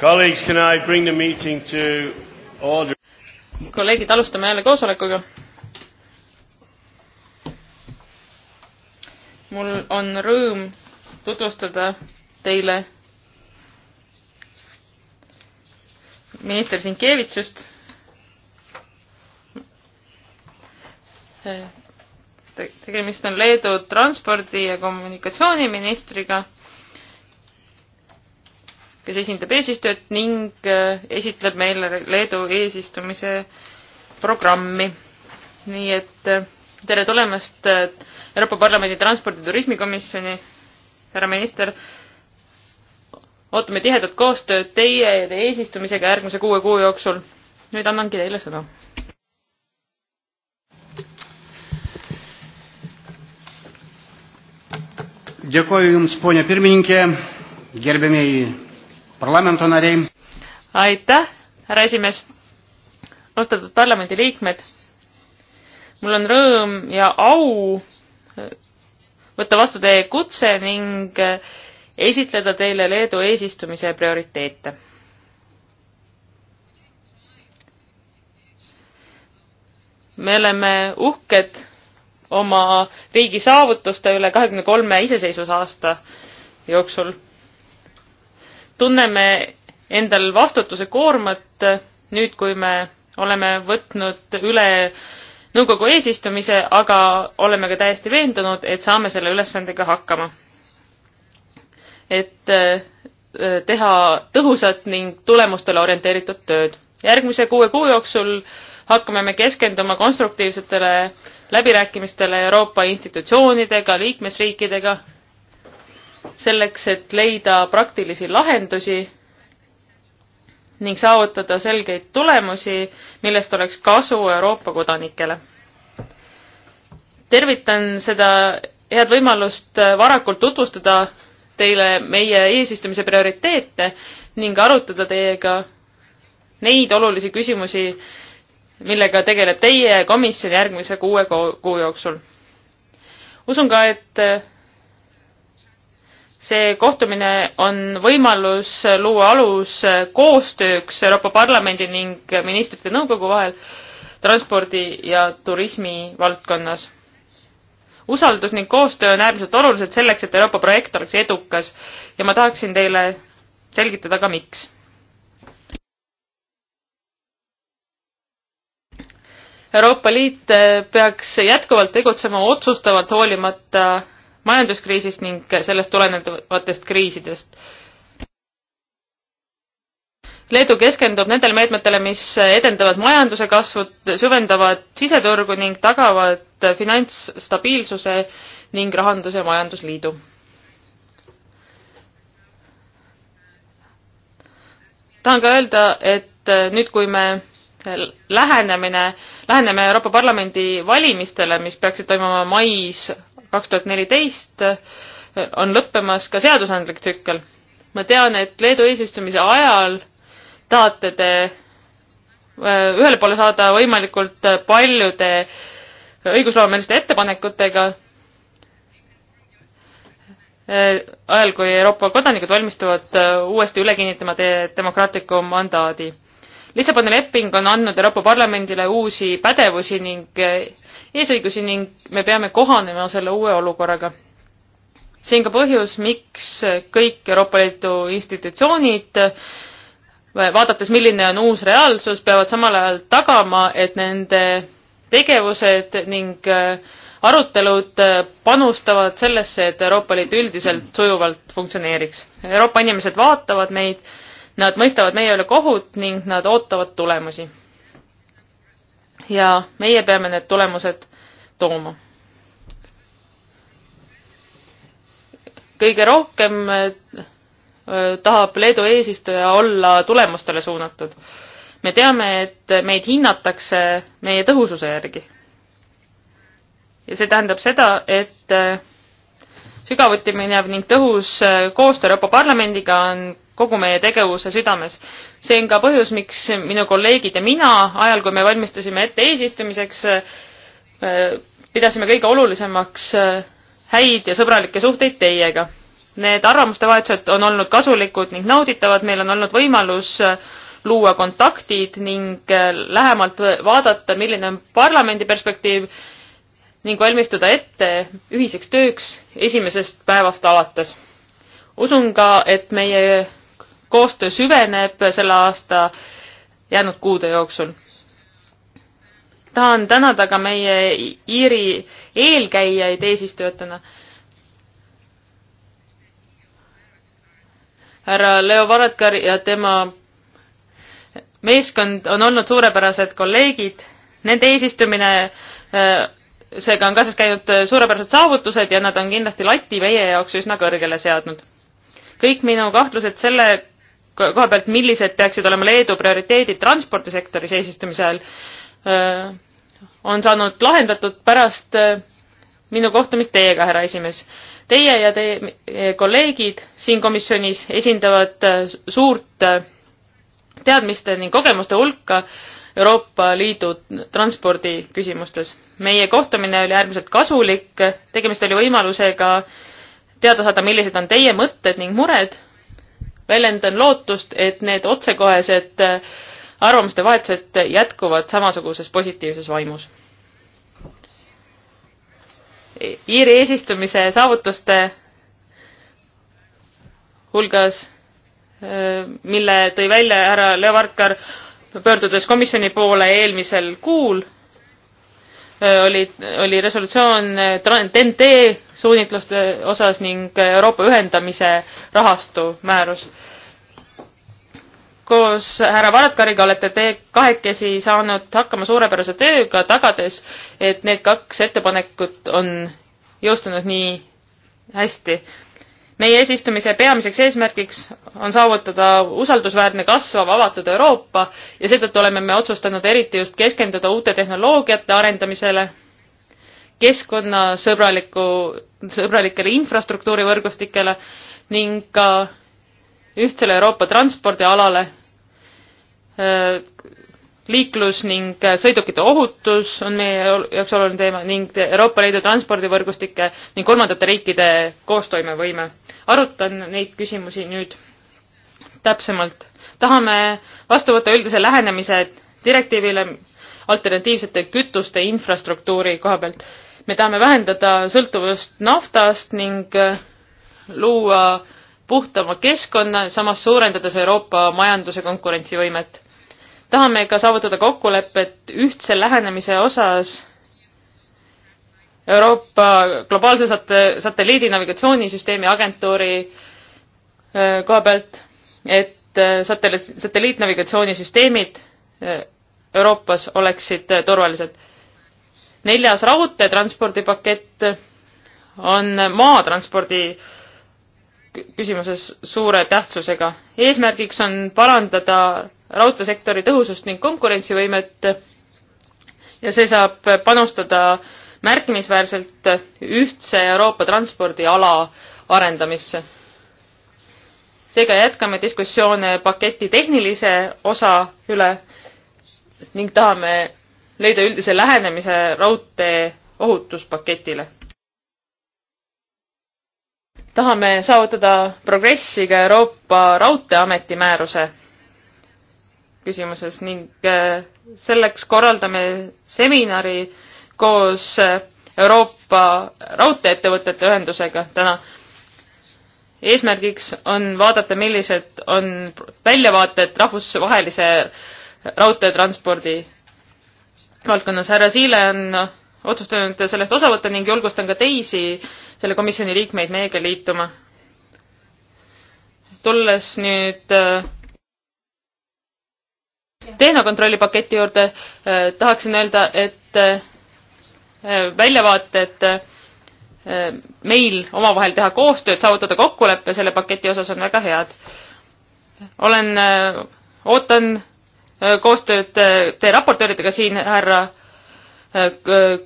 Colleagues, can I bring the meeting to order? kolleegid, alustame jälle koosolekuga. mul on rõõm tutvustada teile minister Sinkevitsust. tegemist on Leedu transpordi ja kommunikatsiooniministriga kes esindab eesistujat ning äh, esitleb meile Leedu eesistumise programmi. nii et äh, tere tulemast äh, Euroopa Parlamendi transpordi- ja turismikomisjoni, härra minister. ootame tihedat koostööd teie ja teie eesistumisega järgmise kuue kuu jooksul. nüüd annangi teile sõna. Dėkoju Jums, ponia pirmininkė, gerbėmiai parlamentonariai. aitäh, härra esimees. austatud parlamendiliikmed. mul on rõõm ja au võtta vastu teie kutse ning esitleda teile Leedu eesistumise prioriteete. me oleme uhked oma riigi saavutuste üle kahekümne kolme iseseisvusaasta jooksul tunneme endal vastutuse koormat nüüd, kui me oleme võtnud üle nõukogu eesistumise, aga oleme ka täiesti veendunud, et saame selle ülesandega hakkama. et äh, teha tõhusat ning tulemustele orienteeritud tööd. järgmise kuue kuu jooksul hakkame me keskenduma konstruktiivsetele läbirääkimistele Euroopa institutsioonidega, liikmesriikidega selleks, et leida praktilisi lahendusi ning saavutada selgeid tulemusi, millest oleks kasu Euroopa kodanikele. tervitan seda head võimalust äh, varakult tutvustada teile meie eesistumise prioriteete ning arutada teiega neid olulisi küsimusi, millega tegeleb teie komisjon järgmise kuue kuu jooksul. usun ka, et äh, see kohtumine on võimalus luua alus koostööks Euroopa Parlamendi ning ministrite nõukogu vahel transpordi ja turismi valdkonnas. usaldus ning koostöö on äärmiselt olulised selleks, et Euroopa projekt oleks edukas ja ma tahaksin teile selgitada ka, miks. Euroopa Liit peaks jätkuvalt tegutsema otsustavalt hoolimata majanduskriisist ning sellest tulenevatest kriisidest. Leedu keskendub nendele meetmetele, mis edendavad majanduse kasvu, süvendavad siseturgu ning tagavad finantsstabiilsuse ning rahandus- ja majandusliidu. tahan ka öelda, et nüüd, kui me lähenemine, läheneme Euroopa Parlamendi valimistele, mis peaksid toimuma mais kaks tuhat neliteist äh, on lõppemas ka seadusandlik tsükkel. ma tean, et Leedu eesistumise ajal tahate te äh, ühele poole saada võimalikult paljude õigusloomeliste ettepanekutega, äh, ajal kui Euroopa kodanikud valmistuvad uuesti üle kinnitama teie demokraatliku mandaadi. Lissaboni leping on andnud Euroopa Parlamendile uusi pädevusi ning eesõigusi ning me peame kohanema selle uue olukorraga. see on ka põhjus, miks kõik Euroopa Liidu institutsioonid vaadates, milline on uus reaalsus, peavad samal ajal tagama, et nende tegevused ning arutelud panustavad sellesse, et Euroopa Liit üldiselt sujuvalt funktsioneeriks. Euroopa inimesed vaatavad meid, nad mõistavad meie üle kohut ning nad ootavad tulemusi. ja meie peame need tulemused tooma. kõige rohkem äh, tahab Leedu eesistuja olla tulemustele suunatud. me teame, et meid hinnatakse meie tõhususe järgi. ja see tähendab seda, et äh, sügavuti minev ning tõhus äh, koostöö Euroopa Parlamendiga on kogu meie tegevuse südames. see on ka põhjus, miks minu kolleegid ja mina ajal, kui me valmistusime ette eesistumiseks, pidasime kõige olulisemaks äh, häid ja sõbralikke suhteid teiega. Need arvamuste vahetused on olnud kasulikud ning nauditavad, meil on olnud võimalus äh, luua kontaktid ning äh, lähemalt vaadata, milline on parlamendi perspektiiv ning valmistuda ette ühiseks tööks esimesest päevast alates. usun ka, et meie koostöö süveneb selle aasta jäänud kuude jooksul tahan tänada ka meie Iiri eelkäijaid eesistujatena. härra Leo Varadkar ja tema meeskond on olnud suurepärased kolleegid, nende eesistumine äh, seega on kaasas käinud äh, suurepärased saavutused ja nad on kindlasti lati meie jaoks üsna kõrgele seadnud. kõik minu kahtlused selle koha pealt, millised peaksid olema Leedu prioriteedid transpordisektoris eesistumise ajal, Äh, on saanud lahendatud pärast äh, minu kohtumist teiega, härra esimees. Teie ja teie äh, kolleegid siin komisjonis esindavad suurt teadmiste ning kogemuste hulka Euroopa Liidu transpordi küsimustes. meie kohtumine oli äärmiselt kasulik, tegemist oli võimalusega teada saada, millised on teie mõtted ning mured. väljendan lootust, et need otsekohesed äh, arvamuste vahetused jätkuvad samasuguses positiivses vaimus. Iiri eesistumise saavutuste hulgas, äh, mille tõi välja härra Leo Varkar, pöördudes komisjoni poole eelmisel kuul, äh, oli, oli resolutsioon äh, TNT suunitluste osas ning Euroopa ühendamise rahastu määrus koos härra Varadkariga olete te kahekesi saanud hakkama suurepärase tööga, tagades, et need kaks ettepanekut on jõustunud nii hästi. meie eesistumise peamiseks eesmärgiks on saavutada usaldusväärne kasvav avatud Euroopa ja seetõttu oleme me otsustanud eriti just keskenduda uute tehnoloogiate arendamisele, keskkonnasõbraliku, sõbralikele infrastruktuurivõrgustikele ning ka ühtsele Euroopa transpordialale, Äh, liiklus ning äh, sõidukite ohutus on meie jaoks oluline teema ning Euroopa Liidu transpordivõrgustike ning kolmandate riikide koostoimevõime. arutan neid küsimusi nüüd täpsemalt. tahame vastu võtta üldise lähenemise direktiivile alternatiivsete kütuste infrastruktuuri koha pealt. me tahame vähendada sõltuvust naftast ning äh, luua puhtama keskkonna, samas suurendades Euroopa majanduse konkurentsivõimet tahame ka saavutada kokkulepet ühtse lähenemise osas Euroopa globaalse sate-, satelliidinavigatsioonisüsteemi agentuuri äh, koha pealt, et äh, satelliit, satelliitnavigatsioonisüsteemid äh, Euroopas oleksid turvalised. neljas raudteetranspordipakett on maatranspordi küsimuses suure tähtsusega. eesmärgiks on parandada raudteesektori tõhusust ning konkurentsivõimet ja see saab panustada märkimisväärselt ühtse Euroopa transpordiala arendamisse. seega jätkame diskussioone paketi tehnilise osa üle ning tahame leida üldise lähenemise raudtee ohutuspaketile. tahame saavutada progressi ka Euroopa Raudteeameti määruse küsimuses ning äh, selleks korraldame seminari koos äh, Euroopa Raudteeettevõtete Ühendusega täna. eesmärgiks on vaadata, millised on väljavaated rahvusvahelise raudteetranspordi valdkonnas. härra Siile on otsustanud sellest osa võtta ning julgustan ka teisi selle komisjoni liikmeid meiega liituma. tulles nüüd äh, tehnokontrolli paketi juurde eh, tahaksin öelda, et eh, väljavaated eh, meil omavahel teha koostööd, saavutada kokkulepe selle paketi osas on väga head. olen, ootan koostööd teie raportööridega siin, härra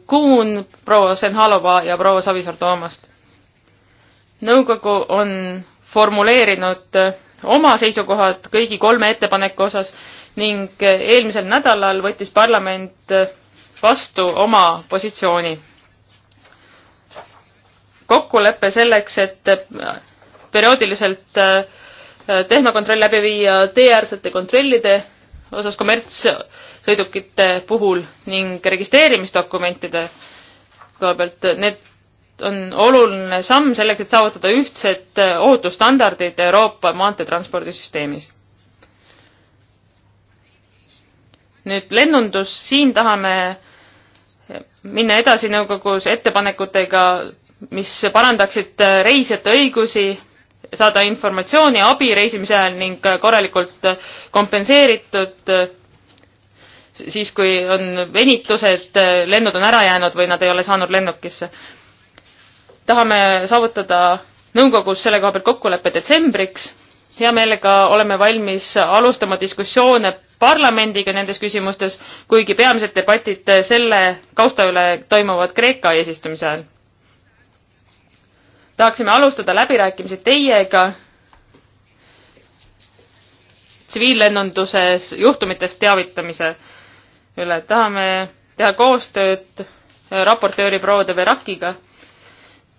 Kuhn, proua Senhalova ja proua Savisaar Toomast. nõukogu on formuleerinud oma seisukohad kõigi kolme ettepaneku osas ning eh, eelmisel nädalal võttis parlament eh, vastu oma positsiooni. kokkulepe selleks, et eh, perioodiliselt tehnokontroll läbi viia teeäärsete kontrollide osas kommertssõidukite puhul ning registreerimisdokumentide koha pealt, need on oluline samm selleks, et saavutada ühtsed ohutusstandardid Euroopa maanteetranspordisüsteemis. nüüd lennundus, siin tahame minna edasi nõukogus ettepanekutega, mis parandaksid reisijate õigusi, saada informatsiooni, abi reisimise ajal ning korralikult kompenseeritud siis, kui on venitused, lennud on ära jäänud või nad ei ole saanud lennukisse. tahame saavutada nõukogus selle koha pealt kokkuleppe detsembriks. hea meelega oleme valmis alustama diskussioone parlamendiga nendes küsimustes, kuigi peamised debatid selle tausta üle toimuvad Kreeka eesistumise ajal. tahaksime alustada läbirääkimisi teiega tsiviillennunduses juhtumitest teavitamise üle. tahame teha koostööd raportööri proua De Verakiga.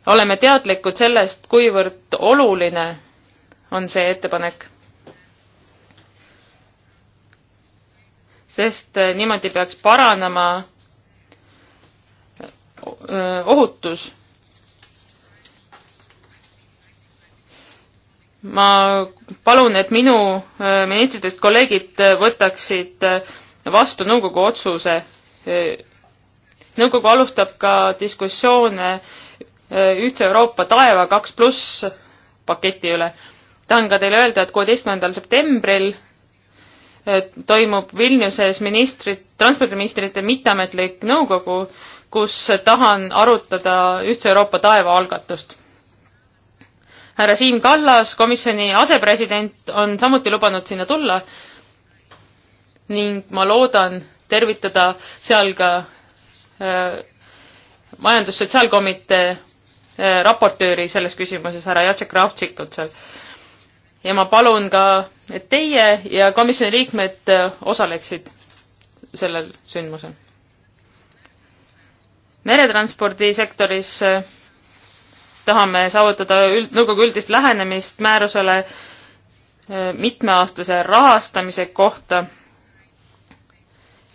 oleme teadlikud sellest, kuivõrd oluline on see ettepanek sest äh, niimoodi peaks paranema äh, ohutus. ma palun, et minu äh, ministritest kolleegid võtaksid vastu nõukogu otsuse. nõukogu alustab ka diskussioone ühtse Euroopa taeva kaks pluss paketi üle. tahan ka teile öelda, et kuueteistkümnendal septembril toimub Vilniuses ministrid, transpordiministrite mitteametlik nõukogu, kus tahan arutada Ühtse Euroopa taeva algatust. härra Siim Kallas, komisjoni asepresident, on samuti lubanud sinna tulla ning ma loodan tervitada seal ka äh, majandus-sotsiaalkomitee äh, raportööri selles küsimuses, härra Jacek Ravtšikut seal äh, ja ma palun ka, et teie ja komisjoni liikmed äh, osaleksid sellel sündmusel. meretranspordisektoris äh, tahame saavutada üld, nõukogu üldist lähenemist määrusele äh, mitmeaastase rahastamise kohta.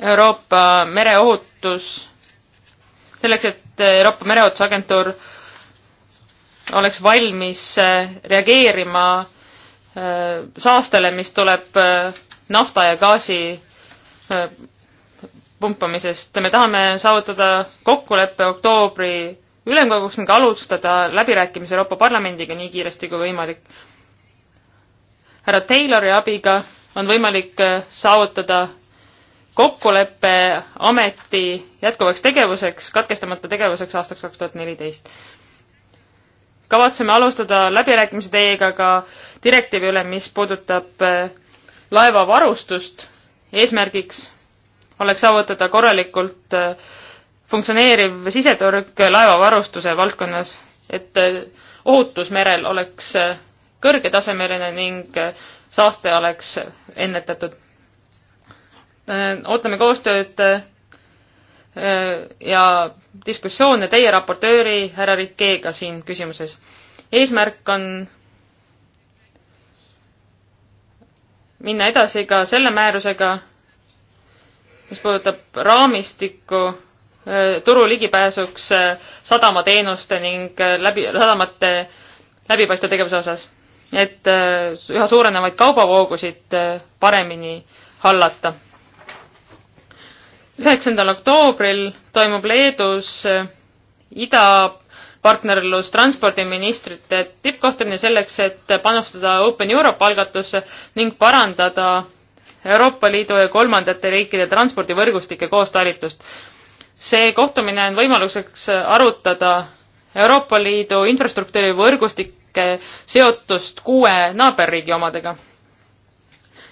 Euroopa mereohutus, selleks, et Euroopa Mereohutusagentuur oleks valmis reageerima äh, Äh, saastele, mis tuleb äh, nafta ja gaasi äh, pumpamisest. me tahame saavutada kokkuleppe oktoobri ülemkoguks ning alustada läbirääkimisi Euroopa Parlamendiga nii kiiresti kui võimalik. härra Taylori abiga on võimalik saavutada kokkulepe ameti jätkuvaks tegevuseks, katkestamata tegevuseks aastaks kaks tuhat neliteist kavatseme alustada läbirääkimisi teiega ka direktiivi üle, mis puudutab eh, laevavarustust. eesmärgiks oleks saavutada korralikult eh, funktsioneeriv siseturg laevavarustuse valdkonnas, et eh, ohutus merel oleks kõrgetasemeline ning saaste oleks ennetatud. ootame koostööd Äh, ja diskussioone teie raportööri härra Rikeega siin küsimuses. eesmärk on minna edasi ka selle määrusega, mis puudutab raamistikku äh, turu ligipääsuks äh, sadamateenuste ning läbi, sadamate läbipaistva tegevuse osas, et üha suurenevaid kaubavoogusid paremini hallata üheksandal oktoobril toimub Leedus äh, idapartnerlus transpordiministrite tippkohtumine selleks, et panustada Open Europe algatusse ning parandada Euroopa Liidu ja kolmandate riikide transpordivõrgustike koostalitust. see kohtumine on võimaluseks arutada Euroopa Liidu infrastruktuuri võrgustike seotust kuue naaberriigi omadega.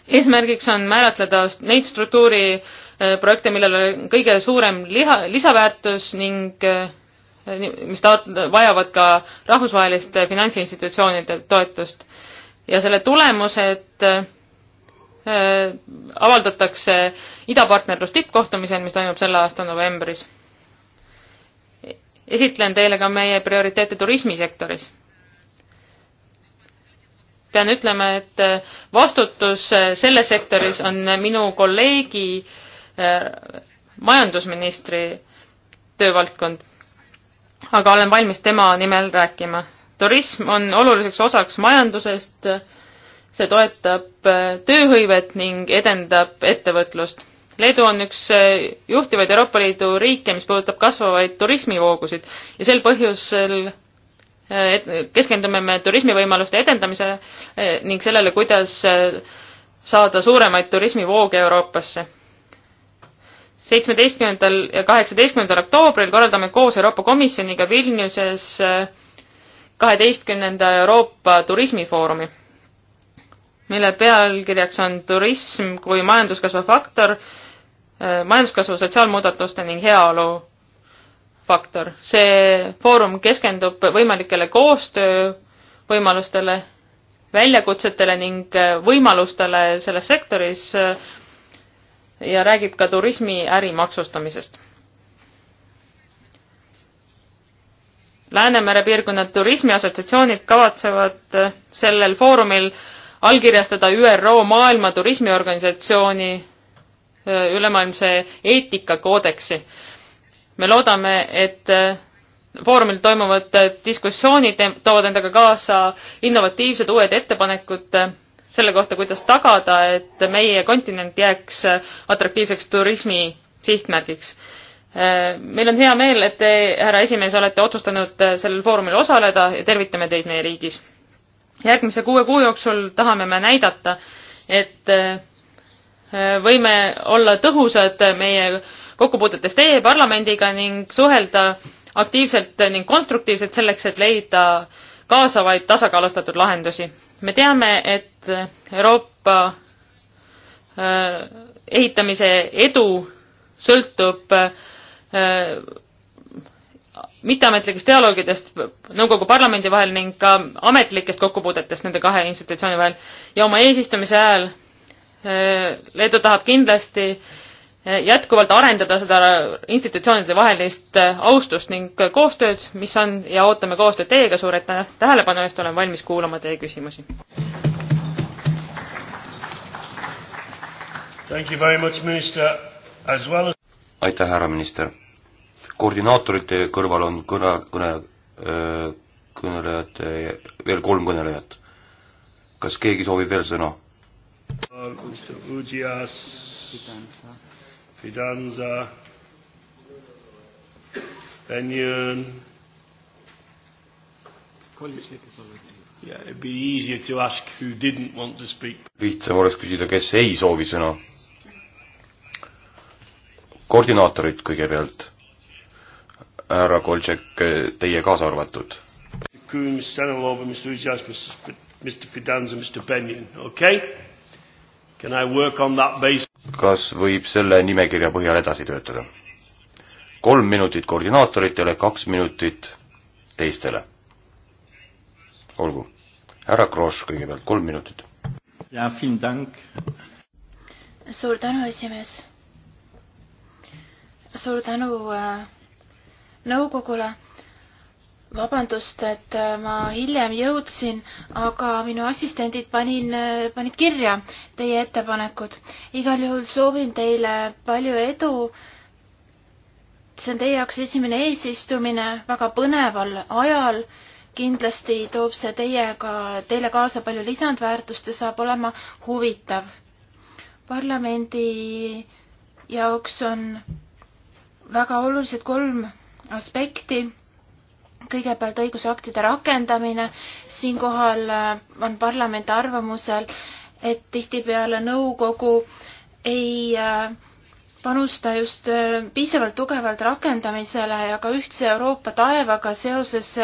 eesmärgiks on määratleda neid struktuuri Äh, projekte, millel on kõige suurem liha, lisaväärtus ning äh, mis taot-, vajavad ka rahvusvaheliste äh, finantsinstitutsioonide toetust. ja selle tulemused avaldatakse idapartnerlus tippkohtumisel, mis toimub selle aasta novembris. esitlen teile ka meie prioriteete turismisektoris. pean ütlema, et vastutus selles sektoris on minu kolleegi äh, Äh, majandusministri töövaldkond. aga olen valmis tema nimel rääkima. turism on oluliseks osaks majandusest, see toetab äh, tööhõivet ning edendab ettevõtlust. Leedu on üks äh, juhtivaid Euroopa Liidu riike, mis puudutab kasvavaid turismivoogusid ja sel põhjusel et keskendume me turismivõimaluste edendamise ning sellele, kuidas saada suuremaid turismivooge Euroopasse seitsmeteistkümnendal ja kaheksateistkümnendal oktoobril korraldame koos Euroopa Komisjoniga Vilniuses äh, kaheteistkümnenda Euroopa turismifoorumi, mille pealkirjaks on turism kui majanduskasvu faktor, äh, majanduskasvu sotsiaalmuudatuste ning heaolu faktor. see foorum keskendub võimalikele koostöövõimalustele, väljakutsetele ning äh, võimalustele selles sektoris, ja räägib ka turismi ärimaksustamisest. Läänemere piirkonna turismiassotsiatsioonid kavatsevad sellel foorumil allkirjastada ÜRO Maailma Turismiorganisatsiooni ülemaailmse eetikakoodeksi. me loodame, et foorumil toimuvad diskussioonid toovad endaga kaasa innovatiivsed uued ettepanekud selle kohta, kuidas tagada, et meie kontinent jääks atraktiivseks turismi sihtmärgiks. meil on hea meel, et te, härra esimees, olete otsustanud sellel foorumil osaleda ja tervitame teid meie riigis. järgmise kuue kuu jooksul tahame me näidata, et äh, võime olla tõhusad meie kokkupuutetes teie parlamendiga ning suhelda aktiivselt ning konstruktiivselt selleks, et leida äh, kaasavaid tasakaalustatud lahendusi. me teame, et Euroopa äh, ehitamise edu sõltub äh, mitteametlikest dialoogidest nõukogu parlamendi vahel ning ka ametlikest kokkupuudetest nende kahe institutsiooni vahel. ja oma eesistumise ajal äh, Leedu tahab kindlasti jätkuvalt arendada seda institutsioonide vahelist äh, austust ning koostööd, mis on ja ootame koostööd teiega, suur aitäh tähelepanu eest, olen valmis kuulama teie küsimusi. Well as... aitäh, härra minister. koordinaatorite kõrval on kõne, kõne, äh, kõnelejate, veel kolm kõnelejat. kas keegi soovib veel sõna uh,? Mr Ujias. Fidanza, Benyon. Yeah, it'd be easier to ask who didn't want to speak. lihtsam oleks küsida, kes ei soovi sõna. koordinaatorid kõigepealt. härra Koltšek, teie kaasa arvatud. Coons, Stenelov, Mr Ujas, Mr Fidanza, Mr Benyon, okei okay?? Can I work on that basis? kas võib selle nimekirja põhjal edasi töötada? kolm minutit koordinaatoritele, kaks minutit teistele. olgu, härra Kross kõigepealt, kolm minutit. jaa, vielen dank. suur tänu, esimees. suur tänu äh, nõukogule vabandust, et äh, ma hiljem jõudsin, aga minu assistendid panin, äh, panid kirja teie ettepanekud. igal juhul soovin teile palju edu. see on teie jaoks esimene eesistumine väga põneval ajal. kindlasti toob see teiega, teile kaasa palju lisandväärtust ja saab olema huvitav. parlamendi jaoks on väga olulised kolm aspekti kõigepealt õigusaktide rakendamine, siinkohal äh, on parlament arvamusel, et tihtipeale nõukogu ei äh, panusta just äh, piisavalt tugevalt rakendamisele ja ka ühtse Euroopa taevaga seoses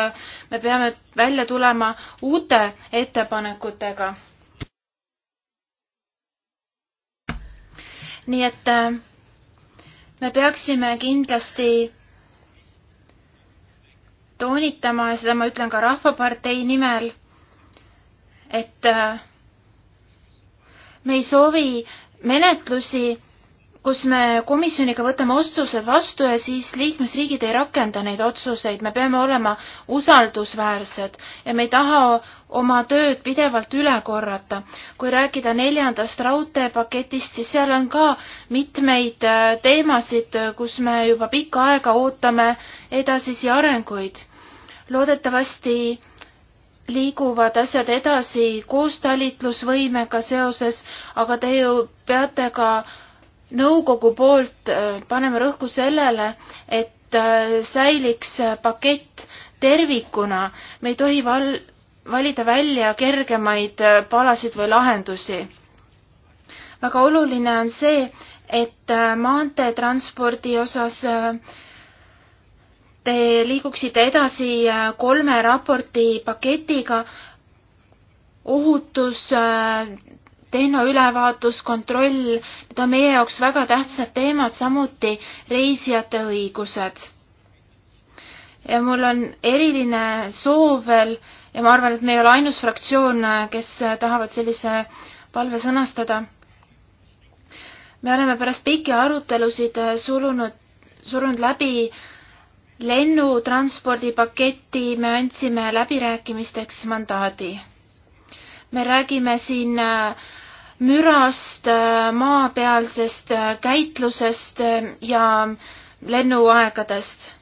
me peame välja tulema uute ettepanekutega. nii et me peaksime kindlasti toonitama ja seda ma ütlen ka Rahvapartei nimel, et äh, me ei soovi menetlusi kus me komisjoniga võtame otsused vastu ja siis liikmesriigid ei rakenda neid otsuseid, me peame olema usaldusväärsed ja me ei taha oma tööd pidevalt üle korrata. kui rääkida neljandast raudteepaketist, siis seal on ka mitmeid äh, teemasid, äh, kus me juba pikka aega ootame edasisi arenguid. loodetavasti liiguvad asjad edasi koostalitlusvõimega seoses, aga te ju peate ka nõukogu poolt äh, paneme rõhku sellele, et äh, säiliks äh, pakett tervikuna, me ei tohi val-, valida välja kergemaid palasid või lahendusi. väga oluline on see, et maanteetranspordi osas te liiguksite edasi kolme raporti paketiga, ohutus, tehnoülevaatus, kontroll, need on meie jaoks väga tähtsad teemad, samuti reisijate õigused. ja mul on eriline soov veel ja ma arvan, et me ei ole ainus fraktsioon, kes tahavad sellise palve sõnastada. me oleme pärast pikki arutelusid sulunud, surunud läbi lennutranspordipaketi me andsime läbirääkimisteks mandaadi. me räägime siin äh, mürast, äh, maapealsest äh, käitlusest äh, ja lennuaegadest.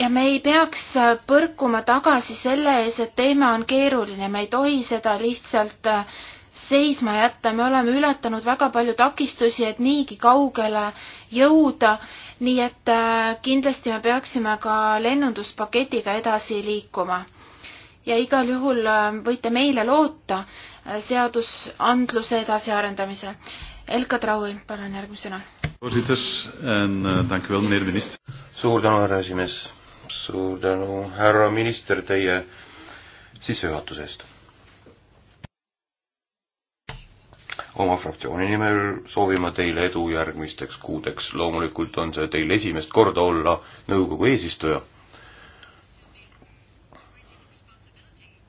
ja me ei peaks põrkuma tagasi selle ees, et teema on keeruline, me ei tohi seda lihtsalt seisma jätta, me oleme ületanud väga palju takistusi, et niigi kaugele jõuda, nii et kindlasti me peaksime ka lennunduspaketiga edasi liikuma ja igal juhul äh, võite meile loota äh, seadusandluse edasiarendamise. Elka Traui, palun järgmisena. Eh, suur tänu, härra esimees. suur tänu, härra minister, teie sissejuhatuse eest. oma fraktsiooni nimel soovin ma teile edu järgmisteks kuudeks. loomulikult on see teil esimest korda olla nõukogu eesistuja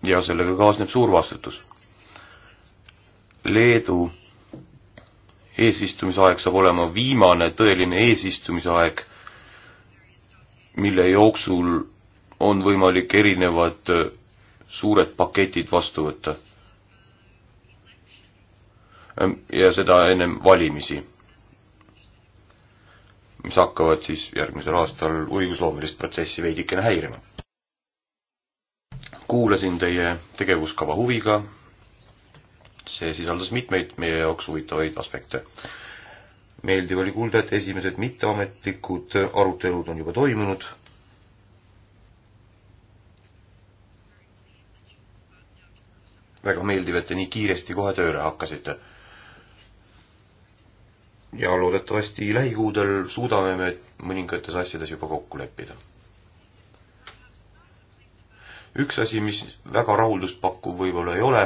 ja sellega kaasneb suur vastutus. Leedu eesistumisaeg saab olema viimane tõeline eesistumisaeg, mille jooksul on võimalik erinevad suured paketid vastu võtta. ja seda ennem valimisi, mis hakkavad siis järgmisel aastal õigusloomelist protsessi veidikene häirima kuulasin teie tegevuskava huviga, see sisaldas mitmeid meie jaoks huvitavaid aspekte. meeldiv oli kuulda, et esimesed mitteametlikud arutelud on juba toimunud. väga meeldiv, et te nii kiiresti kohe tööle hakkasite. ja loodetavasti lähikuudel suudame me mõningates asjades juba kokku leppida üks asi, mis väga rahulduspakkuv võib-olla ei ole,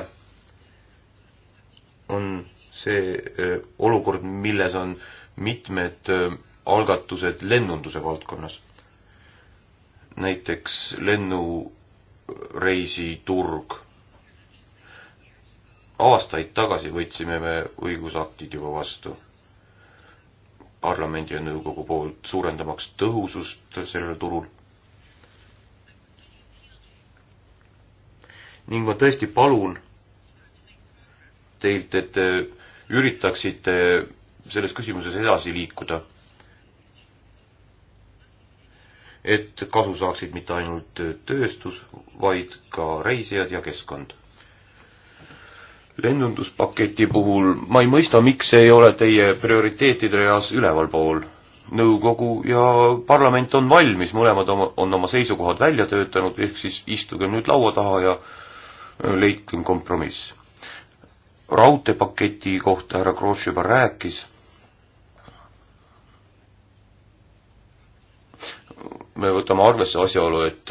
on see äh, olukord, milles on mitmed äh, algatused lennunduse valdkonnas. näiteks lennureisiturg. aastaid tagasi võtsime me õigusaktid juba vastu parlamendi ja nõukogu poolt, suurendamaks tõhusust sellel turul ning ma tõesti palun teilt, et te üritaksite selles küsimuses edasi liikuda. et kasu saaksid mitte ainult tööstus, vaid ka reisijad ja keskkond. lennunduspaketi puhul ma ei mõista, miks ei ole teie prioriteetide reas ülevalpool. nõukogu ja parlament on valmis, mõlemad oma, on oma seisukohad välja töötanud, ehk siis istugem nüüd laua taha ja äh, leidkem kompromiss. raudteepaketi kohta härra Kross juba rääkis. me võtame arvesse asjaolu, et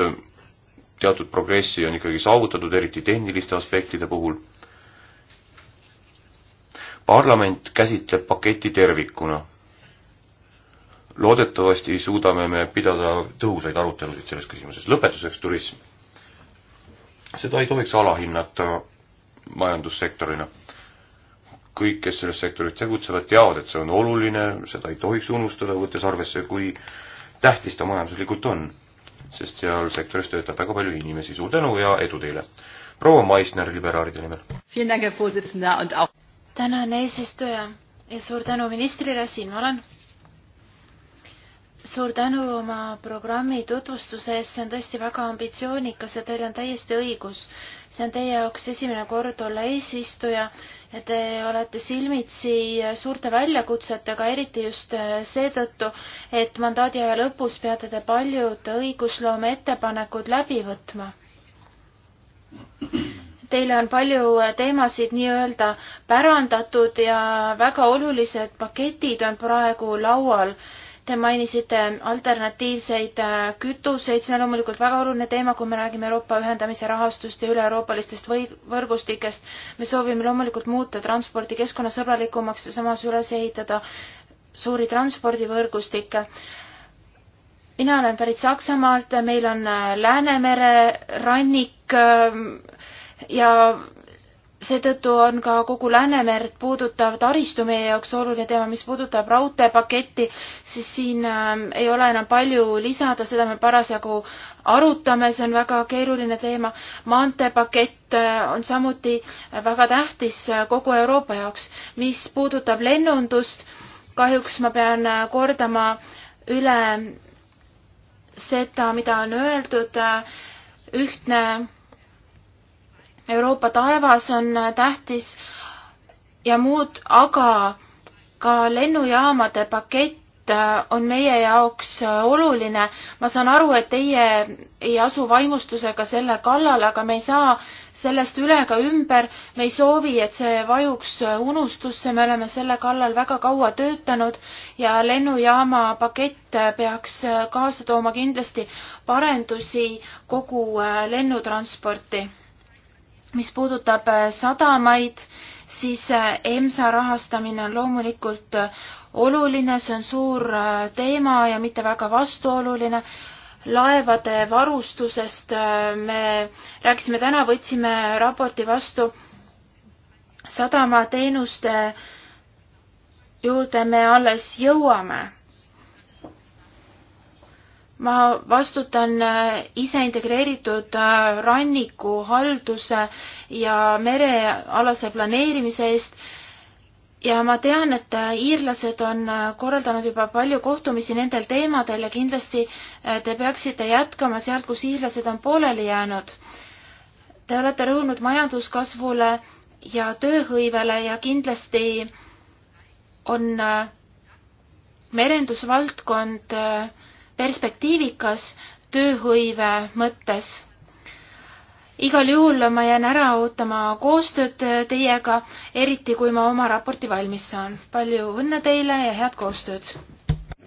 teatud progressi on ikkagi saavutatud, eriti tehniliste aspektide puhul. parlament käsitleb paketi tervikuna. loodetavasti suudame me pidada tõhusaid arutelusid selles küsimuses. lõpetuseks turism seda ei tohiks alahinnata majandussektorina. kõik, kes selles sektoris tegutsevad, teavad, et see on oluline, seda ei tohiks unustada, võttes arvesse, kui tähtis ta majanduslikult on. sest seal sektoris töötab väga palju inimesi. suur tänu ja edu teile! proua Maisner liberaalide nimel. tänan, eesistuja ja suur tänu ministrile, siin ma olen suur tänu oma programmi tutvustuse eest, see on tõesti väga ambitsioonikas ja teil on täiesti õigus. see on teie jaoks esimene kord olla eesistuja ja te olete silmitsi suurte väljakutsetega, eriti just äh, seetõttu, et mandaadi aja lõpus peate te paljud õigusloome ettepanekud läbi võtma. Teile on palju äh, teemasid nii-öelda pärandatud ja väga olulised paketid on praegu laual Te mainisite alternatiivseid äh, kütuseid, see on loomulikult väga oluline teema, kui me räägime Euroopa ühendamise rahastust ja üle-euroopalistest võrgustikest. me soovime loomulikult muuta transpordi keskkonnasõbralikumaks ja samas üles ehitada suuri transpordivõrgustikke. mina olen pärit Saksamaalt, meil on äh, Läänemere rannik ähm, ja seetõttu on ka kogu Läänemerd puudutav taristu meie jaoks oluline teema, mis puudutab raudteepaketti, siis siin äh, ei ole enam palju lisada, seda me parasjagu arutame, see on väga keeruline teema. maanteepakett äh, on samuti väga tähtis äh, kogu Euroopa jaoks. mis puudutab lennundust, kahjuks ma pean äh, kordama üle seda, mida on öeldud äh,, ühtne Euroopa taevas on tähtis ja muud, aga ka lennujaamade pakett äh, on meie jaoks äh, oluline. ma saan aru, et teie ei asu vaimustusega selle kallal, aga me ei saa sellest üle ega ümber. me ei soovi, et see vajuks äh, unustusse, me oleme selle kallal väga kaua töötanud ja lennujaama pakett peaks kaasa tooma kindlasti parendusi kogu lennutransporti mis puudutab äh, sadamaid, siis äh, EMSA rahastamine on loomulikult äh, oluline, see on suur teema ja mitte väga vastuoluline. laevade varustusest me rääkisime täna, võtsime raporti vastu sadamateenuste juurde me alles jõuame ma vastutan äh, ise integreeritud äh, rannikuhalduse ja merealase planeerimise eest ja ma tean, et äh, iirlased on korraldanud juba palju kohtumisi nendel teemadel ja kindlasti te peaksite jätkama sealt, kus iirlased on pooleli jäänud. Te olete rõhunud majanduskasvule ja tööhõivele ja kindlasti on merendusvaldkond äh, perspektiivikas tööhõive mõttes. igal juhul ma jään ära ootama koostööd teiega, eriti kui ma oma raporti valmis saan. palju õnne teile ja head koostööd!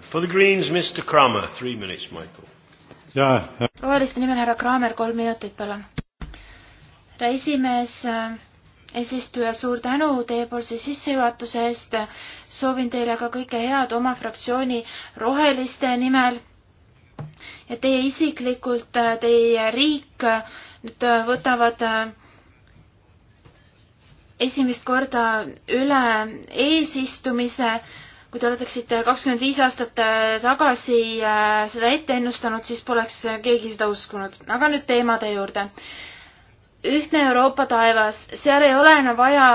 For the Greens, Mr Kramer, three minutes, Michael. jaa. roheliste nimel härra Kramer, kolm minutit, palun. härra esimees äh, eesistuja, suur tänu teiepoolse sissejuhatuse eest. soovin teile ka kõike head oma fraktsiooni roheliste nimel ja teie isiklikult, äh, teie riik äh, nüüd äh, võtavad esimest korda üle eesistumise. kui te oleksite kakskümmend viis aastat tagasi seda ette ennustanud, siis poleks keegi seda uskunud. aga nüüd teemade juurde. ühtne Euroopa taevas, seal ei ole enam vaja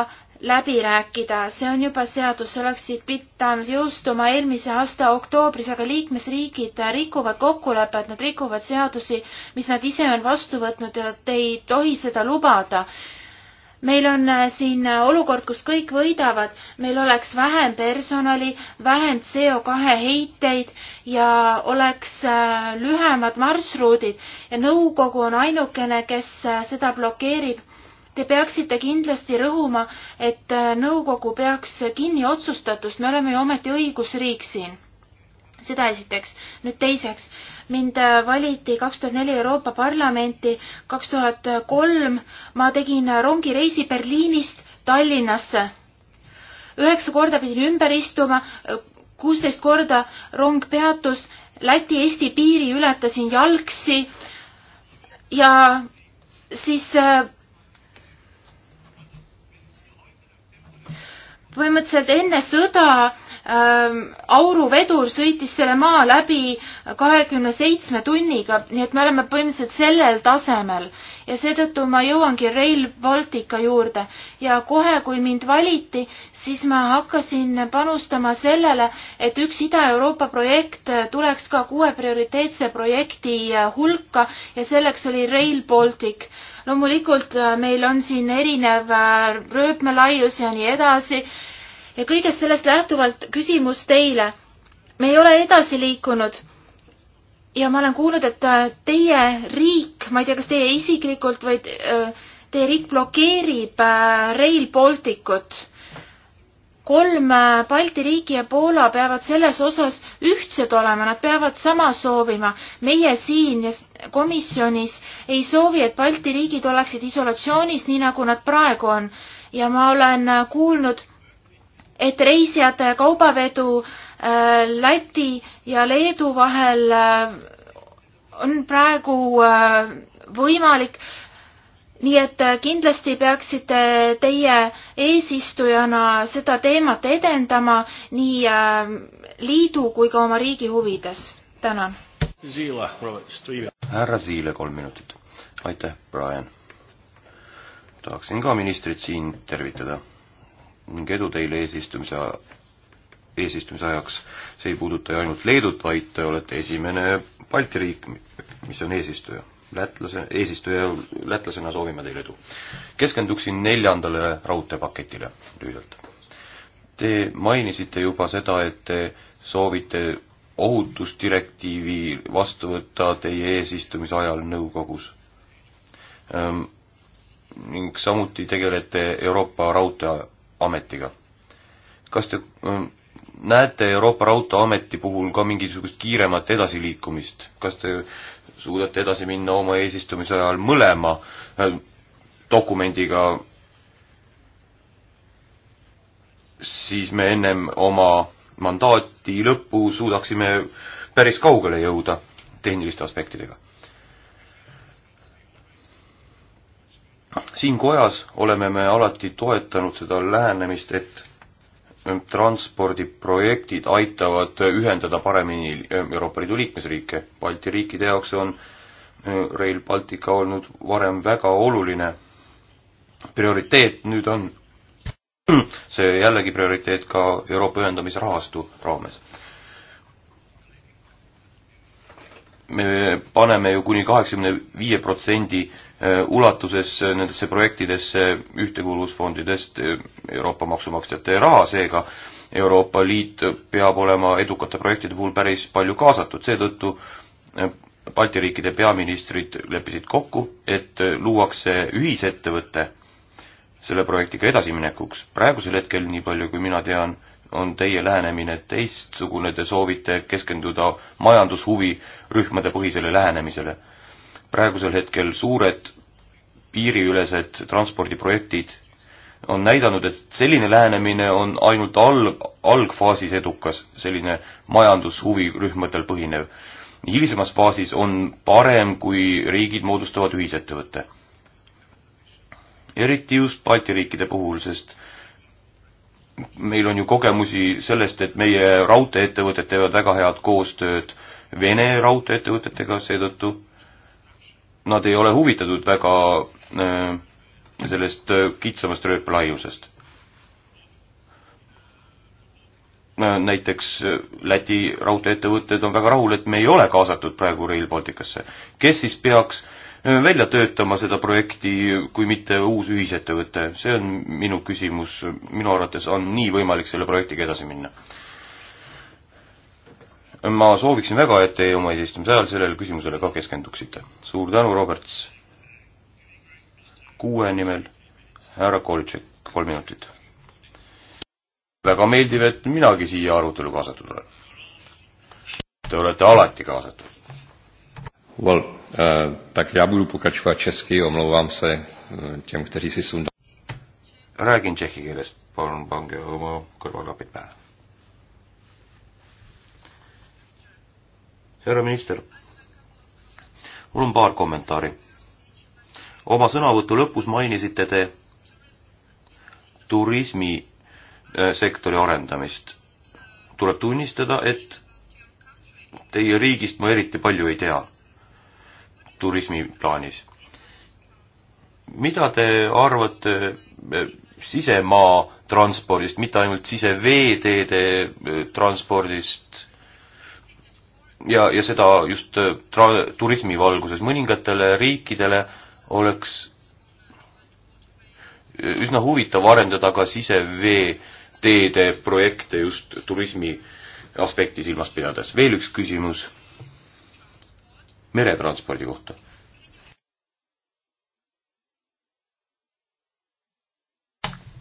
läbi rääkida, see on juba seadus, see oleks siit pidanud jõustuma eelmise aasta oktoobris, aga liikmesriigid rikuvad kokkulepet, nad rikuvad seadusi, mis nad ise on vastu võtnud ja te ei tohi seda lubada. meil on äh, siin äh, olukord, kus kõik võidavad, meil oleks vähem personali, vähem CO2 heiteid ja oleks äh, lühemad marsruudid ja nõukogu on ainukene, kes seda blokeerib Te peaksite kindlasti rõhuma, et äh, nõukogu peaks kinni otsustatust, me oleme ju ometi õigusriik siin. seda esiteks. nüüd teiseks, mind äh, valiti kaks tuhat neli Euroopa Parlamenti, kaks tuhat kolm ma tegin äh, rongireisi Berliinist Tallinnasse. üheksa korda pidin ümber istuma, kuusteist korda rong peatus, Läti-Eesti piiri ületasin jalgsi ja siis põhimõtteliselt enne sõda ähm, auruvedur sõitis selle maa läbi kahekümne seitsme tunniga, nii et me oleme põhimõtteliselt sellel tasemel ja seetõttu ma jõuangi Rail Baltica juurde ja kohe, kui mind valiti, siis ma hakkasin panustama sellele, et üks Ida-Euroopa projekt tuleks ka kuue prioriteetse projekti äh, hulka ja selleks oli Rail Baltic loomulikult äh, meil on siin erinev äh, rööpmelaius ja nii edasi ja kõigest sellest lähtuvalt küsimus teile. me ei ole edasi liikunud ja ma olen kuulnud, et äh, teie riik, ma ei tea, kas teie isiklikult või teie riik blokeerib Rail Balticut kolm äh, Balti riiki ja Poola peavad selles osas ühtsed olema, nad peavad sama soovima. meie siin komisjonis ei soovi, et Balti riigid oleksid isolatsioonis, nii nagu nad praegu on. ja ma olen äh, kuulnud, et reisijate kaubavedu äh, Läti ja Leedu vahel on praegu võimalik nii et äh, kindlasti peaksite teie eesistujana seda teemat edendama nii äh, liidu kui ka oma riigi huvides. tänan. härra Ziile, kolm minutit. aitäh, Brian. tahaksin ka ministrit siin tervitada ning edu teile eesistumise, eesistumise ajaks. see ei puuduta ainult Leedut, vaid te olete esimene Balti riik, mis on eesistuja lätlase, eesistuja lätlasena soovime teile edu. keskenduksin neljandale raudteepaketile lühidalt. Te mainisite juba seda, et te soovite ohutusdirektiivi vastu võtta teie eesistumise ajal nõukogus ähm,. ning samuti tegelete Euroopa Raudteeametiga. kas te ähm, näete Euroopa Raudteeameti puhul ka mingisugust kiiremat edasiliikumist, kas te suudate edasi minna oma eesistumise ajal mõlema äh, dokumendiga, siis me ennem oma mandaati lõppu suudaksime päris kaugele jõuda tehniliste aspektidega. siin kojas oleme me alati toetanud seda lähenemist, et transpordiprojektid aitavad ühendada paremini eh, Euroopa Liidu liikmesriike. Balti riikide jaoks on eh, Rail Baltica olnud varem väga oluline prioriteet, nüüd on see jällegi prioriteet ka Euroopa ühendamisrahastu raames. me paneme ju kuni kaheksakümne viie protsendi Äh, ulatuses äh, nendesse projektidesse ühtekuuluvusfondidest äh, Euroopa maksumaksjate raha, seega Euroopa Liit peab olema edukate projektide puhul päris palju kaasatud, seetõttu Balti riikide peaministrid leppisid kokku, et luuakse ühisettevõte selle projektiga edasiminekuks. praegusel hetkel, nii palju kui mina tean, on teie lähenemine teistsugune, te soovite keskenduda majandushuvi rühmade põhisele lähenemisele praegusel hetkel suured piiriülesed transpordiprojektid on näidanud, et selline lähenemine on ainult alg, algfaasis edukas, selline majandushuvirühmadel põhinev. hilisemas faasis on parem, kui riigid moodustavad ühisettevõtte. eriti just Balti riikide puhul, sest meil on ju kogemusi sellest, et meie raudteeettevõtted teevad väga head koostööd Vene raudteeettevõtetega seetõttu nad ei ole huvitatud väga äh, sellest äh, kitsamast rööplaiusest. Äh, näiteks Läti raudteeettevõtted on väga rahul, et me ei ole kaasatud praegu Rail Balticusse. kes siis peaks välja töötama seda projekti, kui mitte uus ühisettevõte, see on minu küsimus, minu arvates on nii võimalik selle projektiga edasi minna ma sooviksin väga, et teie oma eesistumise ajal sellele küsimusele ka keskenduksite. suur tänu, Roberts. kuue nimel härra Koltšek, kolm minutit. väga meeldiv, et minagi siia arutelu kaasatud olen. Te olete alati kaasatud. Well, uh, tak já budu pokračovat česky, omlouvám se eh, těm, kteří si sundali. Räägin tšehhi keeles, palun pange oma kõrvaklapid pähe härra minister, mul on paar kommentaari. oma sõnavõtu lõpus mainisite te turismisektori äh, arendamist. tuleb tunnistada, et teie riigist ma eriti palju ei tea turismi plaanis. mida te arvate äh, sisemaa transpordist, mitte ainult siseveeteede äh, transpordist, ja, ja seda just äh, tra-, turismi valguses, mõningatele riikidele oleks äh, üsna huvitav arendada ka siseveeteede projekte just turismi aspekti silmas pidades. veel üks küsimus meretranspordi kohta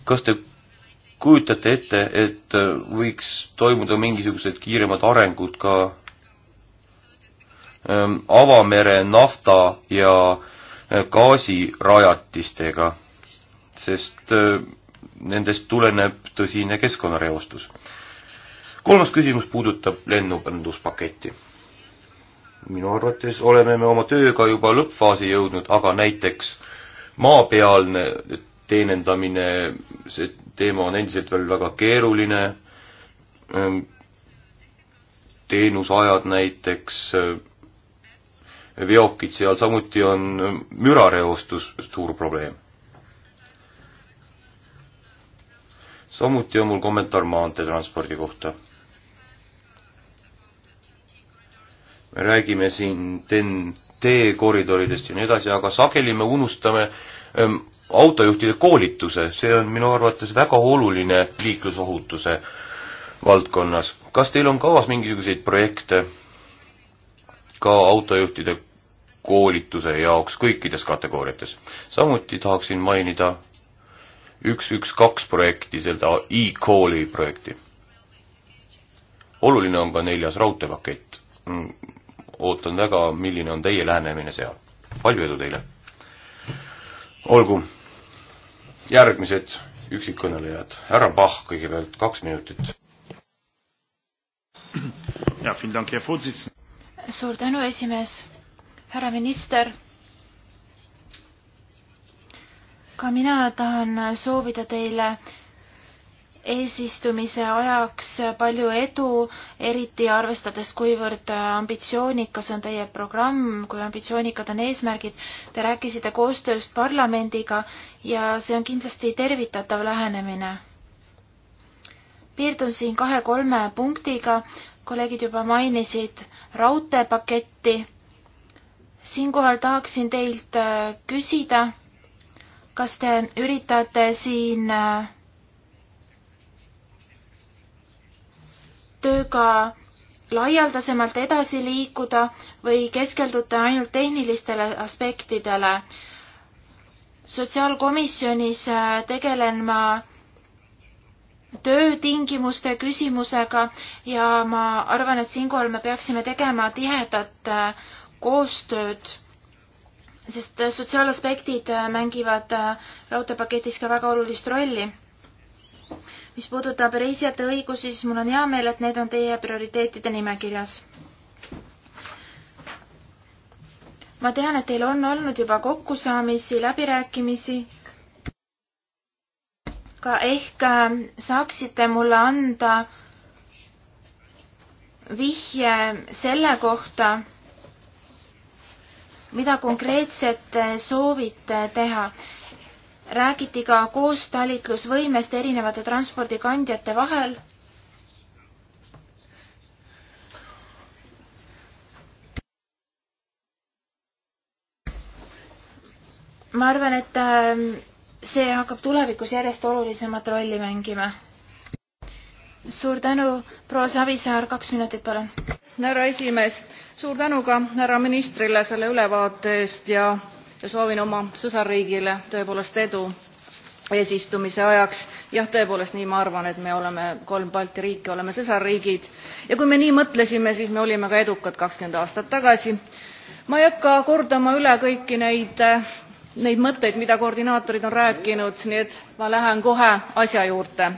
kas te kujutate ette, et äh, võiks toimuda mingisugused kiiremad arengud ka Ähm, avamere nafta ja äh, gaasirajatistega, sest äh, nendest tuleneb tõsine keskkonnareostus. kolmas küsimus puudutab lennunduspaketti. minu arvates oleme me oma tööga juba lõppfaasi jõudnud, aga näiteks maapealne teenindamine, see teema on endiselt veel väga keeruline, ähm, teenusajad näiteks äh, veokid seal, samuti on mürareostus suur probleem. samuti on mul kommentaar maanteetranspordi kohta. me räägime siin TEN-T koridoridest ja nii edasi, aga sageli me unustame ähm, autojuhtide koolituse, see on minu arvates väga oluline liiklusohutuse valdkonnas. kas teil on kavas mingisuguseid projekte? ka autojuhtide koolituse jaoks kõikides kategooriates. samuti tahaksin mainida üks, üks, kaks projekti, seda e-kooli projekti. oluline on ka neljas raudteepakett. Mm, ootan väga, milline on teie lähenemine seal. palju edu teile! olgu, järgmised üksikkõnelejad, härra Pahh kõigepealt, kaks minutit. ja, suur tänu, esimees. härra minister. ka mina tahan soovida teile eesistumise ajaks palju edu, eriti arvestades, kuivõrd ambitsioonikas on teie programm, kui ambitsioonikad on eesmärgid. Te rääkisite koostööst parlamendiga ja see on kindlasti tervitatav lähenemine. piirdun siin kahe-kolme punktiga, kolleegid juba mainisid raudteepaketti. siinkohal tahaksin teilt äh, küsida, kas te üritate siin äh, tööga laialdasemalt edasi liikuda või keskendute ainult tehnilistele aspektidele. sotsiaalkomisjonis äh, tegelen ma töötingimuste küsimusega ja ma arvan, et siinkohal me peaksime tegema tihedat äh, koostööd, sest äh, sotsiaalaspektid äh, mängivad raudteepaketis ka väga olulist rolli. mis puudutab reisijate õigusi, siis mul on hea meel, et need on teie prioriteetide nimekirjas. ma tean, et teil on olnud juba kokkusaamisi, läbirääkimisi ka ehk äh, saaksite mulle anda vihje selle kohta, mida konkreetset äh, soovite teha. räägiti ka koostalitlusvõimest erinevate transpordikandjate vahel. ma arvan, et äh, see hakkab tulevikus järjest olulisemat rolli mängima. suur tänu, proua Savisaar, kaks minutit, palun. härra esimees, suur tänu ka härra ministrile selle ülevaate eest ja, ja soovin oma sõsarriigile tõepoolest edu eesistumise ajaks. jah, tõepoolest nii ma arvan, et me oleme kolm Balti riiki, oleme sõsarriigid ja kui me nii mõtlesime, siis me olime ka edukad kakskümmend aastat tagasi ma ei hakka kordama üle kõiki neid neid mõtteid mida koordinaatorid on rääkinud nii et ma lähen kohe asja juurde.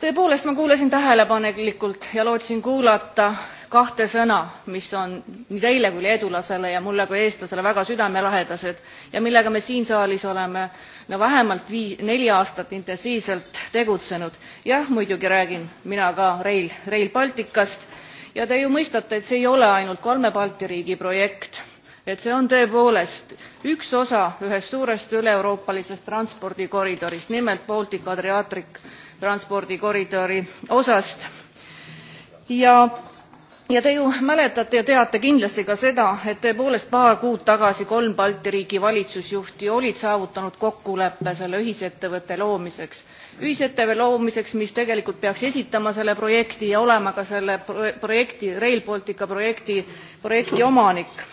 tõepoolest ma kuulasin tähelepanelikult ja lootsin kuulata kahte sõna mis on nii teile kui leedulasele ja mulle kui eestlasele väga südamelähedased ja millega me siin saalis oleme no vähemalt vii- neli aastat intensiivselt tegutsenud. jah muidugi räägin mina ka rail rail balticust ja te ju mõistate et see ei ole ainult kolme balti riigi projekt et see on tõepoolest üks osa ühest suurest üleeuroopalisest transpordikoridorist nimelt baltic adriatic transpordikoridori osast ja ja te ju mäletate ja teate kindlasti ka seda et tõepoolest paar kuud tagasi kolm balti riigi valitsusjuhti olid saavutanud kokkuleppe selle ühisettevõtte loomiseks ühisettevõtte loomiseks mis tegelikult peaks esitama selle projekti ja olema ka selle projekti rail baltica projekti projekti omanik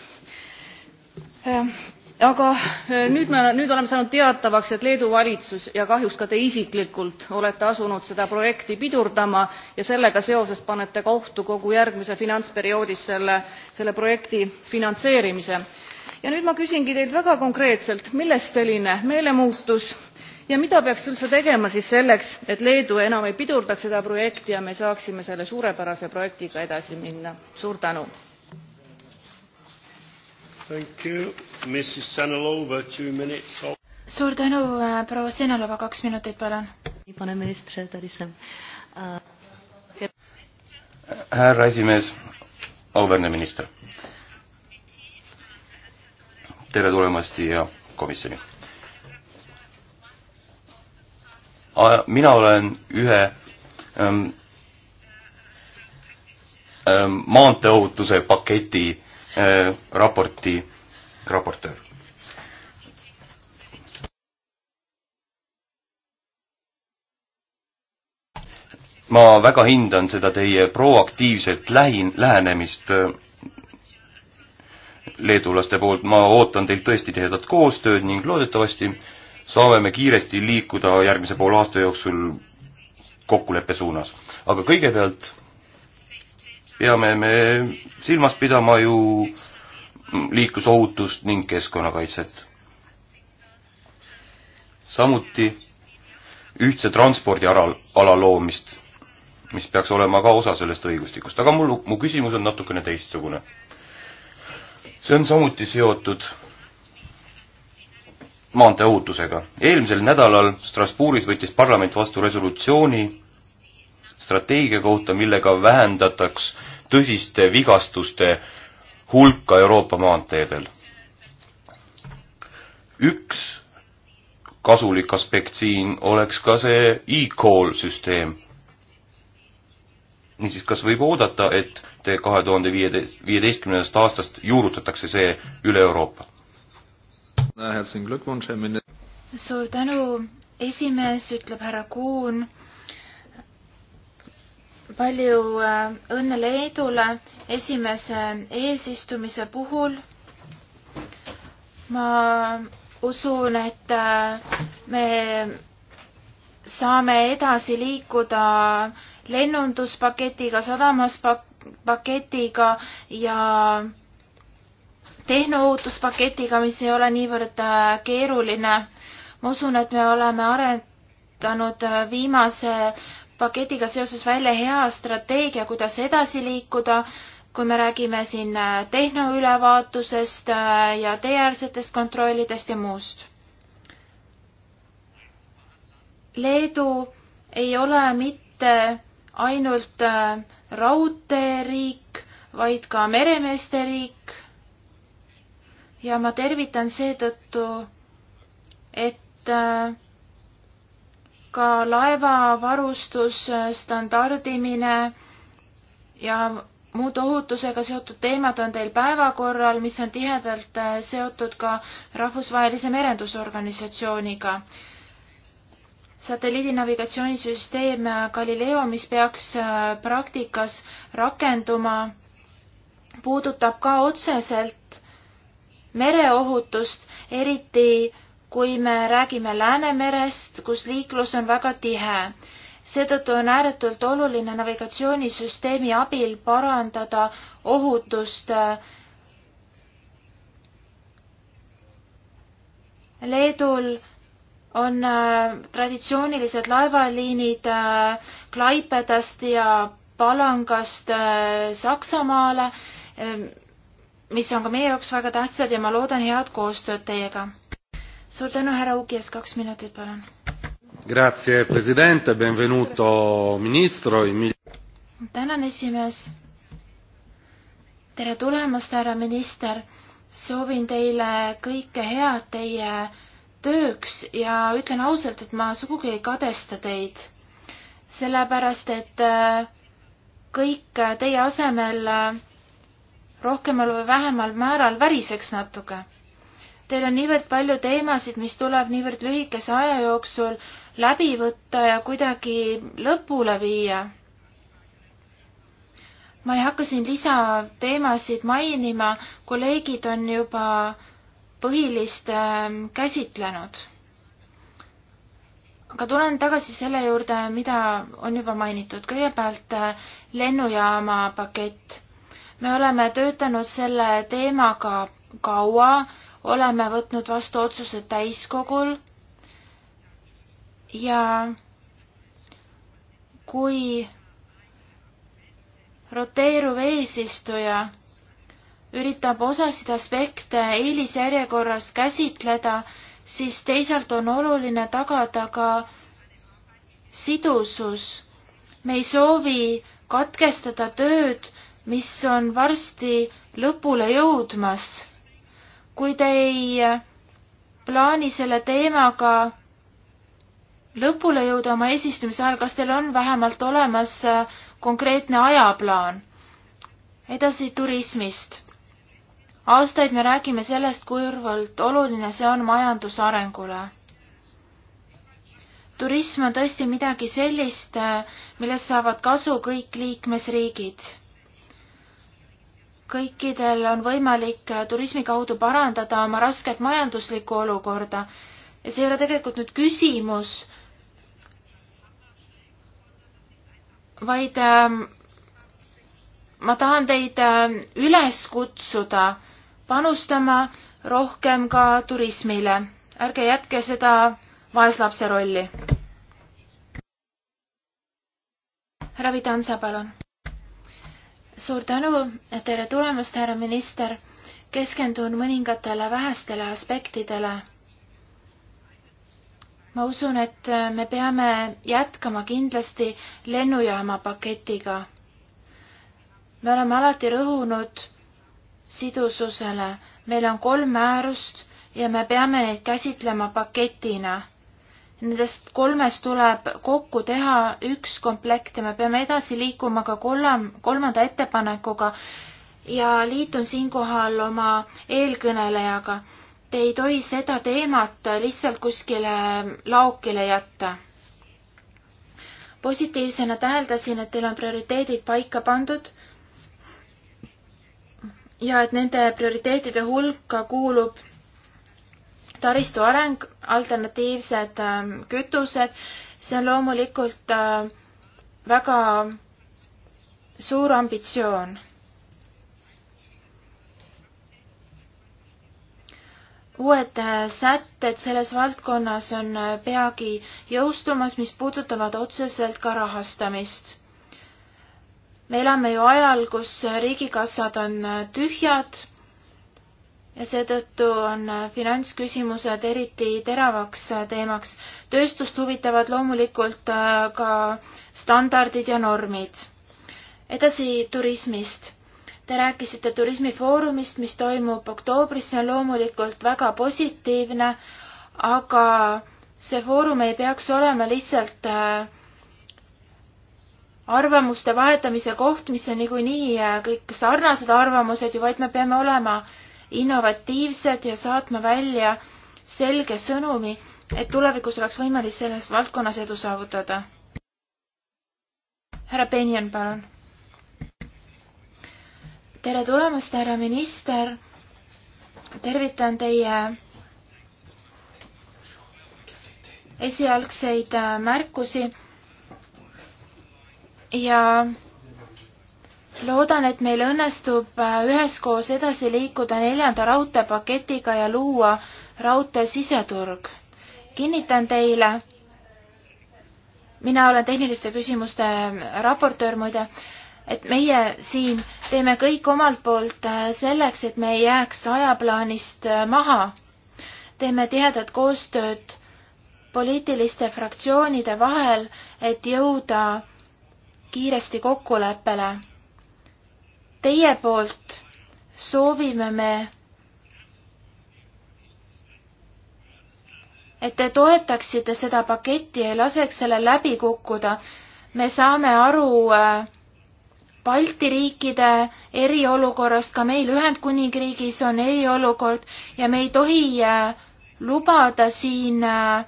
aga äh, nüüd me nüüd oleme saanud teatavaks et leedu valitsus ja kahjuks ka te isiklikult olete asunud seda projekti pidurdama ja sellega seoses panete ka ohtu kogu järgmises finantsperioodis selle selle projekti finantseerimise. ja nüüd ma küsingi teilt väga konkreetselt millest selline meelemuutus ja mida peaks üldse tegema siis selleks et leedu enam ei pidurdaks seda projekti ja me saaksime selle suurepärase projektiga edasi minna? suur tänu! suur tänu, äh, proua Senelova, kaks minutit, palun. Äh, härra esimees, auväärne minister. tere tulemast siia komisjoni. mina olen ühe ähm, ähm, maanteeohutuse paketi Äh, raporti raportöör. ma väga hindan seda teie proaktiivset lähin-, lähenemist äh, leedulaste poolt, ma ootan teilt tõesti tihedat koostööd ning loodetavasti saame me kiiresti liikuda järgmise poole aasta jooksul kokkuleppe suunas. aga kõigepealt peame me silmas pidama ju liiklusohutust ning keskkonnakaitset. samuti ühtse transpordiala, ala loomist, mis peaks olema ka osa sellest õigustikust, aga mul, mu küsimus on natukene teistsugune. see on samuti seotud maanteeohutusega. eelmisel nädalal Strasbourgis võttis parlament vastu resolutsiooni, strateegia kohta, millega vähendataks tõsiste vigastuste hulka Euroopa maanteedel. üks kasulik aspekt siin oleks ka see e-call süsteem. niisiis, kas võib oodata, et te kahe tuhande viieteist, viieteistkümnendast aastast juurutatakse see üle Euroopa? suur tänu, esimees, ütleb härra Kuhn palju äh, õnne Leedule esimese eesistumise puhul. ma usun, et äh, me saame edasi liikuda lennunduspaketiga, sadamaspaketiga ja tehnootuspaketiga, mis ei ole niivõrd äh, keeruline. ma usun, et me oleme arendanud viimase paketiga seoses välja hea strateegia, kuidas edasi liikuda, kui me räägime siin äh, tehnoülevaatusest äh, ja teeäärsetest kontrollidest ja muust. Leedu ei ole mitte ainult äh, raudteeriik, vaid ka meremeeste riik. ja ma tervitan seetõttu, et äh, ka laevavarustusstandardimine ja muud ohutusega seotud teemad on teil päevakorral, mis on tihedalt äh, seotud ka Rahvusvahelise Merendusorganisatsiooniga. satelliidinavigatsioonisüsteem äh, Galileo, mis peaks äh, praktikas rakenduma, puudutab ka otseselt mereohutust, eriti kui me räägime Läänemerest, kus liiklus on väga tihe. seetõttu on ääretult oluline navigatsioonisüsteemi abil parandada ohutust äh, Leedul on äh, traditsioonilised laevaliinid äh, Klaipedast ja Palangast äh, Saksamaale, äh, mis on ka meie jaoks väga tähtsad ja ma loodan head koostööd teiega suur tänu, härra Ugias, kaks minutit, palun. Grazie, president, benvenuto, ministro. tänan, esimees. tere tulemast, härra minister. soovin teile kõike head teie tööks ja ütlen ausalt, et ma sugugi ei kadesta teid, sellepärast et äh, kõik teie asemel äh, rohkemal või vähemal määral väriseks natuke Teil on niivõrd palju teemasid, mis tuleb niivõrd lühikese aja jooksul läbi võtta ja kuidagi lõpule viia. ma ei hakka siin lisateemasid mainima, kolleegid on juba põhilist ähm, käsitlenud. aga tulen tagasi selle juurde, mida on juba mainitud. kõigepealt äh, lennujaama pakett. me oleme töötanud selle teemaga kaua oleme võtnud vastu otsuse täiskogul ja kui roteeruv eesistuja üritab osasid aspekte eelisjärjekorras käsitleda, siis teisalt on oluline tagada ka sidusus. me ei soovi katkestada tööd, mis on varsti lõpule jõudmas kui te ei äh, plaani selle teemaga lõpule jõuda oma eesistumise ajal, kas teil on vähemalt olemas äh, konkreetne ajaplaan? edasi turismist. aastaid me räägime sellest, kuivõrd oluline see on majanduse arengule. turism on tõesti midagi sellist, äh, millest saavad kasu kõik liikmesriigid kõikidel on võimalik turismi kaudu parandada oma rasket majanduslikku olukorda ja see ei ole tegelikult nüüd küsimus, vaid äh, ma tahan teid äh, üles kutsuda panustama rohkem ka turismile. ärge jätke seda vaeslapse rolli. härra Vidansa, palun suur tänu, tere tulemast, härra minister. keskendun mõningatele vähestele aspektidele. ma usun, et me peame jätkama kindlasti lennujaama paketiga. me oleme alati rõhunud sidususele, meil on kolm määrust ja me peame neid käsitlema paketina Nendest kolmest tuleb kokku teha üks komplekt ja me peame edasi liikuma ka kolm, kolmanda ettepanekuga ja liitun siinkohal oma eelkõnelejaga. Te ei tohi seda teemat lihtsalt kuskile laokile jätta. positiivsena täheldasin, et teil on prioriteedid paika pandud ja et nende prioriteetide hulka kuulub taristu areng, alternatiivsed ähm, kütused, see on loomulikult äh, väga suur ambitsioon. uued äh, sätted selles valdkonnas on äh, peagi jõustumas, mis puudutavad otseselt ka rahastamist. me elame ju ajal, kus riigikassad on tühjad ja seetõttu on finantsküsimused eriti teravaks teemaks. tööstust huvitavad loomulikult äh, ka standardid ja normid. edasi turismist. Te rääkisite turismifoorumist, mis toimub oktoobris, see on loomulikult väga positiivne, aga see foorum ei peaks olema lihtsalt äh, arvamuste vahetamise koht, mis on niikuinii äh, kõik sarnased arvamused ju, vaid me peame olema innovatiivsed ja saatma välja selge sõnumi, et tulevikus oleks võimalik selles valdkonnas edu saavutada. härra Benjan, palun. tere tulemast, härra minister. tervitan teie esialgseid äh, märkusi ja loodan, et meil õnnestub äh, üheskoos edasi liikuda neljanda raudteepaketiga ja luua raudtee siseturg. kinnitan teile, mina olen tehniliste küsimuste raportöör muide, et meie siin teeme kõik omalt poolt äh, selleks, et me ei jääks ajaplaanist äh, maha. teeme tihedat koostööd poliitiliste fraktsioonide vahel, et jõuda kiiresti kokkuleppele Teie poolt soovime me, et te toetaksite seda paketti ja ei laseks sellel läbi kukkuda. me saame aru äh, Balti riikide eriolukorrast, ka meil Ühendkuningriigis on eriolukord ja me ei tohi äh, lubada siin äh,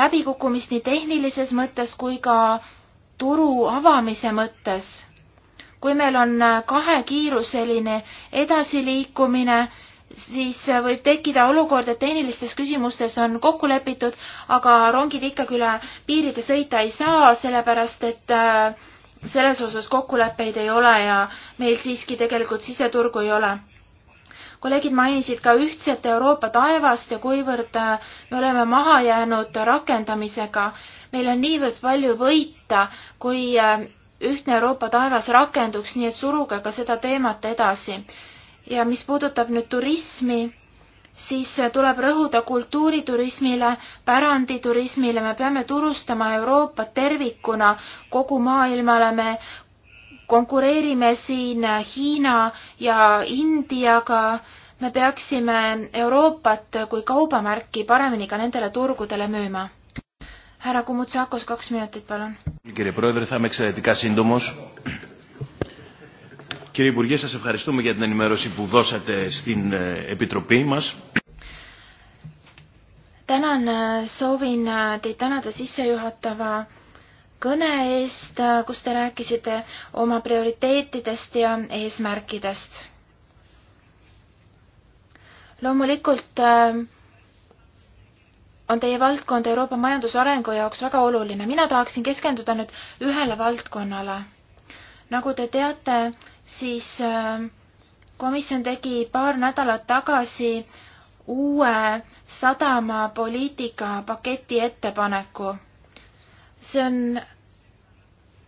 läbikukkumist nii tehnilises mõttes kui ka turu avamise mõttes kui meil on äh, kahekiiruseline edasiliikumine, siis äh, võib tekkida olukord, et tehnilistes küsimustes on kokku lepitud, aga rongid ikkagi üle piiride sõita ei saa, sellepärast et äh, selles osas kokkuleppeid ei ole ja meil siiski tegelikult siseturgu ei ole. kolleegid mainisid ka ühtset Euroopa taevast ja kuivõrd me oleme maha jäänud rakendamisega. meil on niivõrd palju võita, kui ühtne Euroopa taevas rakenduks, nii et suruge ka seda teemat edasi. ja mis puudutab nüüd turismi, siis tuleb rõhuda kultuuriturismile, päranditurismile, me peame turustama Euroopat tervikuna kogu maailmale, me konkureerime siin Hiina ja Indiaga, me peaksime Euroopat kui kaubamärki paremini ka nendele turgudele müüma härra Kumutsakos, kaks minutit, palun. Κύριε Υπουργέ, σας ευχαριστούμε για την ενημέρωση που δώσατε στην Επιτροπή μας. Tänan, äh, soovin äh, teid tänada sissejuhatava kõne eest, äh, kus te rääkisite oma prioriteetidest ja eesmärkidest. loomulikult äh, on teie valdkond Euroopa majandusarengu jaoks väga oluline. mina tahaksin keskenduda nüüd ühele valdkonnale. nagu te teate, siis äh, komisjon tegi paar nädalat tagasi uue sadamapoliitika paketi ettepaneku. see on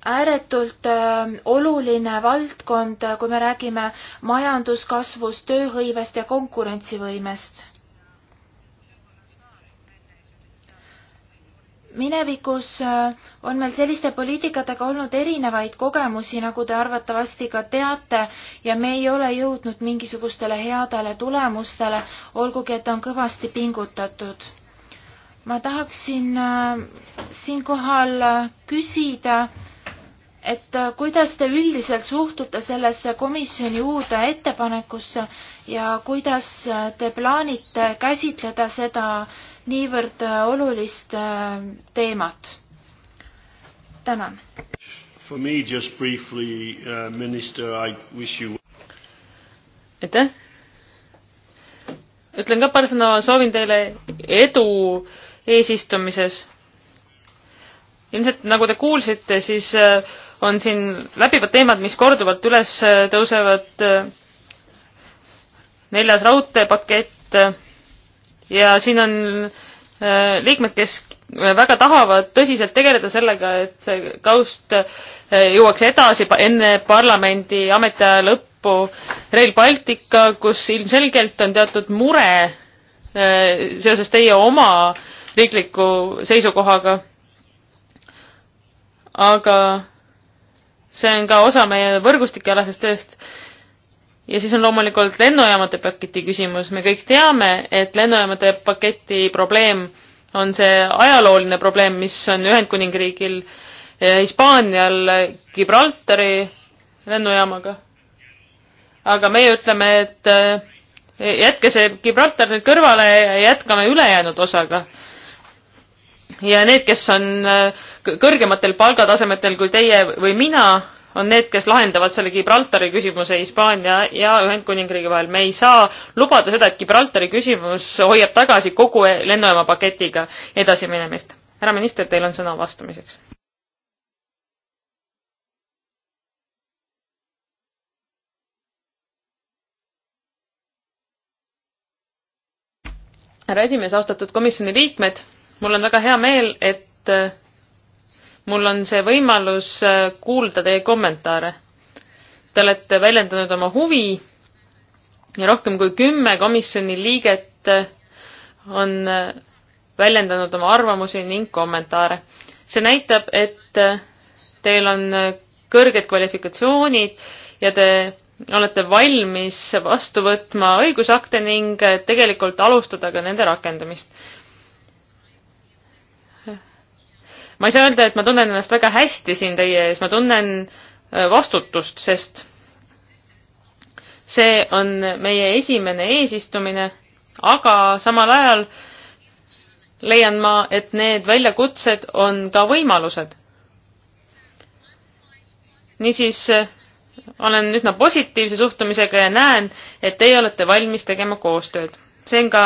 ääretult äh, oluline valdkond, äh, kui me räägime majanduskasvust, tööhõivest ja konkurentsivõimest. minevikus äh, on meil selliste poliitikatega olnud erinevaid kogemusi, nagu te arvatavasti ka teate ja me ei ole jõudnud mingisugustele headele tulemustele, olgugi et on kõvasti pingutatud. ma tahaksin äh, siinkohal äh, küsida, et kuidas te üldiselt suhtute sellesse komisjoni uude ettepanekusse ja kuidas te plaanite käsitleda seda äh, niivõrd äh, olulist äh, teemat. tänan. For me just briefly uh,, minister, I wish you. aitäh. ütlen ka paar sõna, soovin teile edu eesistumises. ilmselt nagu te kuulsite, siis on siin läbivad teemad, mis korduvalt üles tõusevad. neljas raudteepakett ja siin on äh, liikmed, kes äh, väga tahavad tõsiselt tegeleda sellega, et see kaust äh, jõuaks edasi enne parlamendi ametiaja lõppu Rail Baltica, kus ilmselgelt on teatud mure seoses teie oma riikliku seisukohaga. aga see on ka osa meie võrgustikealasest tööst ja siis on loomulikult lennujaamade paketi küsimus, me kõik teame, et lennujaamade paketi probleem on see ajalooline probleem, mis on Ühendkuningriigil, eh, Hispaanial, Gibraltari lennujaamaga. aga meie ütleme, et eh, jätke see Gibraltar nüüd kõrvale ja jätkame ülejäänud osaga. ja need, kes on eh, kõrgematel palgatasemetel kui teie või mina, on need, kes lahendavad selle Gibraltari küsimuse Hispaania ja Ühendkuningriigi vahel. me ei saa lubada seda, et Gibraltari küsimus hoiab tagasi kogu lennujaama paketiga edasiminemist. härra minister, teil on sõna vastamiseks. härra esimees, austatud komisjoni liikmed, mul on väga hea meel, et mul on see võimalus äh, kuulda teie kommentaare. Te olete väljendanud oma huvi ja rohkem kui kümme komisjoni liiget äh, on äh, väljendanud oma arvamusi ning kommentaare. see näitab, et teil on kõrged kvalifikatsioonid ja te olete valmis vastu võtma õigusakte ning tegelikult alustada ka nende rakendamist. ma ei saa öelda, et ma tunnen ennast väga hästi siin teie ees, ma tunnen äh, vastutust, sest see on meie esimene eesistumine, aga samal ajal leian ma, et need väljakutsed on ka võimalused. niisiis äh, olen üsna positiivse suhtumisega ja näen, et teie olete valmis tegema koostööd. see on ka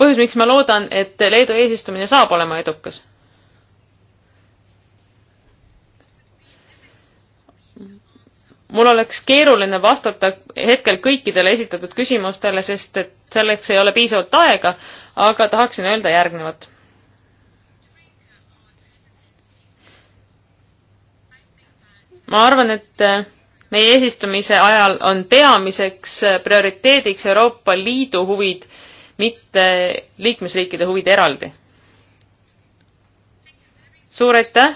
põhjus, miks ma loodan, et Leedu eesistumine saab olema edukas. mul oleks keeruline vastata hetkel kõikidele esitatud küsimustele, sest et selleks ei ole piisavalt aega, aga tahaksin öelda järgnevat. ma arvan, et meie eesistumise ajal on peamiseks prioriteediks Euroopa Liidu huvid, mitte liikmesriikide huvid eraldi. suur aitäh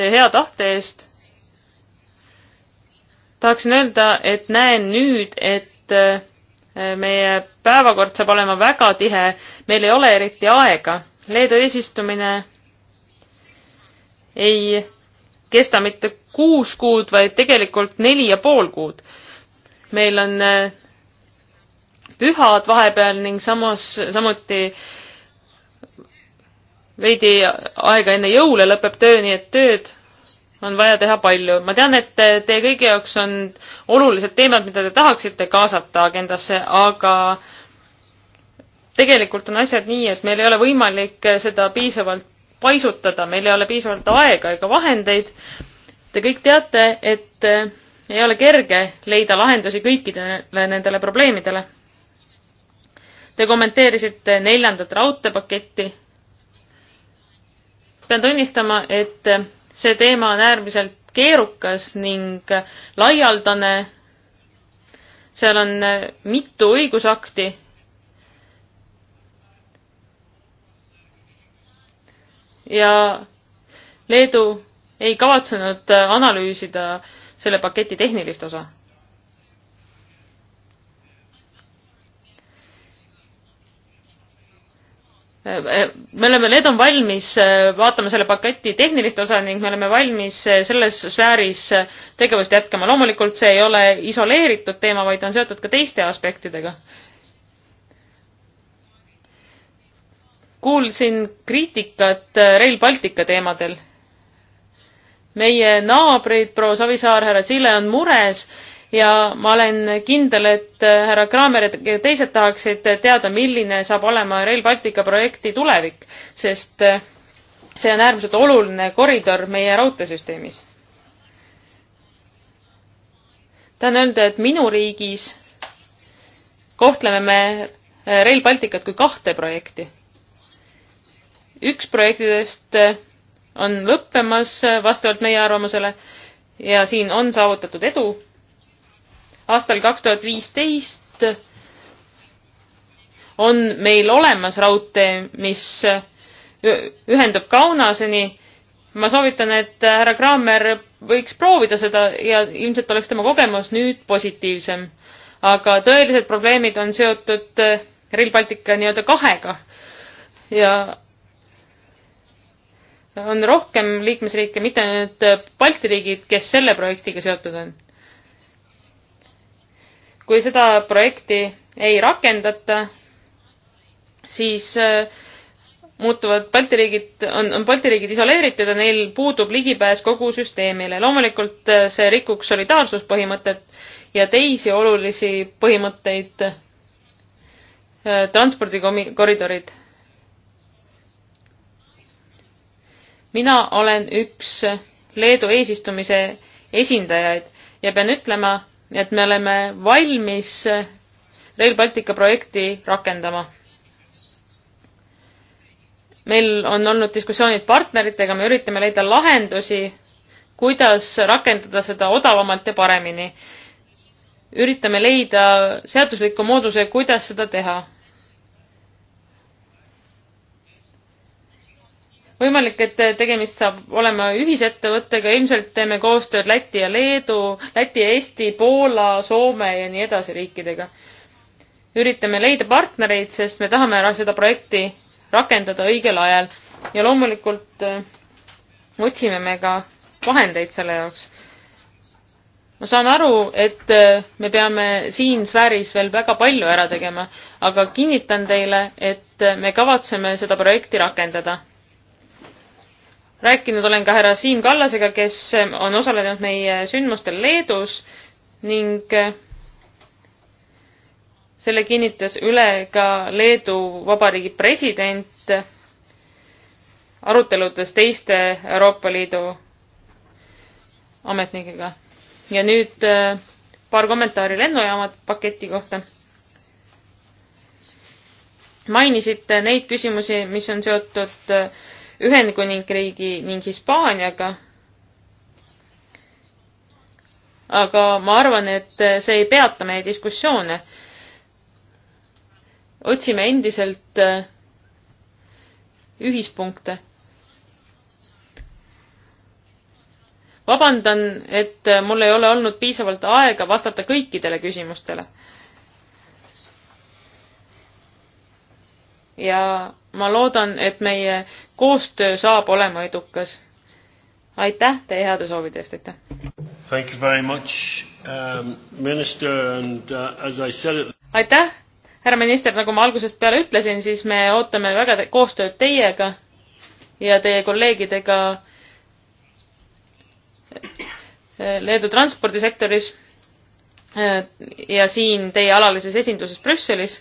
teie hea tahte eest. tahaksin öelda, et näen nüüd, et äh, meie päevakord saab olema väga tihe, meil ei ole eriti aega. Leedu eesistumine ei kesta mitte kuus kuud, vaid tegelikult neli ja pool kuud. meil on äh, pühad vahepeal ning samas, samuti äh, veidi aega enne jõule lõpeb töö, nii et tööd on vaja teha palju. ma tean, et teie kõigi jaoks on olulised teemad, mida te tahaksite kaasata agendasse, aga tegelikult on asjad nii, et meil ei ole võimalik seda piisavalt paisutada, meil ei ole piisavalt aega ega vahendeid. Te kõik teate, et ei ole kerge leida lahendusi kõikidele nendele probleemidele. Te kommenteerisite neljandat raudteepaketti pean tunnistama, et see teema on äärmiselt keerukas ning laialdane. seal on mitu õigusakti. ja Leedu ei kavatsenud analüüsida selle paketi tehnilist osa me oleme, need on valmis, äh, vaatame selle paketi tehnilist osa ning me oleme valmis äh, selles sfääris äh, tegevust jätkama. loomulikult see ei ole isoleeritud teema, vaid on seotud ka teiste aspektidega. kuulsin kriitikat Rail Baltica teemadel. meie naabrid, proua Savisaar, härra Sille on mures, ja ma olen kindel, et äh, härra Kraamer ja teised tahaksid teada, milline saab olema Rail Baltica projekti tulevik, sest äh, see on äärmiselt oluline koridor meie raudteesüsteemis. tahan öelda, et minu riigis kohtleme me äh, Rail Balticut kui kahte projekti. üks projektidest on lõppemas vastavalt meie arvamusele ja siin on saavutatud edu aastal kaks tuhat viisteist on meil olemas raudtee, mis ühendub Kaunaseni. ma soovitan, et härra Kraamer võiks proovida seda ja ilmselt oleks tema kogemus nüüd positiivsem. aga tõelised probleemid on seotud äh, Rail Baltica nii-öelda kahega ja on rohkem liikmesriike, mitte ainult äh, Balti riigid, kes selle projektiga seotud on kui seda projekti ei rakendata, siis äh, muutuvad Balti riigid, on, on Balti riigid isoleeritud ja neil puudub ligipääs kogu süsteemile. loomulikult äh, see rikuks solidaarsuspõhimõtet ja teisi olulisi põhimõtteid, äh, transpordikoridorid. mina olen üks Leedu eesistumise esindajaid ja pean ütlema, nii et me oleme valmis Rail Baltica projekti rakendama. meil on olnud diskussioonid partneritega, me üritame leida lahendusi, kuidas rakendada seda odavamalt ja paremini. üritame leida seadusliku mooduse, kuidas seda teha võimalik, et tegemist saab olema ühisettevõttega, ilmselt teeme koostööd Läti ja Leedu, Läti ja Eesti, Poola, Soome ja nii edasi riikidega. üritame leida partnereid, sest me tahame seda projekti rakendada õigel ajal ja loomulikult äh, otsime me ka vahendeid selle jaoks. ma saan aru, et äh, me peame siin sfääris veel väga palju ära tegema, aga kinnitan teile, et äh, me kavatseme seda projekti rakendada rääkinud olen ka härra Siim Kallasega, kes ähm, on osalenud meie sündmustel Leedus ning äh, selle kinnitas üle ka Leedu Vabariigi president äh, aruteludes teiste Euroopa Liidu ametnikega. ja nüüd äh, paar kommentaari lennujaama paketi kohta. mainisite neid küsimusi, mis on seotud Ühendkuningriigi ning Hispaaniaga. aga ma arvan, et see ei peata meie diskussioone. otsime endiselt äh, ühispunkte. vabandan, et äh, mul ei ole olnud piisavalt aega vastata kõikidele küsimustele ja ma loodan, et meie koostöö saab olema edukas. aitäh teie heade soovide eest, aitäh! Thank you very much um,, minister and uh, as I said it... aitäh, härra minister, nagu ma algusest peale ütlesin, siis me ootame väga te koostööd teiega ja teie kolleegidega äh, Leedu transpordisektoris äh, ja siin teie alalises esinduses Brüsselis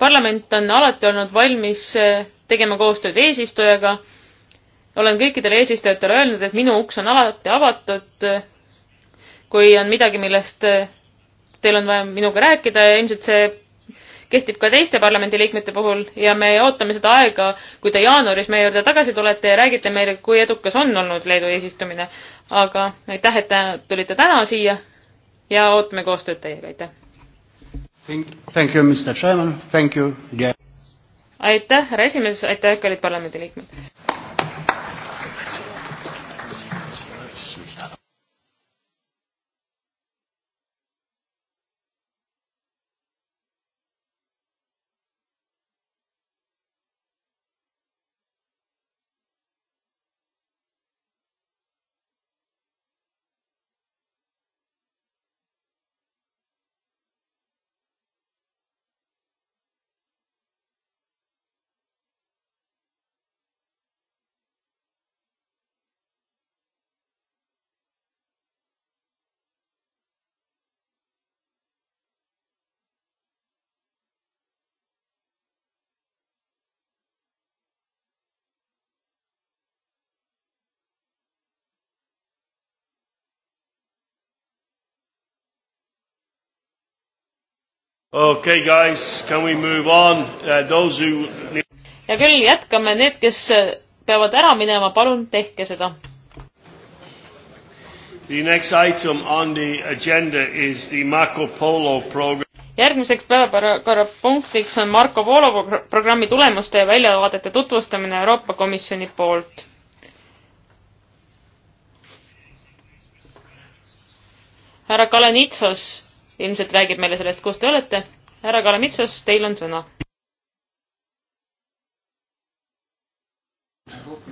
parlament on alati olnud valmis eh, tegema koostööd eesistujaga. olen kõikidele eesistujatele öelnud, et minu uks on alati avatud. Eh, kui on midagi, millest eh, teil on vaja minuga rääkida ja ilmselt see kehtib ka teiste parlamendiliikmete puhul ja me ootame seda aega, kui te jaanuaris meie juurde tagasi tulete ja räägite meile, kui edukas on olnud Leedu eesistumine. aga aitäh, et te tulite täna siia ja ootame koostööd teiega, aitäh! Thank you, Mr Chairman, thank you yeah.. aitäh, härra esimees, aitäh, kallid parlamendiliikmed Okay, guys, can we move on uh,? Those who ja küll jätkame, need, kes äh, peavad ära minema, palun tehke seda. The next item on the agenda is the Marco Polo program. järgmiseks päevakorrapunktiks on Marco Polo programmi tulemuste ja väljavaadete tutvustamine Euroopa Komisjoni poolt härra Kalanitsos ilmselt räägib meile sellest, kus te olete. härra Kalamitsos, teil on sõna.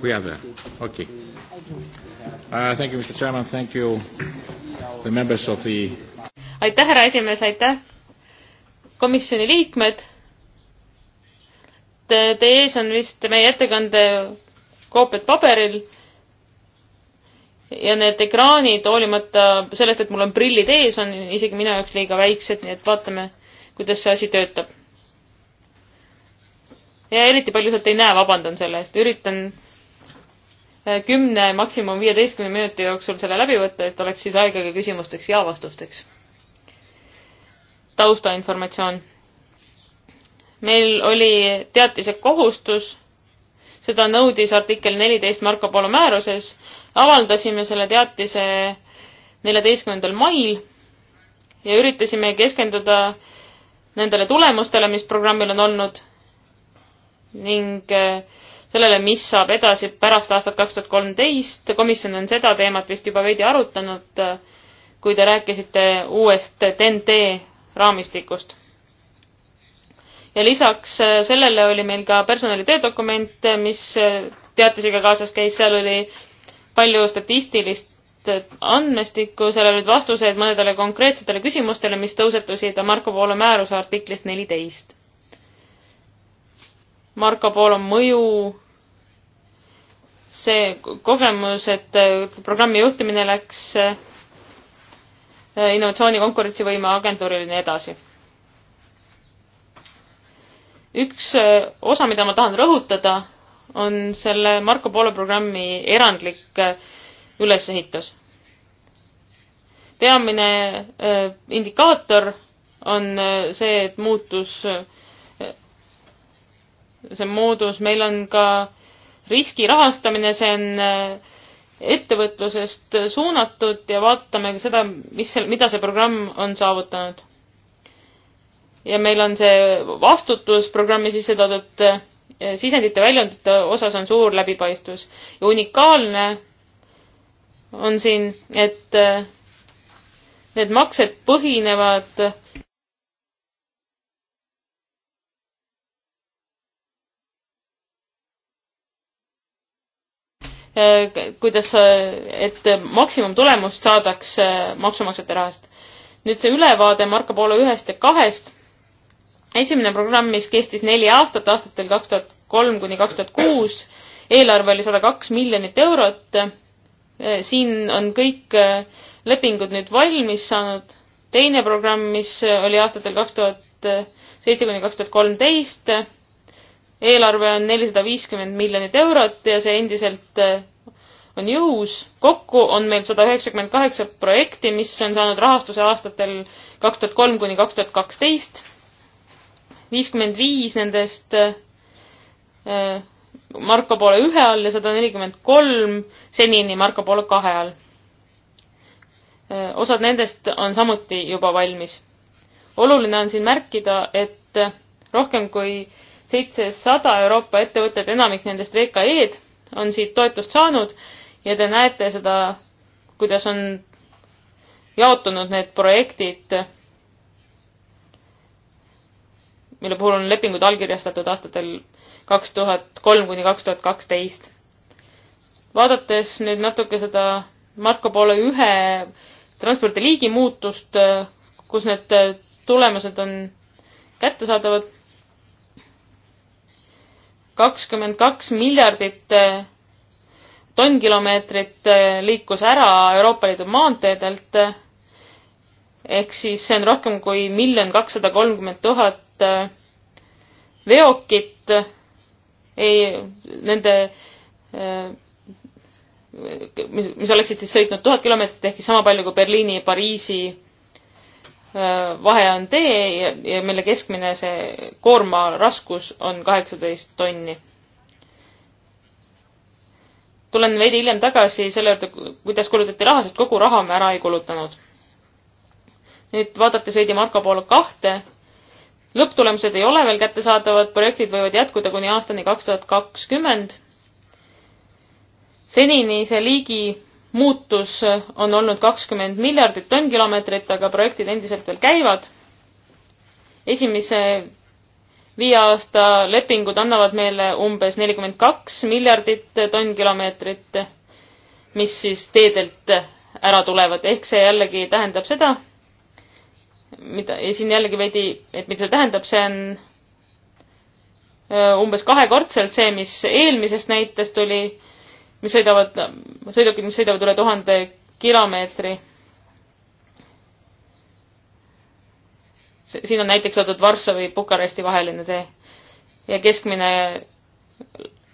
We are there. Okay. Uh, thank you, Mr. Chairman. Thank you, the members of the. aitäh, härra esimees, aitäh, komisjoni liikmed. Teie ees on vist meie ettekande koopiad paberil ja need ekraanid, hoolimata sellest, et mul on prillid ees, on isegi minu jaoks liiga väiksed, nii et vaatame, kuidas see asi töötab. ja eriti palju sealt ei näe, vabandan selle eest, üritan äh, kümne, maksimum viieteistkümne minuti jooksul selle läbi võtta, et oleks siis aega ka küsimusteks ja vastusteks. taustainformatsioon. meil oli teatise kohustus, seda nõudis artikkel neliteist Marko Polo määruses avaldasime selle teatise neljateistkümnendal mail ja üritasime keskenduda nendele tulemustele, mis programmil on olnud ning äh, sellele, mis saab edasi pärast aastat kaks tuhat kolmteist. komisjon on seda teemat vist juba veidi arutanud, äh, kui te rääkisite uuest TNT raamistikust. ja lisaks äh, sellele oli meil ka personali töödokument, mis teatisega kaasas käis, seal oli palju statistilist andmestikku, seal olid vastused mõnedele konkreetsetele küsimustele, mis tõusetusid Marko Poola määruse artiklist neliteist. Marko Poola mõju, see kogemus, et äh, programmi juhtimine läks äh, innovatsiooni konkurentsivõime agentuurile ja nii edasi. üks äh, osa, mida ma tahan rõhutada on selle Marco Polo programmi erandlik äh, ülesehitus. peamine äh, indikaator on äh, see, et muutus, see moodus, meil on ka riski rahastamine, see on ettevõtlusest suunatud ja vaatame ka seda, mis, mida see programm on saavutanud. ja meil on see vastutus programmi sisse toodud Eh, sisendite väljundite osas on suur läbipaistvus ja unikaalne on siin, et eh, need maksed põhinevad eh, kuidas, et maksimumtulemust saadaks maksumaksjate rahast. nüüd see ülevaade Marko Polo ühest ja kahest esimene programm, mis kestis neli aastat, aastatel kaks tuhat kolm kuni kaks tuhat kuus, eelarve oli sada kaks miljonit eurot. Eh, siin on kõik eh, lepingud nüüd valmis saanud. teine programm, mis eh, oli aastatel kaks tuhat seitse kuni kaks tuhat kolmteist, eelarve on nelisada viiskümmend miljonit eurot ja see endiselt on jõus. kokku on meil sada üheksakümmend kaheksa projekti, mis on saanud rahastuse aastatel kaks tuhat kolm kuni kaks tuhat kaksteist viiskümmend viis nendest äh, Marko Polo ühe all ja sada nelikümmend kolm senini Marko Polo kahe all. Äh, osad nendest on samuti juba valmis. oluline on siin märkida, et äh, rohkem kui seitsesada Euroopa ettevõtet, enamik nendest VKE-d, on siit toetust saanud ja te näete seda, kuidas on jaotunud need projektid mille puhul on lepingud allkirjastatud aastatel kaks tuhat kolm kuni kaks tuhat kaksteist. vaadates nüüd natuke seda Marko Polo ühe transpordiliigi muutust, kus need tulemused on kättesaadavad, kakskümmend kaks miljardit eh, tonnkilomeetrit eh, liikus ära Euroopa Liidu maanteedelt eh, ehk siis see on rohkem kui miljon kakssada kolmkümmend tuhat ainult äh, veokit, ei, nende, äh, mis, mis oleksid siis sõitnud tuhat kilomeetrit ehk siis sama palju kui Berliini ja Pariisi äh, vahe on tee ja, ja mille keskmine see koorma raskus on kaheksateist tonni. tulen veidi hiljem tagasi selle juurde, kuidas kulutati raha, sest kogu raha me ära ei kulutanud. nüüd vaadates veidi Marko Polo kahte lõpptulemused ei ole veel kättesaadavad, projektid võivad jätkuda kuni aastani kaks tuhat kakskümmend. senini see liigi muutus on olnud kakskümmend miljardit tonnkilomeetrit, aga projektid endiselt veel käivad. esimese viie aasta lepingud annavad meile umbes nelikümmend kaks miljardit tonnkilomeetrit, mis siis teedelt ära tulevad, ehk see jällegi tähendab seda, mida, ja siin jällegi veidi, et mida see tähendab, see on umbes kahekordselt see, mis eelmisest näitest oli, mis sõidavad, sõidukid, mis sõidavad üle tuhande kilomeetri. siin on näiteks toodud Varssavi, Bukaresti vaheline tee ja keskmine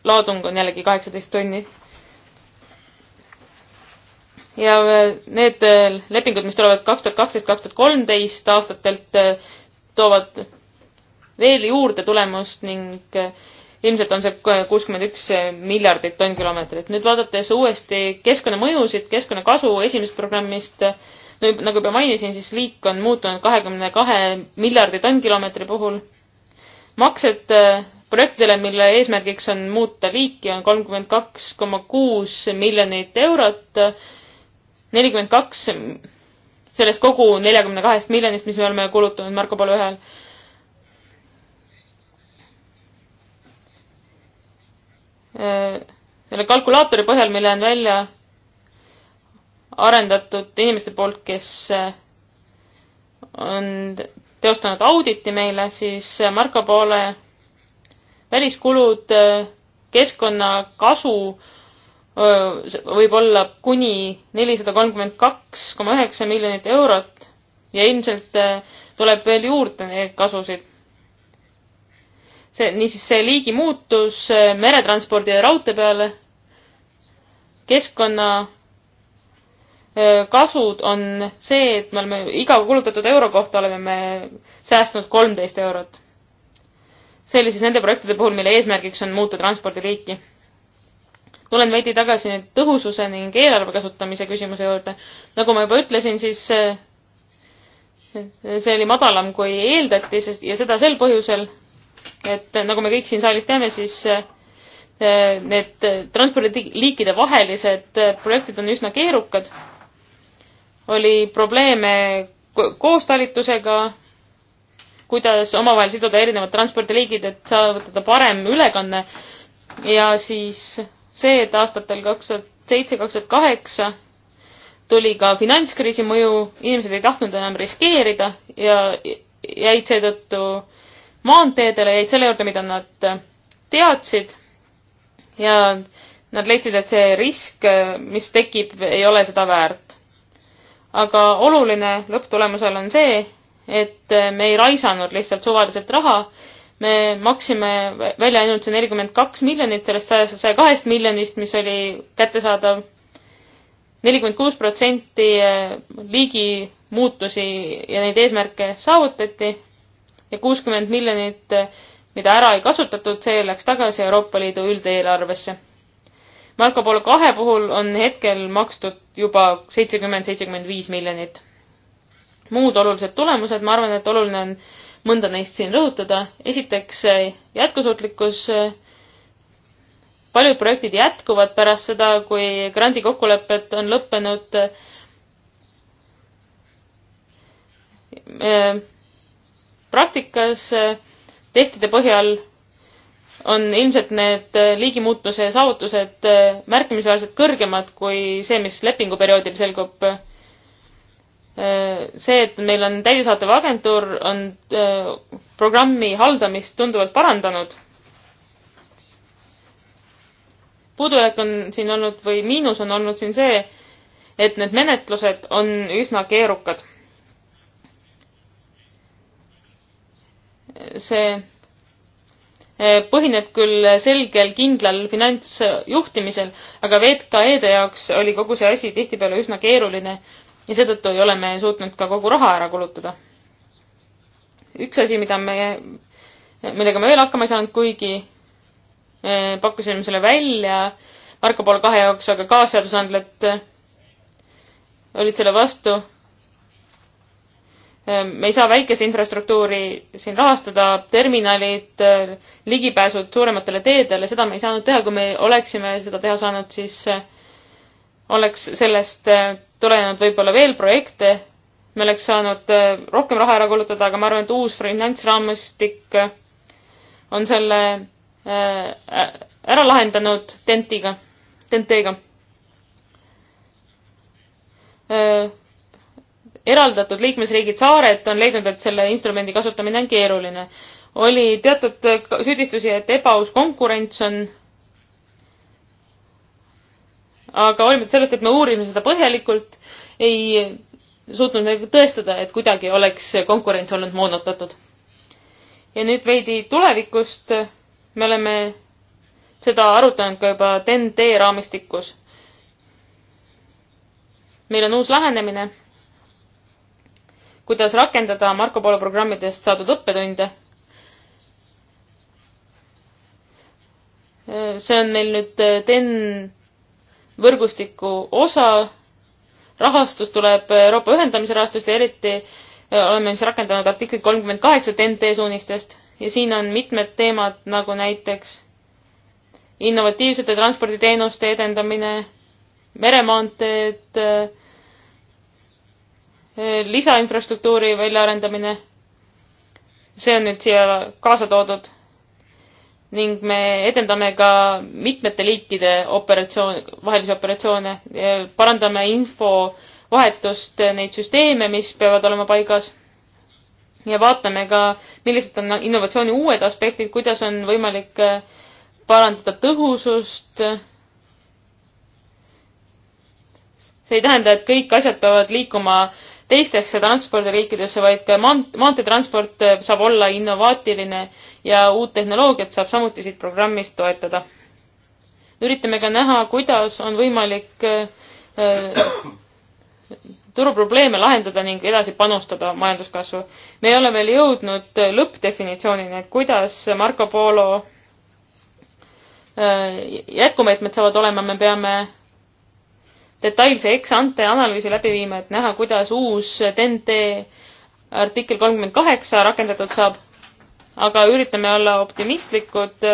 laadung on jällegi kaheksateist tonni ja need äh, lepingud, mis tulevad kaks tuhat kaksteist, kaks tuhat kolmteist aastatelt, äh, toovad veel juurde tulemust ning äh, ilmselt on see kuuskümmend üks miljardit tonnkilomeetrit. nüüd vaadates uuesti keskkonnamõjusid, keskkonnakasu esimesest programmist, no nagu juba mainisin, siis liik on muutunud kahekümne kahe miljardi tonnkilomeetri puhul. maksed projektidele, mille eesmärgiks on muuta liiki, on kolmkümmend kaks koma kuus miljonit eurot nelikümmend kaks sellest kogu neljakümne kahest miljonist, mis me oleme kulutanud Marko Polo ühel. selle kalkulaatori põhjal, mille on välja arendatud inimeste poolt, kes on teostanud auditi meile, siis Marko Pole väliskulud, keskkonnakasu võib olla kuni nelisada kolmkümmend kaks koma üheksa miljonit eurot ja ilmselt äh, tuleb veel juurde neid kasusid. see, niisiis see liigi muutus äh, meretranspordi ja raudtee peale, keskkonna äh, kasud on see, et me oleme iga kulutatud euro kohta oleme me säästnud kolmteist eurot. see oli siis nende projektide puhul, mille eesmärgiks on muuta transpordiliiki tulen veidi tagasi nüüd tõhususe ning eelarve kasutamise küsimuse juurde. nagu ma juba ütlesin, siis eh, see oli madalam, kui eeldati, sest ja seda sel põhjusel, et nagu me kõik siin saalis teame, siis eh, need transpordiliikide vahelised projektid on üsna keerukad. oli probleeme koostalitusega, kuidas omavahel siduda erinevad transpordiliigid, et saavutada parem ülekanne ja siis see, et aastatel kaks tuhat seitse, kaks tuhat kaheksa tuli ka finantskriisi mõju, inimesed ei tahtnud enam riskeerida ja jäid seetõttu maanteedele, jäid selle juurde, mida nad teadsid. ja nad leidsid, et see risk, mis tekib, ei ole seda väärt. aga oluline lõpptulemusel on see, et me ei raisanud lihtsalt suvaliselt raha, me maksime välja ainult see nelikümmend kaks miljonit sellest sajast, saja kahest miljonist, mis oli kättesaadav. nelikümmend kuus protsenti eh, liigi muutusi ja neid eesmärke saavutati ja kuuskümmend miljonit, eh, mida ära ei kasutatud, see läks tagasi Euroopa Liidu üldeelarvesse. Marco Polo kahe puhul on hetkel makstud juba seitsekümmend, seitsekümmend viis miljonit. muud olulised tulemused, ma arvan, et oluline on mõnda neist siin rõhutada. esiteks eh, jätkusuutlikkus. Eh, paljud projektid jätkuvad pärast seda, kui grandi kokkulepped on lõppenud. Eh, praktikas testide põhjal on ilmselt need liigimuutuse saavutused märkimisväärselt kõrgemad kui see, mis lepinguperioodil selgub see, et meil on täidesaatev agentuur, on äh, programmi haldamist tunduvalt parandanud. puudujääk on siin olnud või miinus on olnud siin see, et need menetlused on üsna keerukad. see äh, põhineb küll selgel kindlal finantsjuhtimisel, aga VKE-de jaoks oli kogu see asi tihtipeale üsna keeruline ja seetõttu ei ole me suutnud ka kogu raha ära kulutada. üks asi, mida me, millega me veel hakkama ei saanud, kuigi eh, pakkusime selle välja Marko Polo kahe jaoks, aga kaasseadusandjad eh, olid selle vastu. Eh, me ei saa väikest infrastruktuuri siin rahastada, terminalid, ligipääsud suurematele teedele, seda me ei saanud teha, kui me oleksime seda teha saanud, siis oleks sellest tulenenud võib-olla veel projekte, me oleks saanud äh, rohkem raha ära kulutada, aga ma arvan, et uus finantsraamistik äh, on selle äh, ära lahendanud TENT-iga, TENT-iga. eraldatud liikmesriigid, saared on leidnud, et selle instrumendi kasutamine on keeruline. oli teatud süüdistusi, et ebaaus konkurents on aga hoolimata sellest, et me uurime seda põhjalikult, ei suutnud me tõestada, et kuidagi oleks konkurents olnud moonutatud. ja nüüd veidi tulevikust. me oleme seda arutanud ka juba TEN-T raamistikus. meil on uus lähenemine, kuidas rakendada Marko Polo programmidest saadud õppetunde. see on meil nüüd TEN-T võrgustiku osa. rahastus tuleb Euroopa ühendamise rahastust ja eriti äh, oleme siis rakendanud artiklit kolmkümmend kaheksa TNT suunistest ja siin on mitmed teemad nagu näiteks innovatiivsete transporditeenuste edendamine, meremaanteed, äh, lisainfrastruktuuri väljaarendamine. see on nüüd siia kaasa toodud ning me edendame ka mitmete liikide operatsioon, vahelisi operatsioone, parandame infovahetust, neid süsteeme, mis peavad olema paigas ja vaatame ka, millised on innovatsiooni uued aspektid, kuidas on võimalik äh, parandada tõhusust. see ei tähenda, et kõik asjad peavad liikuma teistesse transpordiriikidesse, vaid ka maant-, maanteetransport eh, saab olla innovaatiline ja uut tehnoloogiat saab samuti siit programmist toetada. üritame ka näha, kuidas on võimalik äh, turuprobleeme lahendada ning edasi panustada majanduskasvu. me ei ole veel jõudnud lõppdefinitsioonini, et kuidas Marco Polo äh, jätkumeetmed saavad olema, me peame detailse ex-ante analüüsi läbi viima, et näha, kuidas uus TNT artikkel kolmkümmend kaheksa rakendatud saab. aga üritame olla optimistlikud,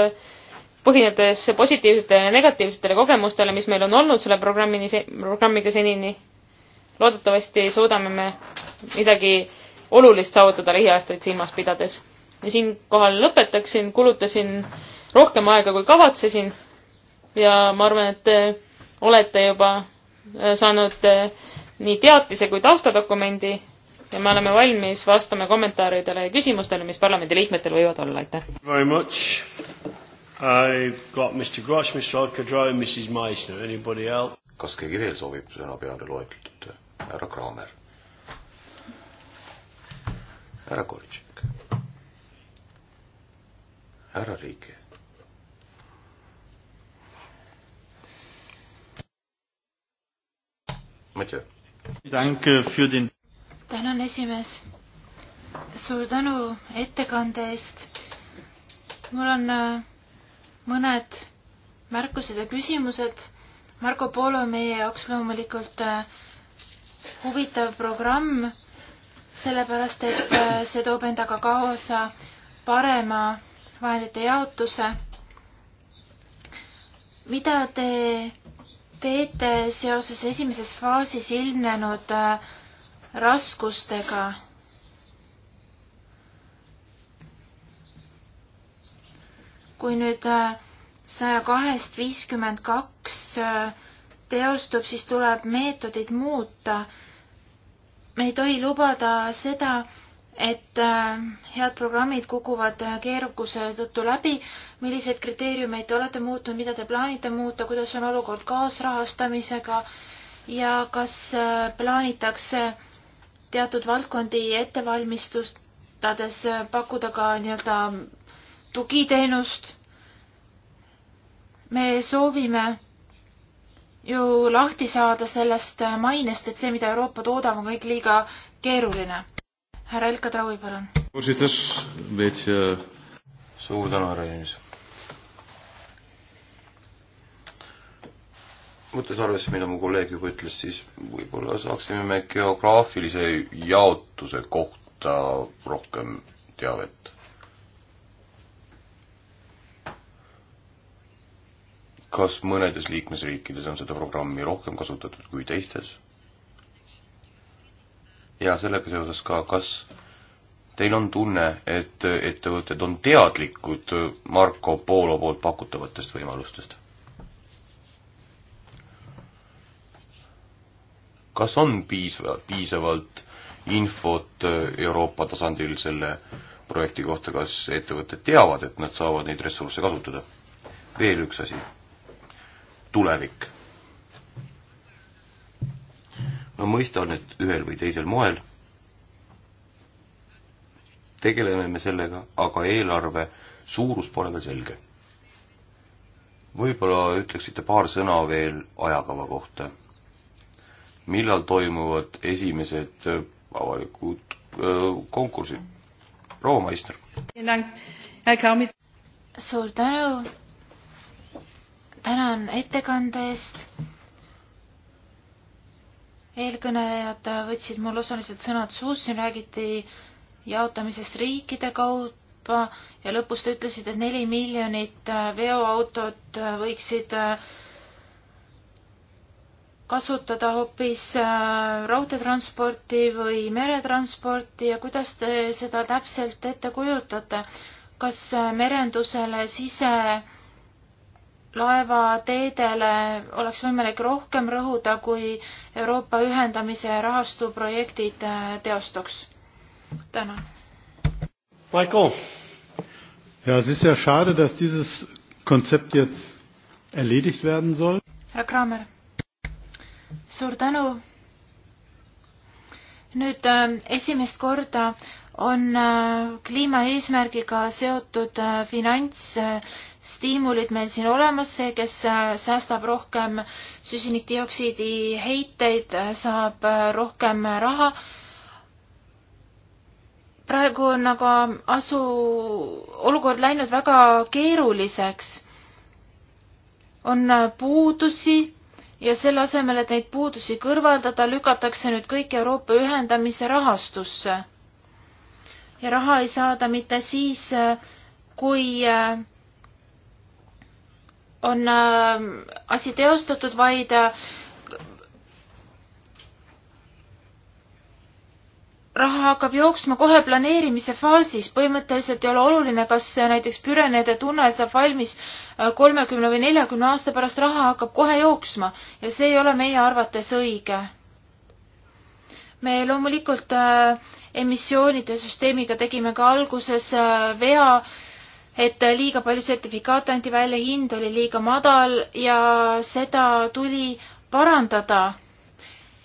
põhinedes positiivsetele ja negatiivsetele kogemustele, mis meil on olnud selle programmini, programmiga senini. loodetavasti suudame me midagi olulist saavutada lähiaastaid silmas pidades. ja siinkohal lõpetaksin, kulutasin rohkem aega, kui kavatsesin ja ma arvan, et olete juba Äh, saanud äh, nii teatise kui taustadokumendi ja me oleme valmis vastama kommentaaridele ja küsimustele, mis parlamendi liikmetel võivad olla, aitäh. Very much. I've got Mr Grosh, Mr Alcadra and Mrs Meissner, anybody else? kas keegi veel soovib sõna peale loetletud? härra Kraamer. härra Koritšik. härra Riike Mathieu. tänan, esimees. suur tänu ettekande eest. mul on äh, mõned märkused ja küsimused. Marko Polo meie jaoks loomulikult äh, huvitav programm, sellepärast et äh, see toob endaga kaasa parema vahendite jaotuse. mida te teete seoses esimeses faasis ilmnenud äh, raskustega? kui nüüd äh, saja kahest viiskümmend kaks äh, teostub, siis tuleb meetodit muuta. me ei tohi lubada seda, et äh, head programmid kukuvad äh, keerukuse tõttu läbi. milliseid kriteeriumeid te olete muutnud, mida te plaanite muuta, kuidas on olukord kaasrahastamisega ja kas äh, plaanitakse teatud valdkondi ettevalmistustades pakkuda ka nii-öelda tugiteenust? me soovime ju lahti saada sellest mainest, et see, mida Euroopa toodab, on kõik liiga keeruline härra Elka Traui, palun. Eh, suur tänu, härra Jens. võttes arvesse, mida mu kolleeg juba ütles, siis võib-olla saaksime me geograafilise jaotuse kohta rohkem teavet. kas mõnedes liikmesriikides on seda programmi rohkem kasutatud kui teistes? ja sellega seoses ka, kas teil on tunne, et ettevõtted on teadlikud Marco Polo poolt pakutavatest võimalustest? kas on piisva, piisavalt infot Euroopa tasandil selle projekti kohta, kas ettevõtted teavad, et nad saavad neid ressursse kasutada? veel üks asi, tulevik ma mõistan, et ühel või teisel moel tegeleme me sellega, aga eelarve suurus pole veel selge. võib-olla ütleksite paar sõna veel ajakava kohta. millal toimuvad esimesed avalikud konkursid? proua Maister. suur tänu. tänan ettekande eest eelkõnelejad võtsid mul osaliselt sõnad suust, siin räägiti jaotamisest riikide kaupa ja lõpus te ütlesite, et neli miljonit äh, veoautot äh, võiksid äh, kasutada hoopis raudteetransporti või meretransporti ja kuidas te seda täpselt ette kujutate? kas merendusele sise laevateedele oleks võimalik rohkem rõhuda, kui Euroopa ühendamise rahastu projektid äh, teostuks. tänan. Maiko. Ja, es ist ja schade, dass dieses Konzept jetzt erledigt werden soll. härra Kramer. suur tänu. nüüd äh, esimest korda on äh, kliimaeesmärgiga seotud äh, finants stiimulid meil siin olemas, see, kes äh, säästab rohkem süsinikdioksiidi heiteid, äh, saab äh, rohkem raha. praegu on aga asu, olukord läinud väga keeruliseks. on puudusi ja selle asemel, et neid puudusi kõrvaldada, lükatakse nüüd kõik Euroopa ühendamise rahastusse. ja raha ei saada mitte siis, kui äh, on äh, asi teostatud, vaid äh, raha hakkab jooksma kohe planeerimise faasis, põhimõtteliselt ei ole oluline, kas näiteks Pürenede tunnel saab valmis äh, kolmekümne või neljakümne aasta pärast, raha hakkab kohe jooksma ja see ei ole meie arvates õige. me loomulikult emissioonide süsteemiga tegime ka alguses vea et liiga palju sertifikaate anti välja, hind oli liiga madal ja seda tuli parandada.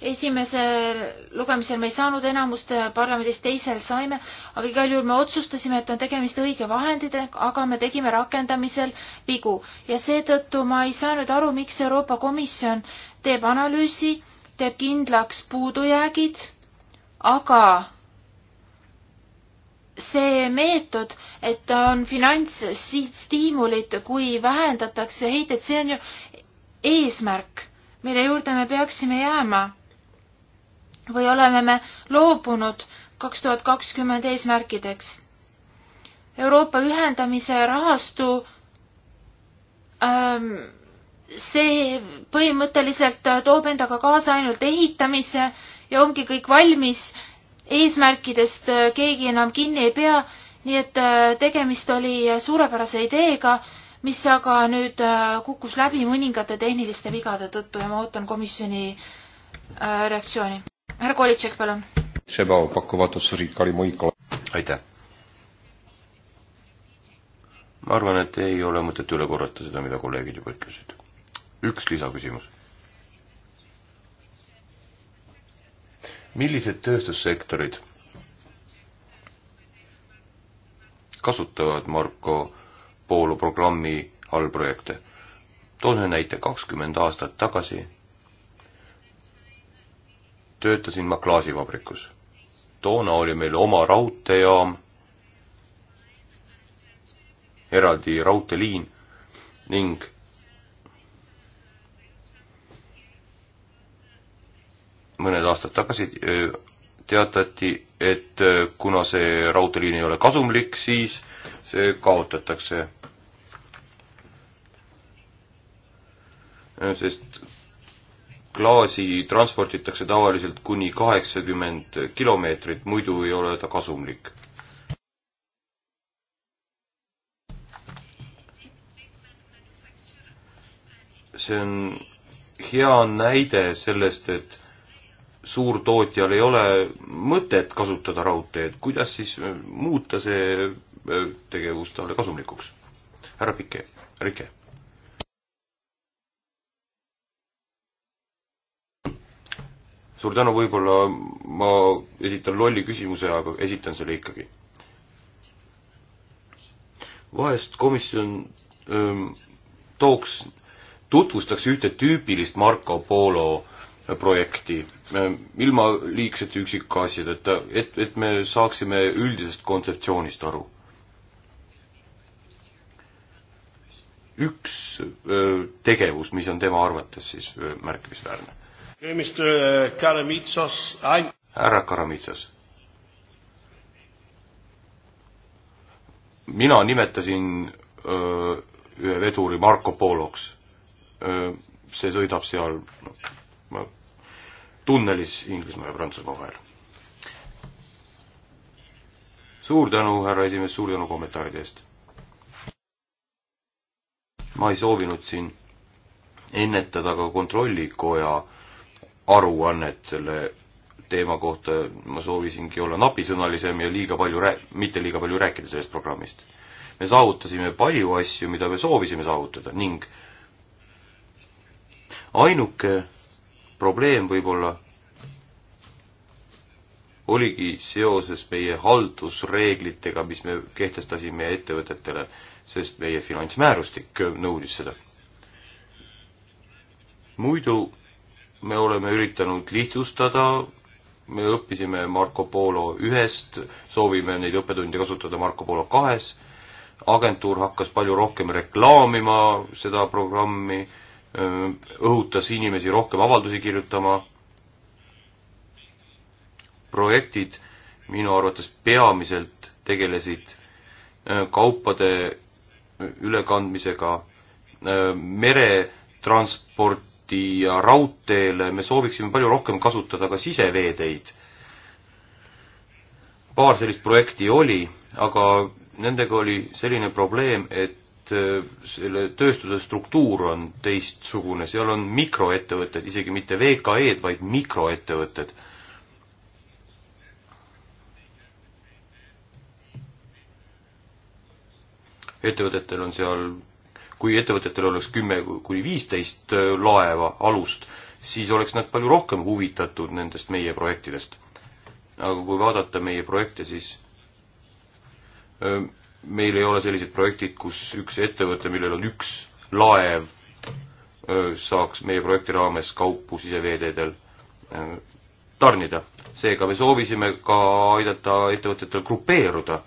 esimesel lugemisel me ei saanud enamust parlamendis, teisel saime, aga igal juhul me otsustasime, et on tegemist õige vahenditega, aga me tegime rakendamisel vigu ja seetõttu ma ei saa nüüd aru, miks Euroopa Komisjon teeb analüüsi, teeb kindlaks puudujäägid, aga see meetod, et on finantsstiimulid, kui vähendatakse heidet, see on ju eesmärk, mille juurde me peaksime jääma. või oleme me loobunud kaks tuhat kakskümmend eesmärkideks? Euroopa ühendamise rahastu ähm, see põhimõtteliselt toob endaga kaasa ainult ehitamise ja ongi kõik valmis eesmärkidest äh, keegi enam kinni ei pea, nii et äh, tegemist oli äh, suurepärase ideega, mis aga nüüd kukkus läbi mõningate tehniliste vigade tõttu ja ma ootan komisjoni reaktsiooni. härra Kolitšek, palun. aitäh. ma arvan, et ei ole mõtet üle korrata seda, mida kolleegid juba ütlesid. üks lisaküsimus millised tööstussektorid kasutavad Marko Poolo programmi allprojekte? toon ühe näite, kakskümmend aastat tagasi töötasin ma klaasivabrikus. toona oli meil oma raudteejaam, eraldi raudteeliin ning mõned aastad tagasi teatati, et kuna see raudteeliin ei ole kasumlik, siis see kaotatakse. sest klaasi transporditakse tavaliselt kuni kaheksakümmend kilomeetrit, muidu ei ole ta kasumlik. see on hea näide sellest, et suurtootjal ei ole mõtet kasutada raudteed, kuidas siis äh, muuta see äh, tegevus talle kasumlikuks? härra Pike, Rike. suur tänu, võib-olla ma esitan lolli küsimuse, aga esitan selle ikkagi. vahest komisjon öö, ähm, tooks, tutvustaks ühte tüüpilist Marco Polo öö, projekti ilma liigsete üksikasjadeta, et, et me saaksime üldisest kontseptsioonist aru. üks tegevus, mis on tema arvates siis märkimisväärne. Äh, härra Karamitsas. mina nimetasin öö, ühe veduri Marko Poloks. see sõidab seal no, ma tunnelis Inglismaa ja Prantsusmaa vahel. suur tänu, härra esimees, suur tänu kommentaaride eest. ma ei soovinud siin ennetada ka kontrollikoja aruannet selle teema kohta, ma soovisingi olla napisõnalisem ja liiga palju rää-, mitte liiga palju rääkida sellest programmist. me saavutasime palju asju, mida me soovisime saavutada ning ainuke probleem võib-olla oligi seoses meie haldusreeglitega, mis me kehtestasime ettevõtetele, sest meie finantsmäärustik nõudis seda. muidu me oleme üritanud lihtsustada, me õppisime Marco Polo ühest, soovime neid õppetunde kasutada Marco Polo kahes, agentuur hakkas palju rohkem reklaamima seda programmi Äh, õhutas inimesi rohkem avaldusi kirjutama. projektid minu arvates peamiselt tegelesid äh, kaupade ülekandmisega äh, meretransporti ja raudteele, me sooviksime palju rohkem kasutada ka siseveeteid. paar sellist projekti oli, aga nendega oli selline probleem, et Äh, selle tööstuse struktuur on teistsugune, seal on mikroettevõtted, isegi mitte VKE-d, vaid mikroettevõtted. ettevõtetel on seal, kui ettevõtetel oleks kümme kuni viisteist äh, laeva alust, siis oleks nad palju rohkem huvitatud nendest meie projektidest. aga kui vaadata meie projekte, siis öö, äh, meil ei ole sellised projektid, kus üks ettevõte, millel on üks laev, saaks meie projekti raames kaupu siseveeteedel tarnida. seega me soovisime ka aidata ettevõtetel grupeeruda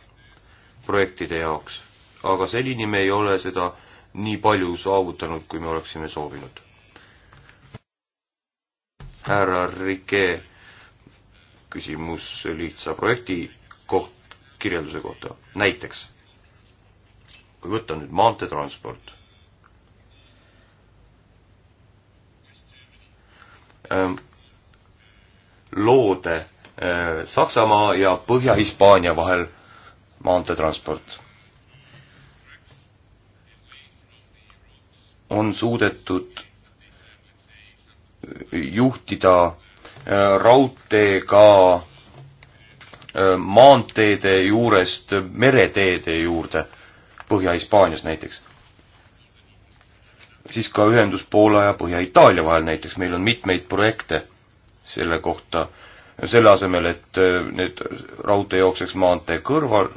projektide jaoks, aga senini me ei ole seda nii palju saavutanud, kui me oleksime soovinud. härra Rike küsimus lihtsa projekti koht, kirjelduse kohta, näiteks kui võtta nüüd maanteetransport ähm,, loode äh, Saksamaa ja Põhja-Hispaania vahel maanteetransport on suudetud juhtida äh, raudteega äh, maanteede juurest mereteede juurde. Põhja-Hispaanias näiteks. siis ka ühendus Poola ja Põhja-Itaalia vahel näiteks, meil on mitmeid projekte selle kohta, selle asemel, et eh, nüüd raudtee jookseks maantee kõrval,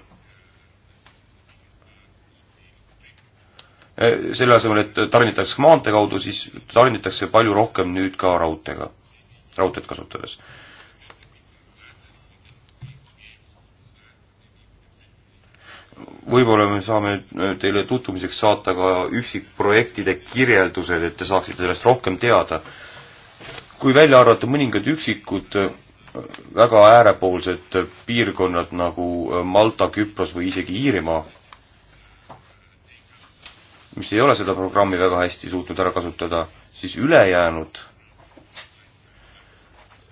eh, selle asemel, et tarnitakse maantee kaudu, siis tarnitakse palju rohkem nüüd ka raudteega, raudteed kasutades võib-olla me saame äh, teile tutvumiseks saata ka üksikprojektide kirjeldused, et te saaksite sellest rohkem teada. kui välja arvata mõningad üksikud äh, väga äärepoolsed äh, piirkonnad nagu Malta, Küpros või isegi Iirimaa, mis ei ole seda programmi väga hästi suutnud ära kasutada, siis ülejäänud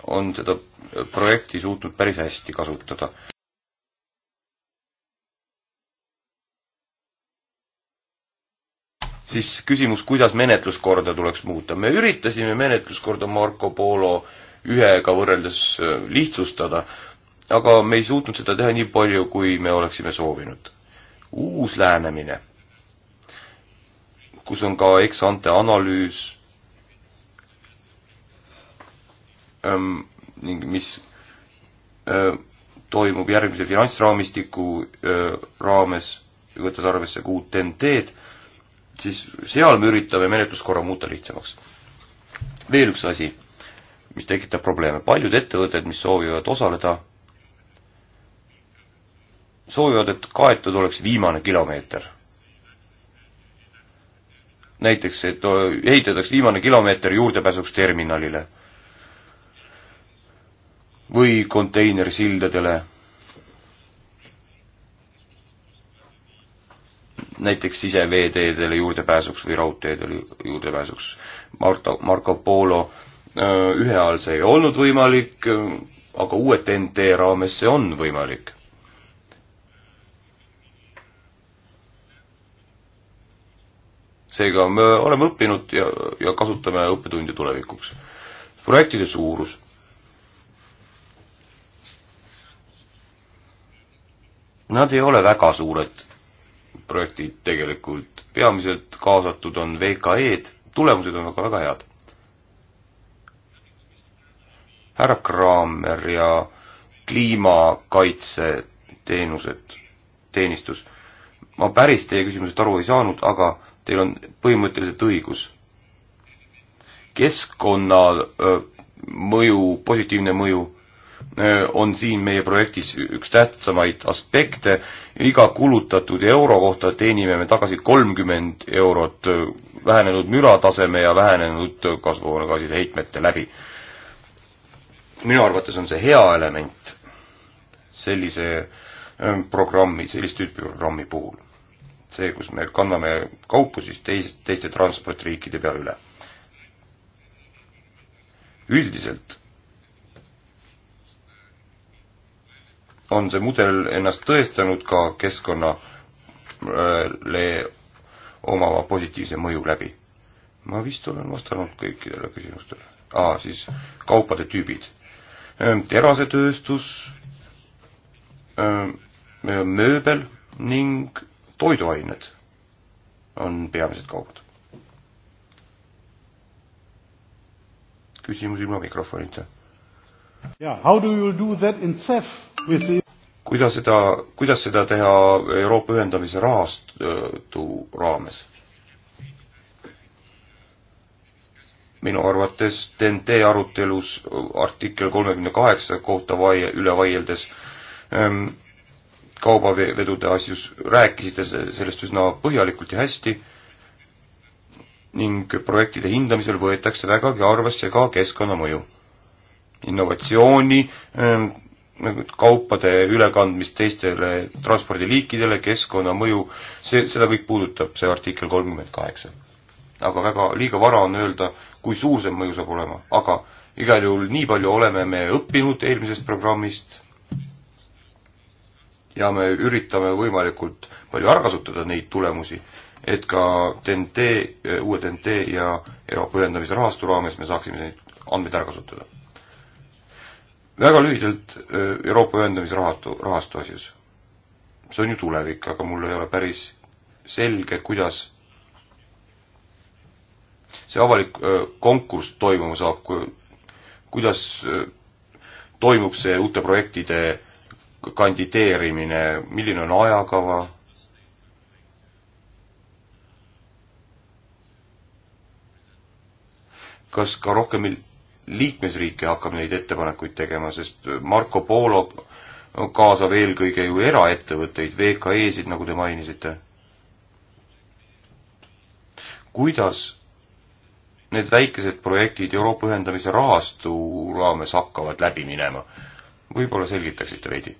on seda projekti suutnud päris hästi kasutada. siis küsimus, kuidas menetluskorda tuleks muuta. me üritasime menetluskorda Marco Polo ühega võrreldes äh, lihtsustada, aga me ei suutnud seda teha nii palju, kui me oleksime soovinud. uus lähenemine, kus on ka ex-ante analüüs ähm, ning mis öö, äh, toimub järgmise finantsraamistiku öö, äh, raames, võttes arvesse ka uut TNT-d, siis seal me üritame menetluskorra muuta lihtsamaks. veel üks asi, mis tekitab probleeme, paljud ettevõtted, mis soovivad osaleda, soovivad, et kaetud oleks viimane kilomeeter. näiteks, et äh, ehitataks viimane kilomeeter juurdepääsuks terminalile või konteinersildadele näiteks siseveeteedele juurdepääsuks või raudteedele juurdepääsuks. Marto, Marco Polo äh, ühe all see ei olnud võimalik, äh, aga uue TNT raames see on võimalik. seega me oleme õppinud ja, ja kasutame õppetunde tulevikuks. projektide suurus Nad ei ole väga suured projektid tegelikult, peamiselt kaasatud on VKE-d, tulemused on aga väga head. härra Kraamer ja kliimakaitseteenused, teenistus. ma päris teie küsimusest aru ei saanud, aga teil on põhimõtteliselt õigus. keskkonna mõju, positiivne mõju Äh, on siin meie projektis üks tähtsamaid aspekte, iga kulutatud euro kohta teenime me tagasi kolmkümmend eurot äh, vähenenud mürataseme ja vähenenud kasvuhoonegaaside heitmete läbi. minu arvates on see hea element sellise äh, programmi, sellist tüüpi programmi puhul. see, kus me kanname kaupu siis teis-, teiste transpordiriikide pea üle. üldiselt on see mudel ennast tõestanud ka keskkonnale omava positiivse mõju läbi? ma vist olen vastanud kõikidele küsimustele. aa, siis kaupade tüübid. Ehm, terasetööstus, ehm, mööbel ning toiduained on peamised kaubad. küsimus ilma mikrofonita yeah,? kuidas seda, kuidas seda teha Euroopa ühendamise rahastu raames? minu arvates TNT arutelus artikkel kolmekümne kaheksa kohta vaie, üle vaieldes ähm, kaubavedude asjus rääkisite sellest üsna põhjalikult ja hästi ning projektide hindamisel võetakse vägagi arvesse ka keskkonnamõju innovatsiooni, ähm, nagu kaupade ülekandmist teistele transpordiliikidele, keskkonnamõju, see, seda kõik puudutab see artikkel kolmkümmend kaheksa. aga väga liiga vara on öelda, kui suur see mõju saab olema, aga igal juhul nii palju oleme me õppinud eelmisest programmist ja me üritame võimalikult palju ära kasutada neid tulemusi, et ka TNT, uue TNT ja Euroopa ühendamise rahastu raames me saaksime neid andmeid ära kasutada väga lühidalt äh, Euroopa ühendamisrahastu, rahastu asjus. see on ju tulevik, aga mul ei ole päris selge, kuidas see avalik äh, konkurss toimuma saab, kui, kuidas äh, toimub see uute projektide kandideerimine, milline on ajakava? kas ka rohkem liikmesriike hakkab neid ettepanekuid tegema, sest Marco Polo kaasab eelkõige ju eraettevõtteid, VKE-sid, nagu te mainisite. kuidas need väikesed projektid Euroopa ühendamise rahastu raames hakkavad läbi minema? võib-olla selgitaksite veidi?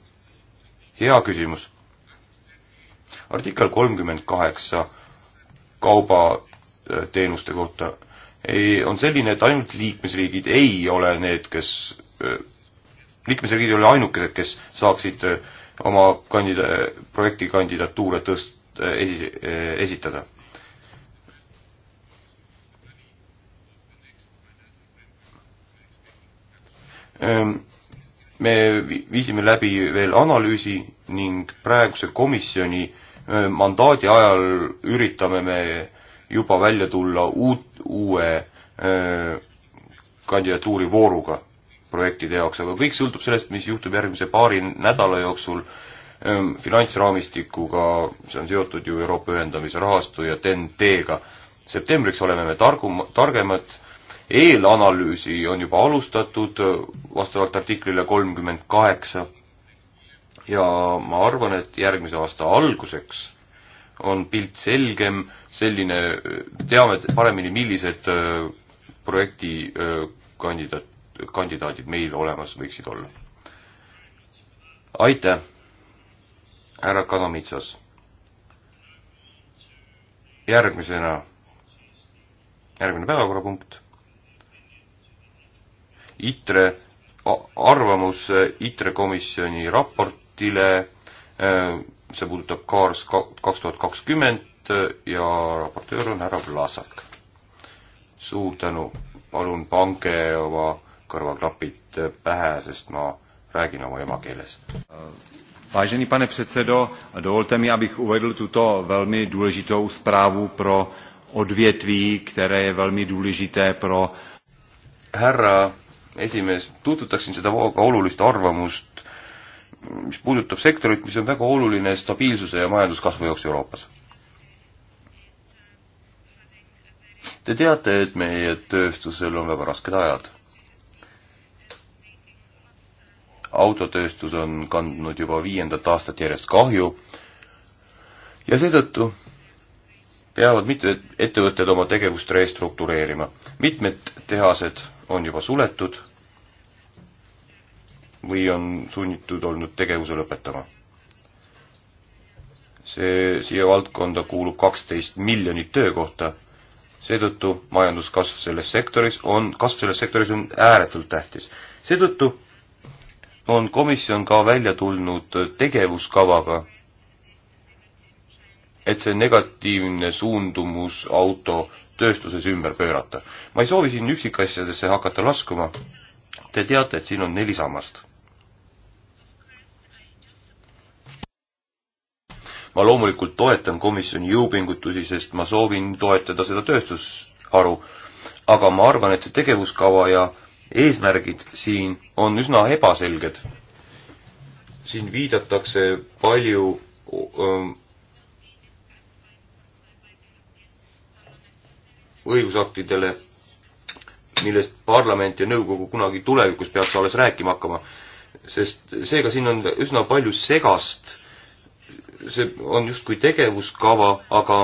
hea küsimus. artikkel kolmkümmend kaheksa kaubateenuste kohta on selline, et ainult liikmesriigid ei ole need, kes, liikmesriigid ei ole ainukesed, kes saaksid oma kandida-, projekti kandidatuure tõst-, esi-, esitada. me viisime läbi veel analüüsi ning praeguse komisjoni mandaadi ajal üritame me juba välja tulla uut, uue öö, kandidatuurivooruga projektide jaoks, aga kõik sõltub sellest, mis juhtub järgmise paari nädala jooksul finantsraamistikuga, see on seotud ju Euroopa ühendamise rahastu ja TEN-T-ga. septembriks oleme me targum-, targemad, eelanalüüsi on juba alustatud vastavalt artiklile kolmkümmend kaheksa ja ma arvan, et järgmise aasta alguseks on pilt selgem, selline, teame paremini, millised äh, projekti äh, kandidaat, kandidaadid meil olemas võiksid olla. aitäh, härra Kadamitsas. järgmisena, järgmine päevakorrapunkt. ITRE arvamus äh, ITRE komisjoni raportile äh, see puudutab Cars kaks tuhat kakskümmend äh, ja raportöör on härra Vlasak. suur tänu, palun pange oma kõrvaklapid äh, pähe, sest ma räägin oma emakeeles. Äh, vážený pane předsedo, dovolte mi, abych uvedl tuto velmi důležitou zprávu pro odvětví, které je velmi důležité pro härra esimees, tutvutaksin seda väga olulist arvamust mis puudutab sektorit, mis on väga oluline stabiilsuse ja majanduskasvu jaoks Euroopas. Te teate, et meie tööstusel on väga rasked ajad. autotööstus on kandnud juba viiendat aastat järjest kahju ja seetõttu peavad mitmed ettevõtted oma tegevust restruktureerima. mitmed tehased on juba suletud või on sunnitud olnud tegevuse lõpetama. see, siia valdkonda kuulub kaksteist miljonit töökohta, seetõttu majanduskasv selles sektoris on, kasv selles sektoris on ääretult tähtis. seetõttu on komisjon ka välja tulnud tegevuskavaga, et see negatiivne suundumus autotööstuses ümber pöörata. ma ei soovi siin üksikasjadesse hakata laskuma, te teate, et siin on neli sammast. ma loomulikult toetan komisjoni jõupingutusi, sest ma soovin toetada seda tööstusharu. aga ma arvan, et see tegevuskava ja eesmärgid siin on üsna ebaselged. siin viidatakse palju öö, ähm, õigusaktidele, millest parlament ja nõukogu kunagi tulevikus peaks alles rääkima hakkama. sest seega siin on üsna palju segast äh, see on justkui tegevuskava, aga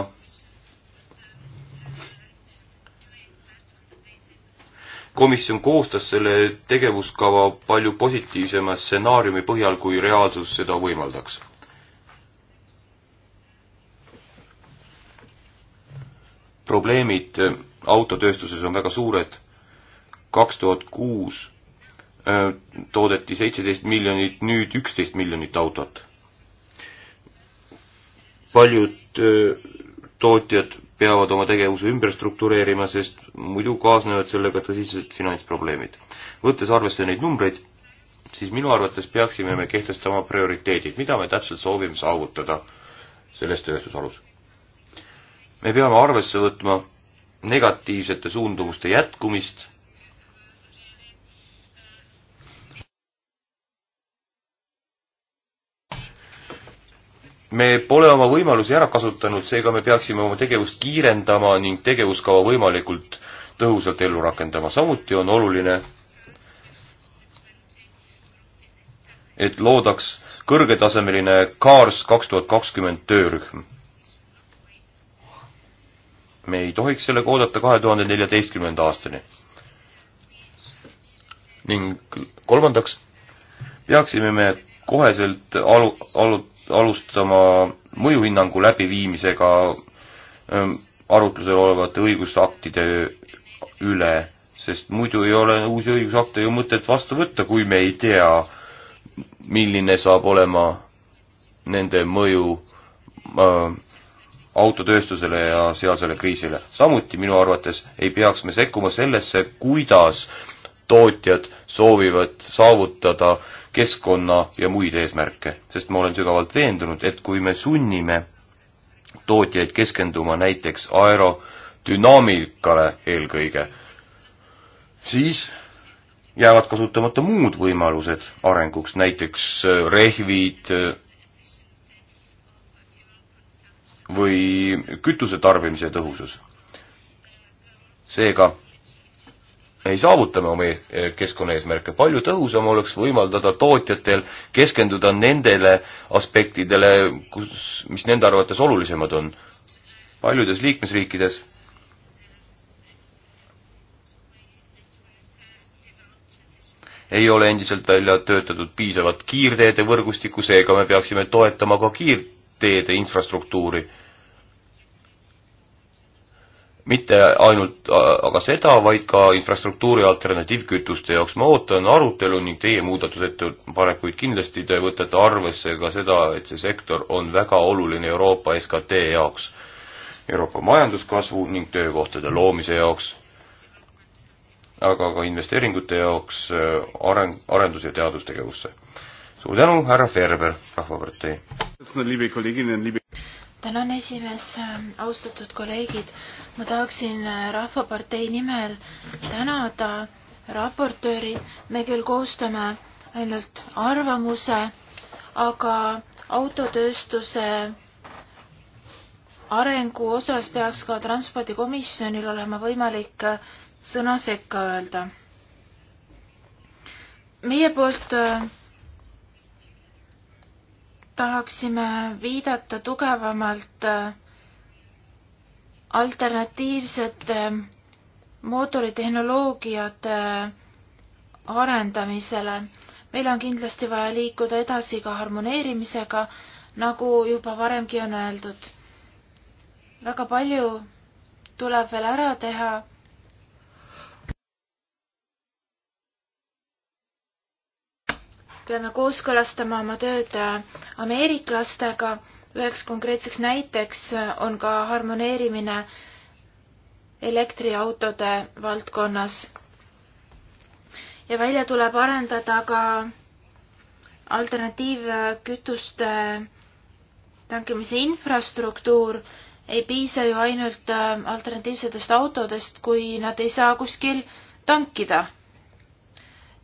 komisjon koostas selle tegevuskava palju positiivsema stsenaariumi põhjal, kui reaalsus seda võimaldaks. probleemid autotööstuses on väga suured. kaks tuhat kuus äh, toodeti seitseteist miljonit, nüüd üksteist miljonit autot paljud tootjad peavad oma tegevuse ümber struktureerima, sest muidu kaasnevad sellega tõsised finantsprobleemid. võttes arvesse neid numbreid, siis minu arvates peaksime me kehtestama prioriteedid, mida me täpselt soovime saavutada selles tööstusharus. me peame arvesse võtma negatiivsete suundumuste jätkumist me pole oma võimalusi ära kasutanud, seega me peaksime oma tegevust kiirendama ning tegevuskava võimalikult tõhusalt ellu rakendama. samuti on oluline, et loodaks kõrgetasemeline CARS kaks tuhat kakskümmend töörühm. me ei tohiks sellega oodata kahe tuhande neljateistkümnenda aastani. ning kolmandaks peaksime me koheselt alu-, alu-, alustama mõjuhinnangu läbiviimisega ähm, arutlusel olevate õigusaktide üle, sest muidu ei ole uusi õigusakte ju mõtet vastu võtta, kui me ei tea, milline saab olema nende mõju äh, autotööstusele ja sealsele kriisile. samuti minu arvates ei peaks me sekkuma sellesse, kuidas tootjad soovivad saavutada keskkonna ja muid eesmärke, sest ma olen sügavalt veendunud, et kui me sunnime tootjaid keskenduma näiteks aerodünaamikale eelkõige, siis jäävad kasutamata muud võimalused arenguks, näiteks äh, rehvid äh, või kütuse tarbimise tõhusus. seega ei saavuta me oma ees, keskkonnaeesmärke, palju tõhusam oleks võimaldada tootjatel keskenduda nendele aspektidele, kus, mis nende arvates olulisemad on. paljudes liikmesriikides ei ole endiselt välja töötatud piisavat kiirteede võrgustikku, seega me peaksime toetama ka kiirteede infrastruktuuri mitte ainult aga seda, vaid ka infrastruktuuri alternatiivkütuste jaoks. ma ootan arutelu ning teie muudatusettepanekuid kindlasti te võtate arvesse ka seda, et see sektor on väga oluline Euroopa SKT jaoks, Euroopa majanduskasvu ning töökohtade loomise jaoks, aga ka investeeringute jaoks e, areng, arendus- ja teadustegevusse. suur tänu, härra Ferber, Rahvapartei! tänan, esimees, austatud kolleegid. ma tahaksin Rahvapartei nimel tänada raportööri. me küll koostame ainult arvamuse, aga autotööstuse arengu osas peaks ka transpordikomisjonil olema võimalik sõna sekka öelda. meie poolt tahaksime viidata tugevamalt äh, alternatiivsete äh, mootoritehnoloogiate äh, arendamisele. meil on kindlasti vaja liikuda edasi ka harmoneerimisega, nagu juba varemgi on öeldud. väga palju tuleb veel ära teha peame kooskõlastama oma tööd äh, ameeriklastega. üheks konkreetseks näiteks äh, on ka harmoneerimine elektriautode valdkonnas. ja välja tuleb arendada ka alternatiivkütuste tankimise infrastruktuur ei piisa ju ainult äh, alternatiivsetest autodest, kui nad ei saa kuskil tankida.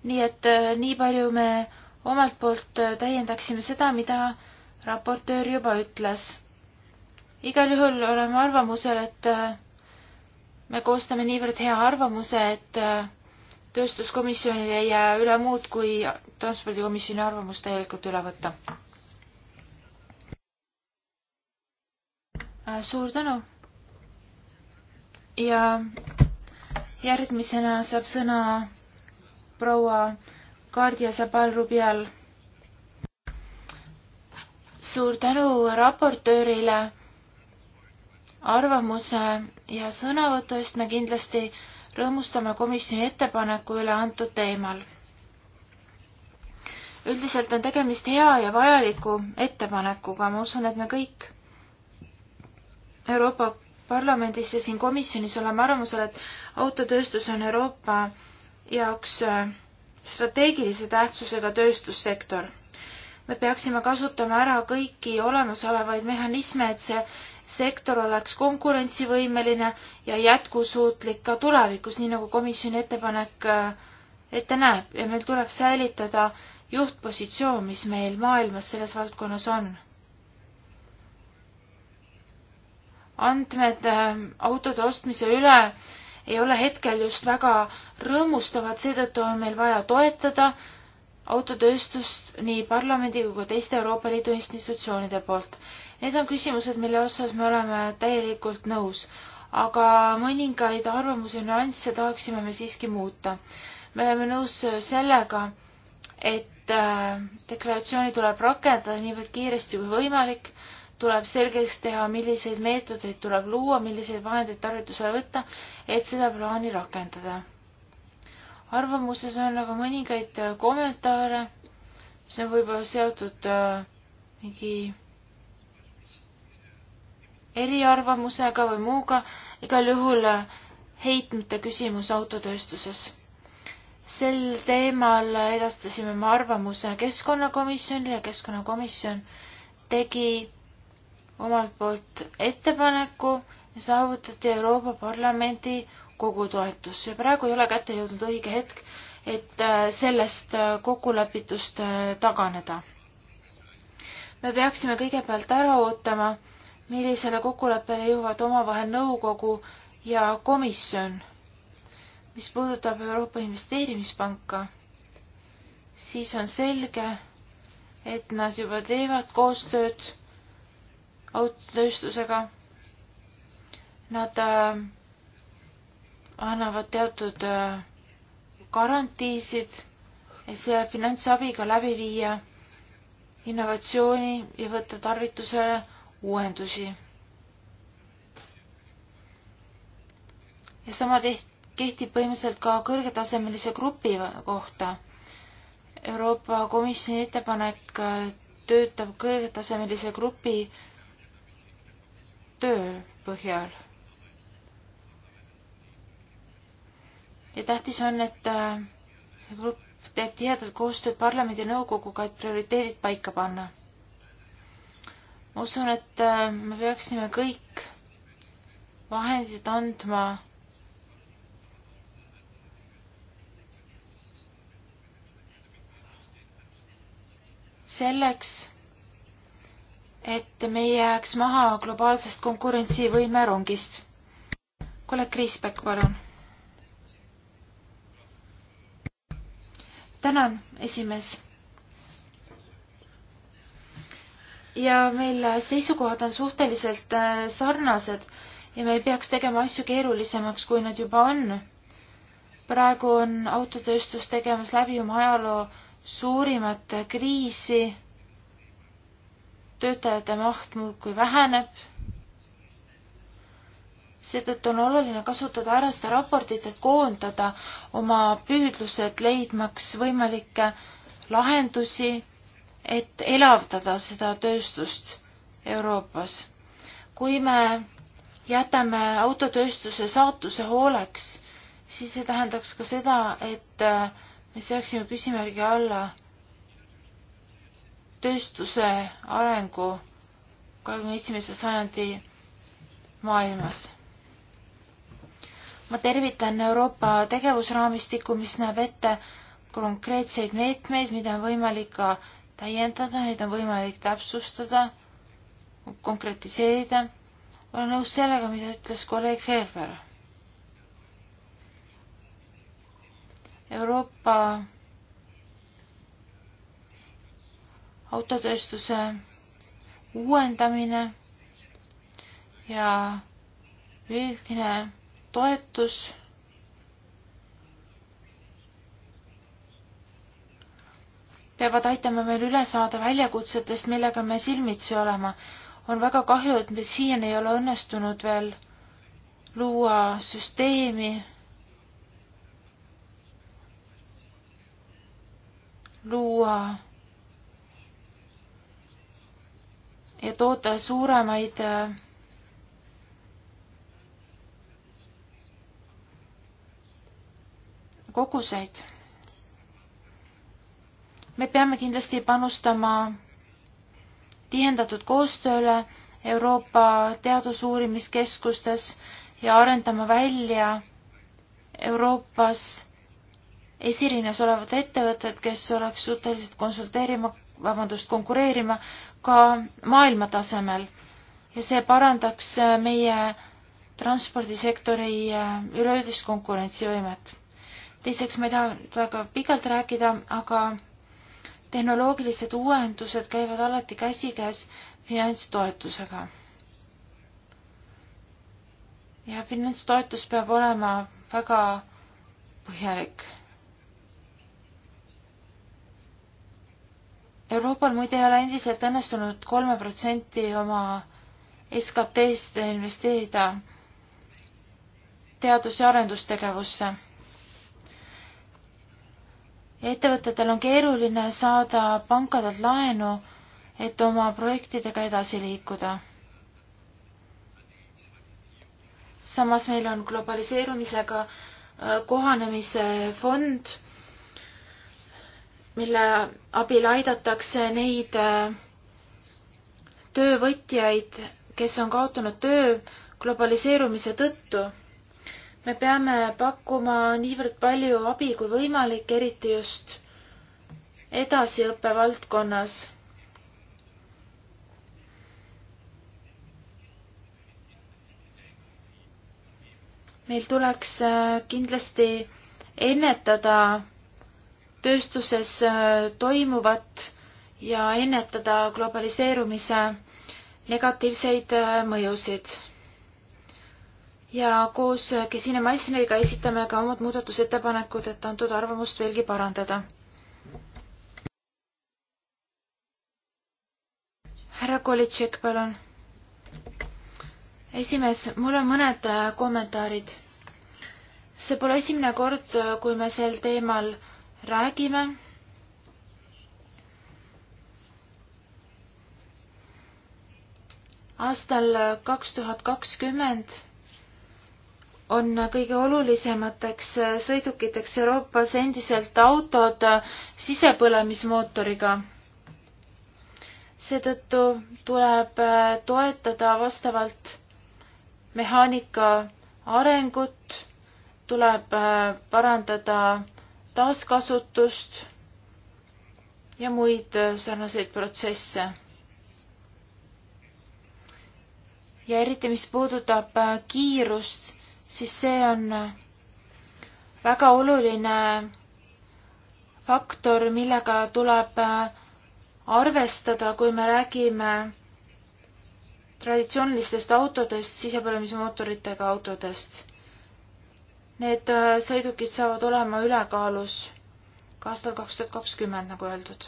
nii et nii palju me omalt poolt äh, täiendaksime seda, mida raportöör juba ütles. igal juhul oleme arvamusel, et äh, me koostame niivõrd hea arvamuse, et äh, tööstuskomisjonil ei jää üle muud, kui transpordikomisjoni arvamus täielikult üle võtta. suur tänu. ja järgmisena saab sõna proua Kardia Sabal-Rubial. suur tänu raportöörile arvamuse ja sõnavõtu eest, me kindlasti rõõmustame komisjoni ettepaneku üle antud teemal. üldiselt on tegemist hea ja vajaliku ettepanekuga, ma usun, et me kõik Euroopa Parlamendis ja siin komisjonis oleme arvamusel, et autotööstus on Euroopa jaoks äh, strateegilise tähtsusega tööstussektor. me peaksime kasutama ära kõiki olemasolevaid mehhanisme, et see sektor oleks konkurentsivõimeline ja jätkusuutlik ka tulevikus, nii nagu komisjoni ettepanek äh, ette näeb ja meil tuleb säilitada juhtpositsioon, mis meil maailmas selles valdkonnas on. andmed äh, autode ostmise üle ei ole hetkel just väga rõõmustavad, seetõttu on meil vaja toetada autotööstust nii parlamendi kui ka teiste Euroopa Liidu institutsioonide poolt. Need on küsimused, mille osas me oleme täielikult nõus, aga mõningaid arvamuse nüansse tahaksime me siiski muuta. me oleme nõus sellega, et äh, deklaratsiooni tuleb rakendada niivõrd kiiresti kui võimalik tuleb selgeks teha, milliseid meetodeid tuleb luua, milliseid vahendeid tarvitusele võtta, et seda plaani rakendada. arvamuses on aga mõningaid kommentaare, mis on võib-olla seotud äh, mingi eriarvamusega või muuga, igal juhul äh, heitmete küsimus autotööstuses. sel teemal edastasime me arvamuse keskkonnakomisjonile ja keskkonnakomisjon tegi omalt poolt ettepaneku ja saavutati Euroopa Parlamendi kogu toetus ja praegu ei ole kätte jõudnud õige hetk, et äh, sellest äh, kokkulepitust äh, taganeda. me peaksime kõigepealt ära ootama, millisele kokkuleppele jõuavad omavahel nõukogu ja komisjon. mis puudutab Euroopa Investeerimispanka, siis on selge, et nad juba teevad koostööd autotööstusega. Nad äh, annavad teatud äh, garantiisid, et selle finantsabiga läbi viia innovatsiooni ja võtta tarvitusele uuendusi. ja sama teht-, kehtib põhimõtteliselt ka kõrgetasemelise grupi kohta. Euroopa Komisjoni ettepanek äh, töötab kõrgetasemelise grupi äh, töö põhjal. ja tähtis on, et äh, see grupp teeb tihedat koostööd parlamendi nõukoguga, et prioriteedid paika panna. ma usun, et äh, me peaksime kõik vahendid andma selleks et me ei jääks maha globaalsest konkurentsivõime rongist. kolleeg Kriisbek, palun. tänan, esimees. ja meil seisukohad on suhteliselt äh, sarnased ja me ei peaks tegema asju keerulisemaks, kui nad juba on. praegu on autotööstus tegemas läbi oma ajaloo suurimat kriisi töötajate maht muudkui väheneb. seetõttu on oluline kasutada ära seda raportit, et koondada oma püüdlused leidmaks võimalikke lahendusi, et elavdada seda tööstust Euroopas. kui me jätame autotööstuse saatuse hooleks, siis see tähendaks ka seda, et me seaksime küsimärgi alla tööstuse arengu kahekümne esimese sajandi maailmas. ma tervitan Euroopa tegevusraamistikku, mis näeb ette konkreetseid meetmeid, mida on võimalik ka täiendada, neid on võimalik täpsustada, konkretiseerida. olen nõus sellega, mida ütles kolleeg Ferber. Euroopa autotööstuse uuendamine ja üldine toetus peavad aitama meil üle saada väljakutsetest, millega me silmitsi olema. on väga kahju, et meil siiani ei ole õnnestunud veel luua süsteemi, luua ja toota suuremaid äh, koguseid. me peame kindlasti panustama tihendatud koostööle Euroopa teadusuurimiskeskustes ja arendama välja Euroopas esirines olevad ettevõtted, kes oleks suutelised konsulteerima, vabandust, konkureerima ka maailma tasemel ja see parandaks äh, meie transpordisektori äh, üleüldist konkurentsivõimet. teiseks, ma ei taha väga pikalt rääkida, aga tehnoloogilised uuendused käivad alati käsikäes finantstoetusega. ja finantstoetus peab olema väga põhjalik Euroopal muide ei ole endiselt õnnestunud kolme protsenti oma SKT-st investeerida teadus- ja arendustegevusse. ettevõtetel on keeruline saada pankadelt laenu, et oma projektidega edasi liikuda. samas meil on globaliseerumisega äh, kohanemise fond mille abil aidatakse neid äh, töövõtjaid, kes on kaotanud töö globaliseerumise tõttu. me peame pakkuma niivõrd palju abi kui võimalik, eriti just edasiõppe valdkonnas meil tuleks äh, kindlasti ennetada tööstuses äh, toimuvat ja ennetada globaliseerumise negatiivseid äh, mõjusid. ja koos äh, Gesine Maisneriga esitame ka omad muudatusettepanekud, et antud arvamust veelgi parandada. härra Kolitšek, palun. esimees, mul on mõned kommentaarid. see pole esimene kord, kui me sel teemal räägime aastal kaks tuhat kakskümmend on kõige olulisemateks sõidukiteks Euroopas endiselt autod sisepõlemismootoriga. seetõttu tuleb toetada vastavalt mehaanika arengut, tuleb parandada taaskasutust ja muid äh, sarnaseid protsesse. ja eriti, mis puudutab äh, kiirust, siis see on äh, väga oluline faktor, millega tuleb arvestada, kui me räägime traditsioonilistest autodest, sisepõlemismootoritega autodest Need äh, sõidukid saavad olema ülekaalus ka aastal kaks tuhat kakskümmend, nagu öeldud.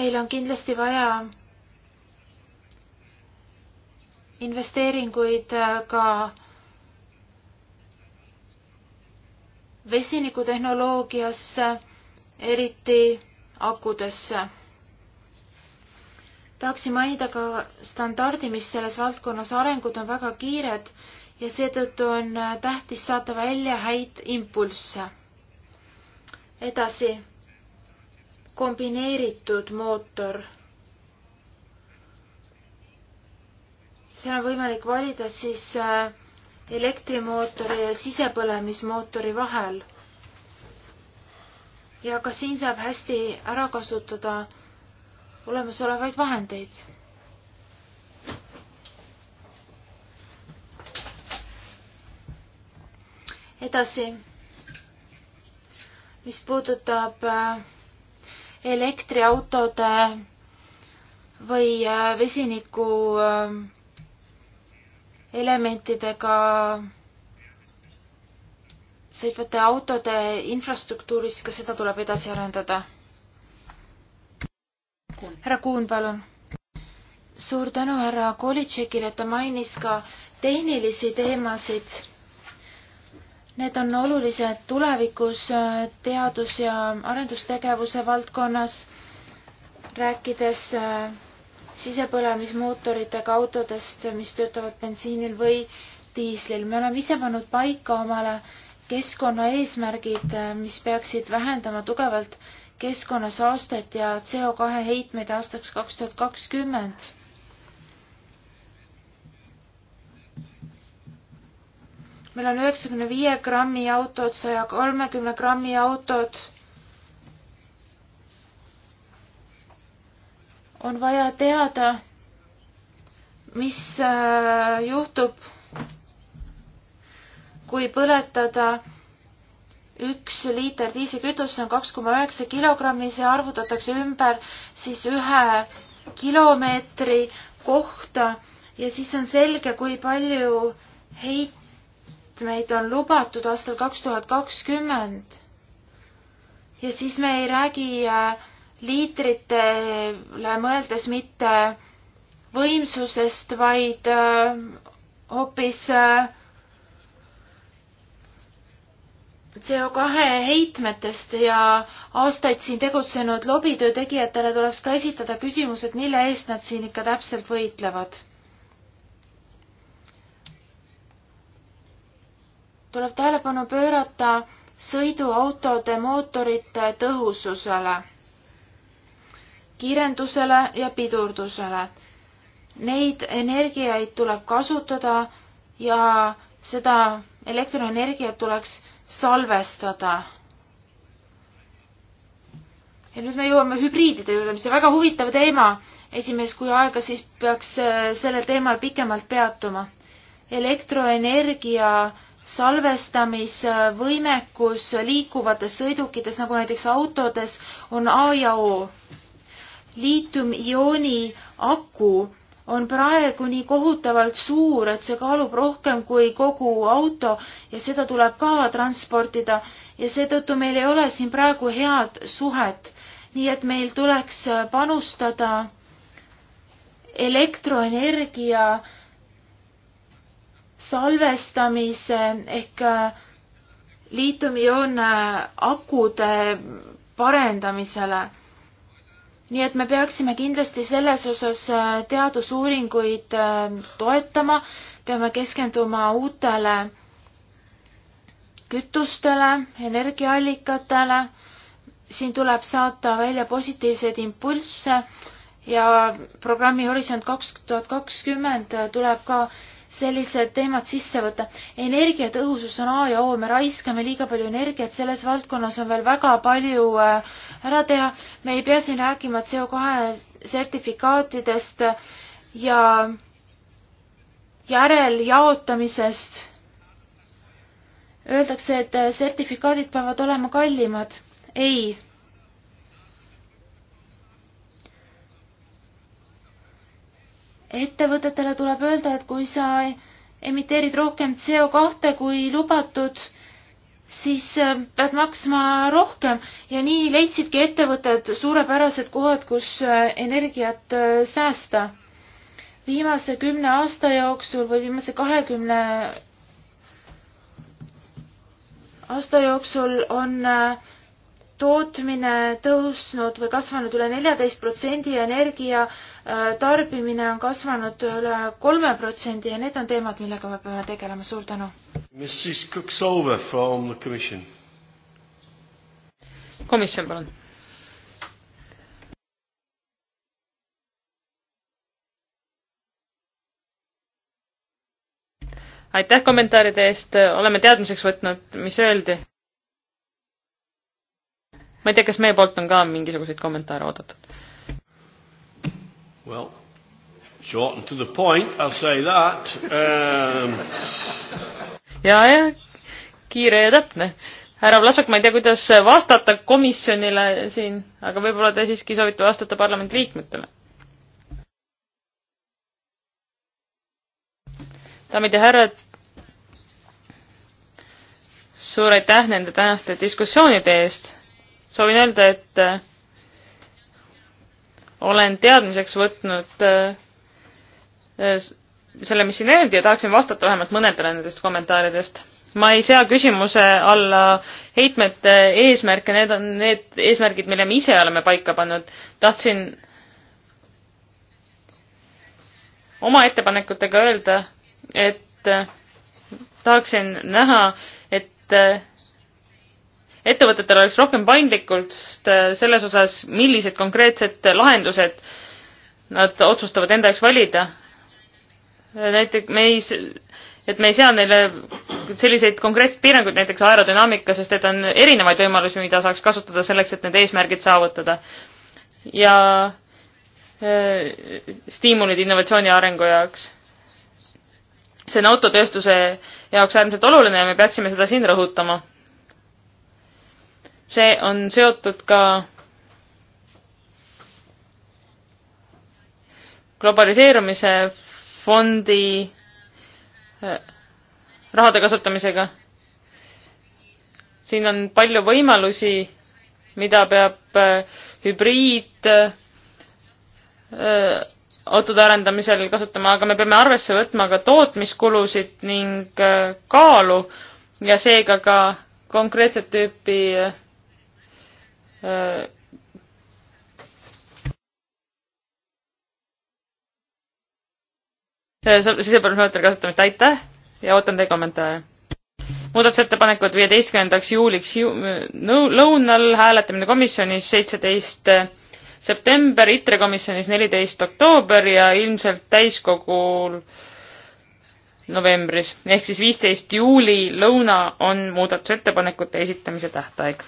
meil on kindlasti vaja investeeringuid äh, ka vesinikutehnoloogiasse, eriti akudesse tahaksin mainida ka standardi, mis selles valdkonnas arengud on väga kiired ja seetõttu on äh, tähtis saada välja häid impulsse. edasi, kombineeritud mootor. seal on võimalik valida siis äh, elektrimootori ja sisepõlemismootori vahel. ja ka siin saab hästi ära kasutada olemasolevaid vahendeid. edasi, mis puudutab äh, elektriautode või äh, vesiniku äh, elementidega sõitvate autode infrastruktuuris, ka seda tuleb edasi arendada härra Kuhn, palun. suur tänu härra Kolitšekile, et ta mainis ka tehnilisi teemasid. Need on olulised tulevikus äh, teadus- ja arendustegevuse valdkonnas, rääkides äh, sisepõlemismootoritega autodest, mis töötavad bensiinil või diislil. me oleme ise pannud paika omale keskkonnaeesmärgid, äh, mis peaksid vähendama tugevalt keskkonnasaastet ja CO2 heitmeid aastaks kaks tuhat kakskümmend. meil on üheksakümne viie grammi autod, saja kolmekümne grammi autod. on vaja teada, mis äh, juhtub, kui põletada üks liiter diiselkütust on kaks koma üheksa kilogrammi, see arvutatakse ümber siis ühe kilomeetri kohta ja siis on selge, kui palju heitmeid on lubatud aastal kaks tuhat kakskümmend. ja siis me ei räägi äh, liitritele mõeldes mitte võimsusest, vaid äh, hoopis äh, CO2 heitmetest ja aastaid siin tegutsenud lobitöö tegijatele tuleks ka esitada küsimus, et mille eest nad siin ikka täpselt võitlevad. tuleb tähelepanu pöörata sõiduautode mootorite tõhususele, kiirendusele ja pidurdusele. Neid energiaid tuleb kasutada ja seda elektrienergiat tuleks salvestada. ja nüüd me jõuame hübriidide juurde, mis on väga huvitav teema. esimees, kui aega, siis peaks äh, sellel teemal pikemalt peatuma. elektroenergia salvestamisvõimekus liikuvates sõidukites, nagu näiteks autodes, on A ja O. liitiumiooni aku on praegu nii kohutavalt suur, et see kaalub rohkem kui kogu auto ja seda tuleb ka transportida ja seetõttu meil ei ole siin praegu head suhet. nii et meil tuleks panustada elektroenergia salvestamise ehk äh, liitiumioon akude parendamisele nii et me peaksime kindlasti selles osas äh, teadusuuringuid äh, toetama, peame keskenduma uutele kütustele, energiaallikatele, siin tuleb saata välja positiivseid impulsse ja programmi Horisont kaks tuhat kakskümmend tuleb ka sellised teemad sisse võtta. energiatõhusus on A ja O, me raiskame liiga palju energiat, selles valdkonnas on veel väga palju äh, ära teha. me ei pea siin rääkima CO2 sertifikaatidest ja järeljaotamisest. Öeldakse, et sertifikaadid peavad olema kallimad. ei ettevõtetele tuleb öelda, et kui sa emiteerid rohkem CO2 kui lubatud, siis äh, pead maksma rohkem ja nii leidsidki ettevõtted suurepärased kohad, kus äh, energiat äh, säästa. viimase kümne aasta jooksul või viimase kahekümne aasta jooksul on tootmine tõusnud või kasvanud üle neljateist protsendi ja energia tarbimine on kasvanud üle kolme protsendi ja need on teemad, millega me peame tegelema, suur tänu. komisjon, palun. aitäh kommentaaride eest, oleme teadmiseks võtnud, mis öeldi. ma ei tea, kas meie poolt on ka mingisuguseid kommentaare oodatud Well, short and to the point, I'll say that um.... ja, jah, kiire ja täpne. härra Vlasak, ma ei tea, kuidas vastata komisjonile siin, aga võib-olla te siiski soovite vastata parlamendi liikmetele. daamid ja härrad, suur aitäh nende tänaste diskussioonide eest. soovin öelda, et olen teadmiseks võtnud äh, äh, selle, mis siin öeldi ja tahaksin vastata vähemalt mõnedele nendest kommentaaridest. ma ei sea küsimuse alla heitmete eesmärke, need on need eesmärgid, mille me ise oleme paika pannud. tahtsin oma ettepanekutega öelda, et äh, tahaksin näha, et ettevõtetel oleks rohkem paindlikkust äh, selles osas, millised konkreetsed lahendused nad otsustavad enda jaoks valida. näiteks me ei, et me ei sea neile selliseid konkreetseid piiranguid näiteks aerodünaamika, sest et on erinevaid võimalusi, mida saaks kasutada selleks, et need eesmärgid saavutada. ja äh, stiimulid innovatsiooni arengu jaoks. see on autotööstuse jaoks äärmiselt oluline ja me peaksime seda siin rõhutama see on seotud ka globaliseerumise fondi äh, rahade kasutamisega. siin on palju võimalusi, mida peab äh, hübriid autode äh, arendamisel kasutama, aga me peame arvesse võtma ka tootmiskulusid ning kaalu ja seega ka konkreetset tüüpi Äh, sisepõlemismõõtmine kasutamist, aitäh ja ootan teie kommentaare. muudatusettepanekud viieteistkümnendaks juuliks ju, lõunal, hääletamine komisjonis seitseteist äh, september, ITRE komisjonis neliteist oktoober ja ilmselt täiskogul novembris, ehk siis viisteist juuli lõuna on muudatusettepanekute esitamise tähtaeg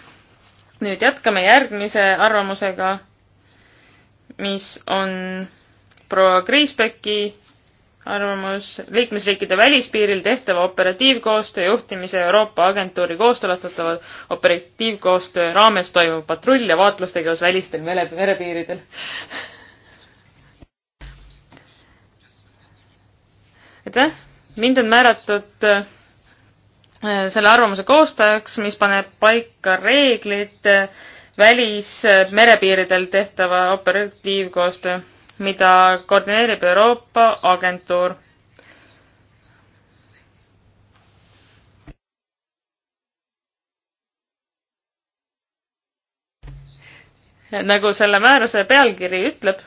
nüüd jätkame järgmise arvamusega, mis on proua Kriisbecki arvamus liikmesriikide välispiiril tehtava operatiivkoostöö juhtimise Euroopa Agentuuri kooskõlastatava operatiivkoostöö raames toimuv patrull- ja vaatlustegevus välistel mere, merepiiridel aitäh, mind on määratud Äh, selle arvamuse koostajaks, mis paneb paika reeglid välismerepiiridel tehtava operatiivkoostöö, mida koordineerib Euroopa Agentuur. nagu selle määruse pealkiri ütleb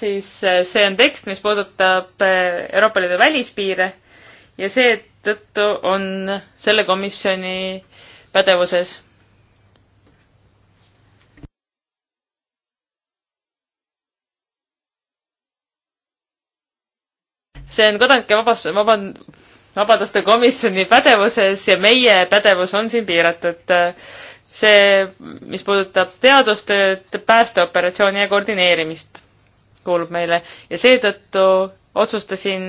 siis eh, see on tekst, mis puudutab eh, Euroopa Liidu välispiire ja seetõttu on selle komisjoni pädevuses. see on kodanike vabas-, vaba, vabaduste komisjoni pädevuses ja meie pädevus on siin piiratud. see, mis puudutab teadustööd, päästeoperatsiooni ja koordineerimist kuulub meile ja seetõttu otsustasin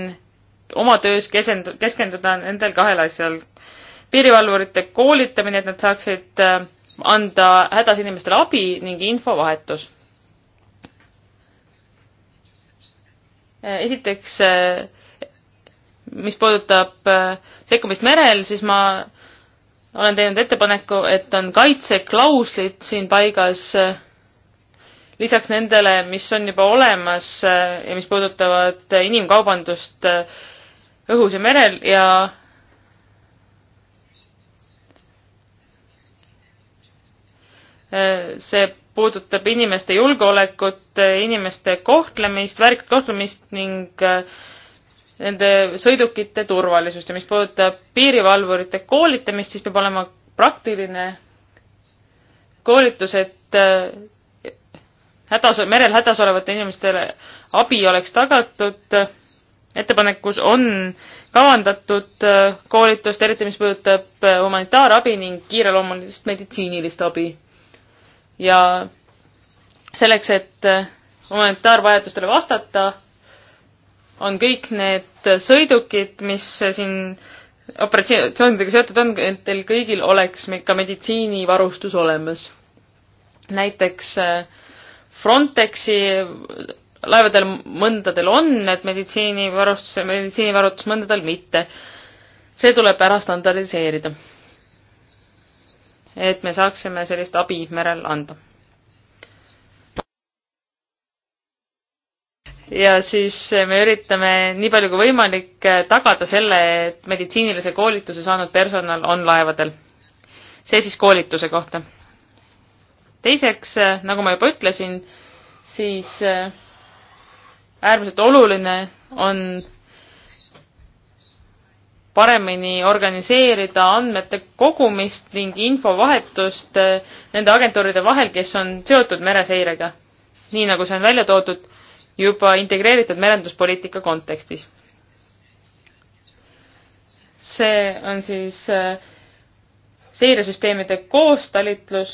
oma töös kesend-, keskenduda nendel kahel asjal. piirivalvurite koolitamine, et nad saaksid äh, anda hädas inimestele abi ning infovahetus. Äh, esiteks, äh, mis puudutab sekkumist merel, siis ma olen teinud ettepaneku, et on kaitseklauslid siin paigas lisaks nendele, mis on juba olemas äh, ja mis puudutavad inimkaubandust äh, õhus ja merel ja äh, see puudutab inimeste julgeolekut, inimeste kohtlemist, väärikat kohtlemist ning nende sõidukite turvalisust ja mis puudutab piirivalvurite koolitamist, siis peab olema praktiline koolitus, et hädas, merel hädas olevate inimestele abi oleks tagatud. ettepanekus on kavandatud äh, koolitust, eriti mis puudutab äh, humanitaarabi ning kiireloomulist meditsiinilist abi. ja selleks, et äh, humanitaarvajadustele vastata, on kõik need sõidukid, mis siin operatsioonidega seotud on, et teil kõigil oleks ka meditsiinivarustus olemas. näiteks äh, Frontexi laevadel mõndadel on need meditsiinivarustus, meditsiinivarutus, mõndadel mitte. see tuleb ära standardiseerida. et me saaksime sellist abi merel anda. ja siis me üritame nii palju kui võimalik tagada selle, et meditsiinilise koolituse saanud personal on laevadel. see siis koolituse kohta teiseks, äh, nagu ma juba ütlesin, siis äh, äärmiselt oluline on paremini organiseerida andmete kogumist ning infovahetust äh, nende agentuuride vahel, kes on seotud mereseirega, nii nagu see on välja toodud juba integreeritud merenduspoliitika kontekstis. see on siis seiresüsteemide koostalitlus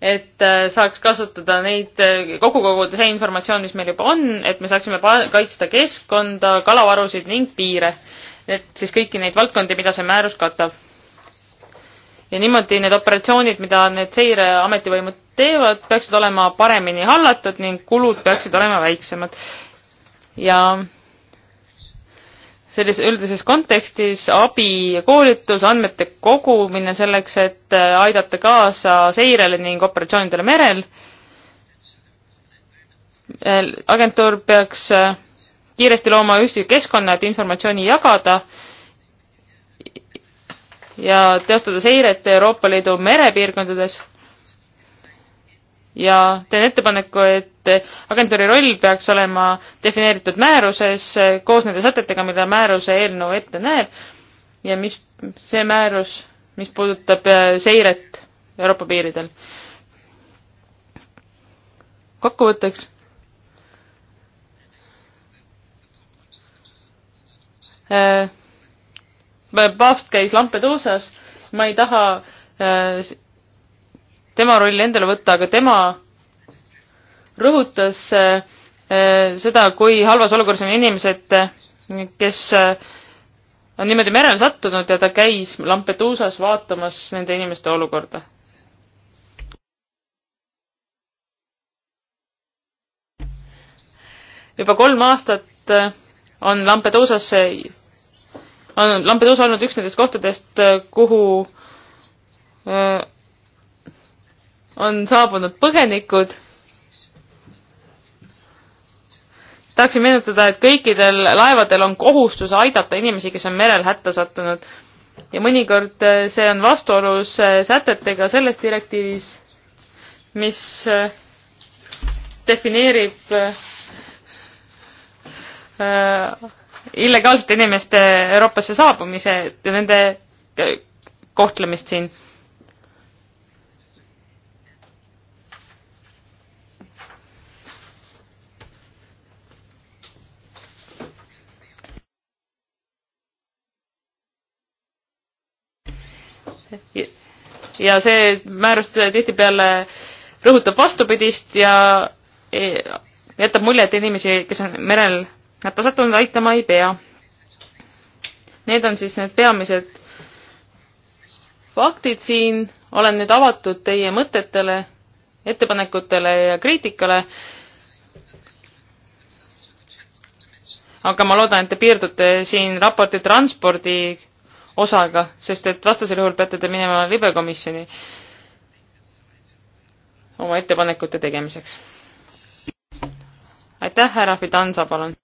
et äh, saaks kasutada neid, äh, kokku koguda see informatsioon, mis meil juba on, et me saaksime kaitsta keskkonda, kalavarusid ning piire. et siis kõiki neid valdkondi, mida see määrus katab. ja niimoodi need operatsioonid, mida need seireametivõimud teevad, peaksid olema paremini hallatud ning kulud peaksid olema väiksemad. ja selles üldises kontekstis abi ja koolitus, andmete kogumine selleks, et äh, aidata kaasa seirele ning operatsioonidele merel. Äh, agentuur peaks äh, kiiresti looma ühtse keskkonna, et informatsiooni jagada ja teostada seiret Euroopa Liidu merepiirkondades ja teen ettepaneku, et agentuuri roll peaks olema defineeritud määruses koos nende sätetega, mida määruse eelnõu ette näeb ja mis see määrus, mis puudutab seiret Euroopa piiridel. kokkuvõtteks. Paavst käis Lampeduusas, ma ei taha äh, tema roll endale võtta, aga tema rõhutas eh, eh, seda, kui halvas olukorras on inimesed, eh, kes on niimoodi merele sattunud ja ta käis Lampeduusas vaatamas nende inimeste olukorda. juba kolm aastat on Lampeduusasse, on Lampeduusa olnud üks nendest kohtadest, kuhu on saabunud põgenikud. tahaksin meenutada, et kõikidel laevadel on kohustus aidata inimesi, kes on merel hätta sattunud ja mõnikord eh, see on vastuolus eh, sätetega selles direktiivis, mis eh, defineerib illegaalsete inimeste Euroopasse saabumise ja nende kohtlemist siin ja see määrus tihtipeale rõhutab vastupidist ja jätab mulje, et inimesi, kes on merel hätta sattunud, aitama ei pea. Need on siis need peamised faktid siin, olen nüüd avatud teie mõtetele, ettepanekutele ja kriitikale. aga ma loodan, et te piirdute siin raporti transpordi osaga, sest et vastasel juhul peate te minema libekomisjoni oma ettepanekute tegemiseks. aitäh, härra Fidanza, palun.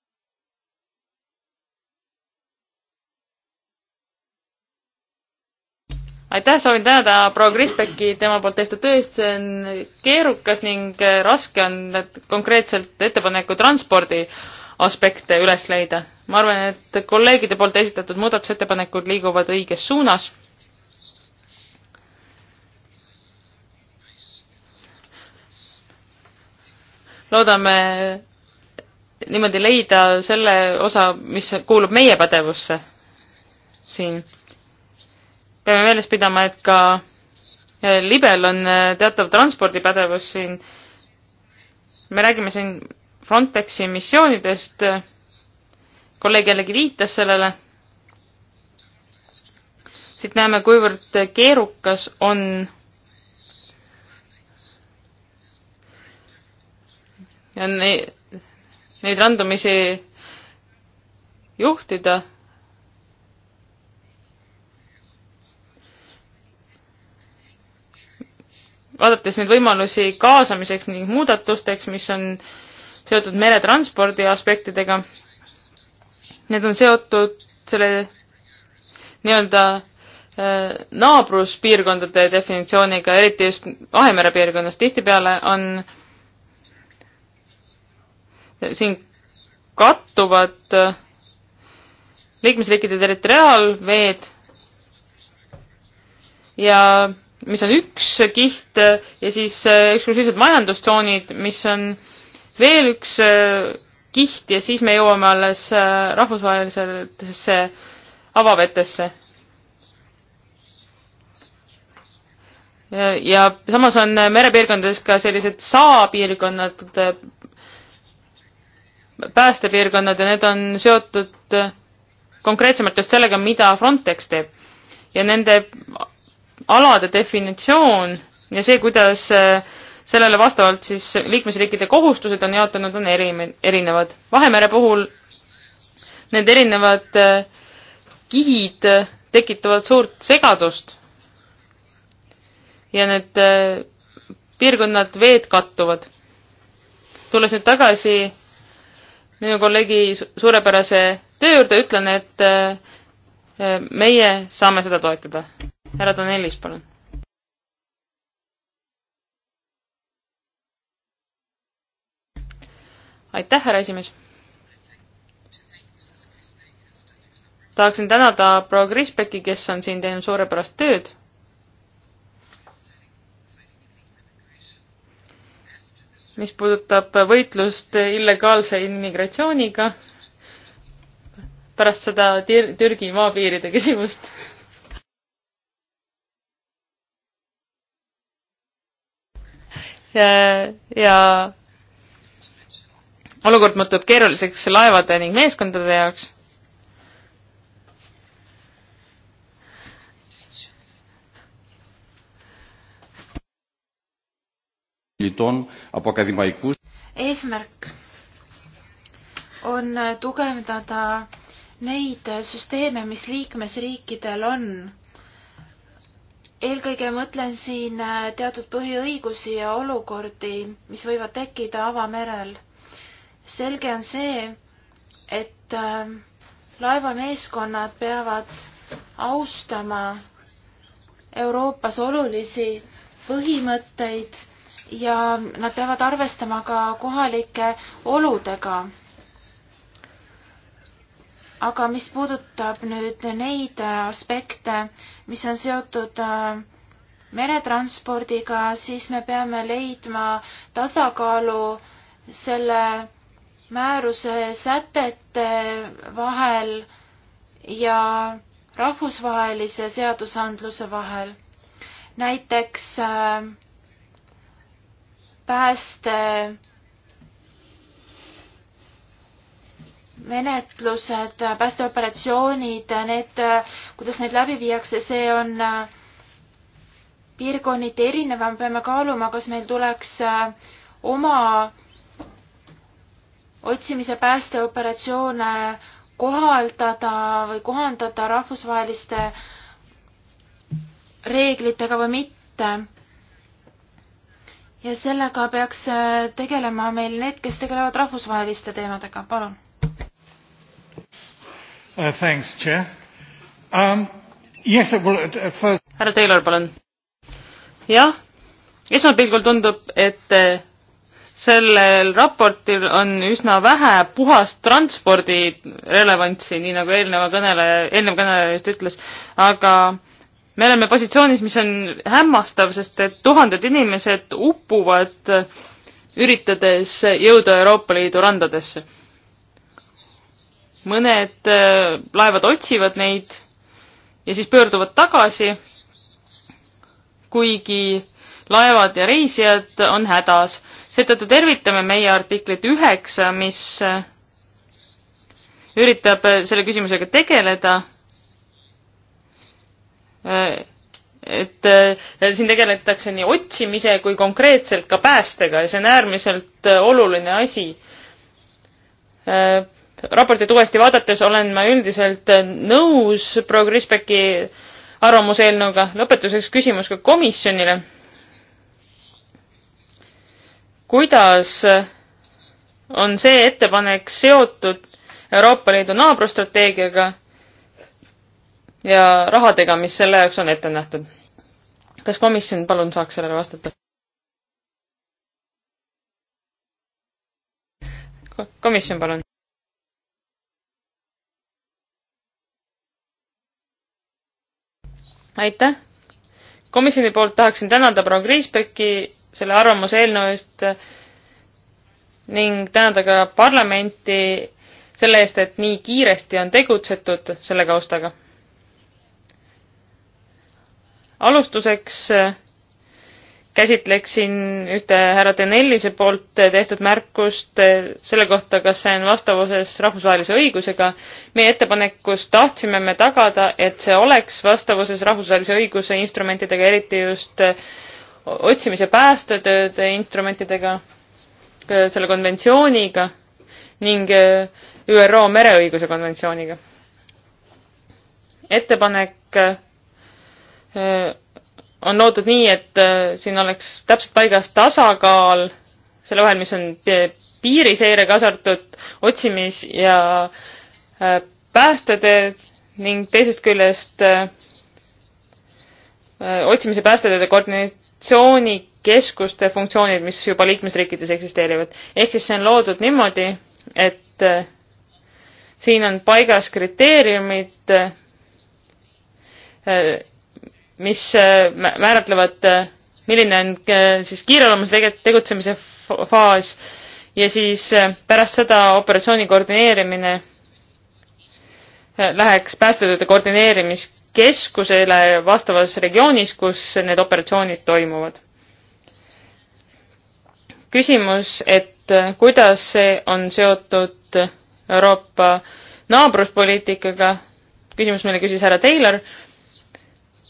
aitäh, soovin tänada proua Krispeki tema poolt tehtud töö eest, see on keerukas ning raske on konkreetselt ettepaneku transpordi aspekte üles leida. ma arvan, et kolleegide poolt esitatud muudatusettepanekud liiguvad õiges suunas. loodame niimoodi leida selle osa, mis kuulub meie pädevusse siin. peame meeles pidama, et ka eh, libel on eh, teatav transpordipädevus siin. me räägime siin Frontexi missioonidest, kolleeg jällegi viitas sellele, siit näeme, kuivõrd keerukas on ja neid, neid randumisi juhtida. vaadates nüüd võimalusi kaasamiseks ning muudatusteks, mis on äh, seotud meretranspordi aspektidega. Need on seotud selle nii-öelda äh, naabruspiirkondade definitsiooniga, eriti just Vahemere piirkonnas, tihtipeale on siin kattuvad äh, liikmesriikide territoriaalveed ja mis on üks kiht ja siis äh, eksklusiivsed majandustsoonid, mis on äh, veel üks äh, kiht ja siis me jõuame alles äh, rahvusvahelisesse avavetesse. ja samas on äh, merepiirkondades ka sellised saapiirkonnad, päästepiirkonnad ja need on seotud konkreetsemalt just sellega, mida Frontex teeb. ja nende alade definitsioon ja see, kuidas äh, sellele vastavalt siis liikmesriikide kohustused on jaotunud, on eri, erinevad. Vahemere puhul need erinevad äh, kihid äh, tekitavad suurt segadust ja need äh, piirkonnad veed kattuvad. tulles nüüd tagasi minu kolleegi suurepärase töö juurde, ütlen, et meie saame seda toetada. härra Danelis, palun aitäh, härra esimees! tahaksin tänada proua Krispeki, kes on siin teinud suurepärast tööd. mis puudutab võitlust illegaalse immigratsiooniga, pärast seda Tir-, Türgi maapiiride küsimust ja, ja olukord muutub keeruliseks laevade ning meeskondade jaoks. eesmärk on tugevdada neid süsteeme, mis liikmesriikidel on. eelkõige mõtlen siin teatud põhiõigusi ja olukordi, mis võivad tekkida avamerel selge on see, et ähm, laevameeskonnad peavad austama Euroopas olulisi põhimõtteid ja nad peavad arvestama ka kohalike oludega. aga mis puudutab nüüd neid aspekte, mis on seotud äh, meretranspordiga, siis me peame leidma tasakaalu selle määruse sätete vahel ja rahvusvahelise seadusandluse vahel. näiteks äh, pääste menetlused, äh, päästeoperatsioonid, äh, need, kuidas neid läbi viiakse, see on piirkonniti erinev, me peame kaaluma, kas meil tuleks oma otsimise päästeoperatsioone kohaldada või kohandada rahvusvaheliste reeglitega või mitte. ja sellega peaks äh, tegelema meil need, kes tegelevad rahvusvaheliste teemadega, palun uh,. Thanks, Chair um,. Yes, uh, well, uh, first... härra Taylor, palun. jah, esmapilgul tundub, et äh, sellel raportil on üsna vähe puhast transpordi relevantsi, nii nagu eelneva kõneleja, eelnev kõneleja just ütles, aga me oleme positsioonis, mis on hämmastav, sest et tuhanded inimesed upuvad üritades jõuda Euroopa Liidu randadesse. mõned äh, laevad otsivad neid ja siis pöörduvad tagasi, kuigi laevad ja reisijad on hädas seetõttu tervitame meie artiklit üheksa, mis äh, üritab äh, selle küsimusega tegeleda. Äh, et siin tegeletakse nii otsimise kui konkreetselt ka päästega ja see on äärmiselt oluline asi. raportit uuesti vaadates olen ma üldiselt nõus Progrispeki arvamuseelnõuga. lõpetuseks küsimus ka komisjonile kuidas on see ettepanek seotud Euroopa Liidu naabrusstrateegiaga ja rahadega, mis selle jaoks on ette nähtud. kas komisjon palun saaks sellele vastata? komisjon, palun. aitäh. komisjoni poolt tahaksin tänada proua Kriisbecki selle arvamuse eelnõu eest ning tänada ka parlamenti selle eest, et nii kiiresti on tegutsetud selle kaustaga. alustuseks äh, käsitleksin ühte härra Denellise poolt tehtud märkust äh, selle kohta, kas see on vastavuses rahvusvahelise õigusega. meie ettepanekus tahtsime me tagada, et see oleks vastavuses rahvusvahelise õiguse instrumentidega, eriti just äh, otsimise päästetööde instrumentidega, selle konventsiooniga ning äh, ÜRO mereõiguse konventsiooniga. ettepanek äh, on loodud nii, et äh, siin oleks täpselt paigas tasakaal selle vahel, mis on piiriseire, kaasa arvatud otsimis- ja päästetööd ning teisest küljest otsimise päästetööde koordine-, koordinatsioonikeskuste funktsioonid, mis juba liikmesriikides eksisteerivad. ehk siis see on loodud niimoodi, et äh, siin on paigas kriteeriumid, äh, mis äh, määratlevad, milline on siis kiireloomuliselt tegutsemise faas ja siis pärast seda operatsiooni koordineerimine läheks päästetööde koordineerimis keskusele vastavas regioonis, kus need operatsioonid toimuvad. küsimus, et kuidas see on seotud Euroopa naabruspoliitikaga, küsimus, mille küsis härra Taylor,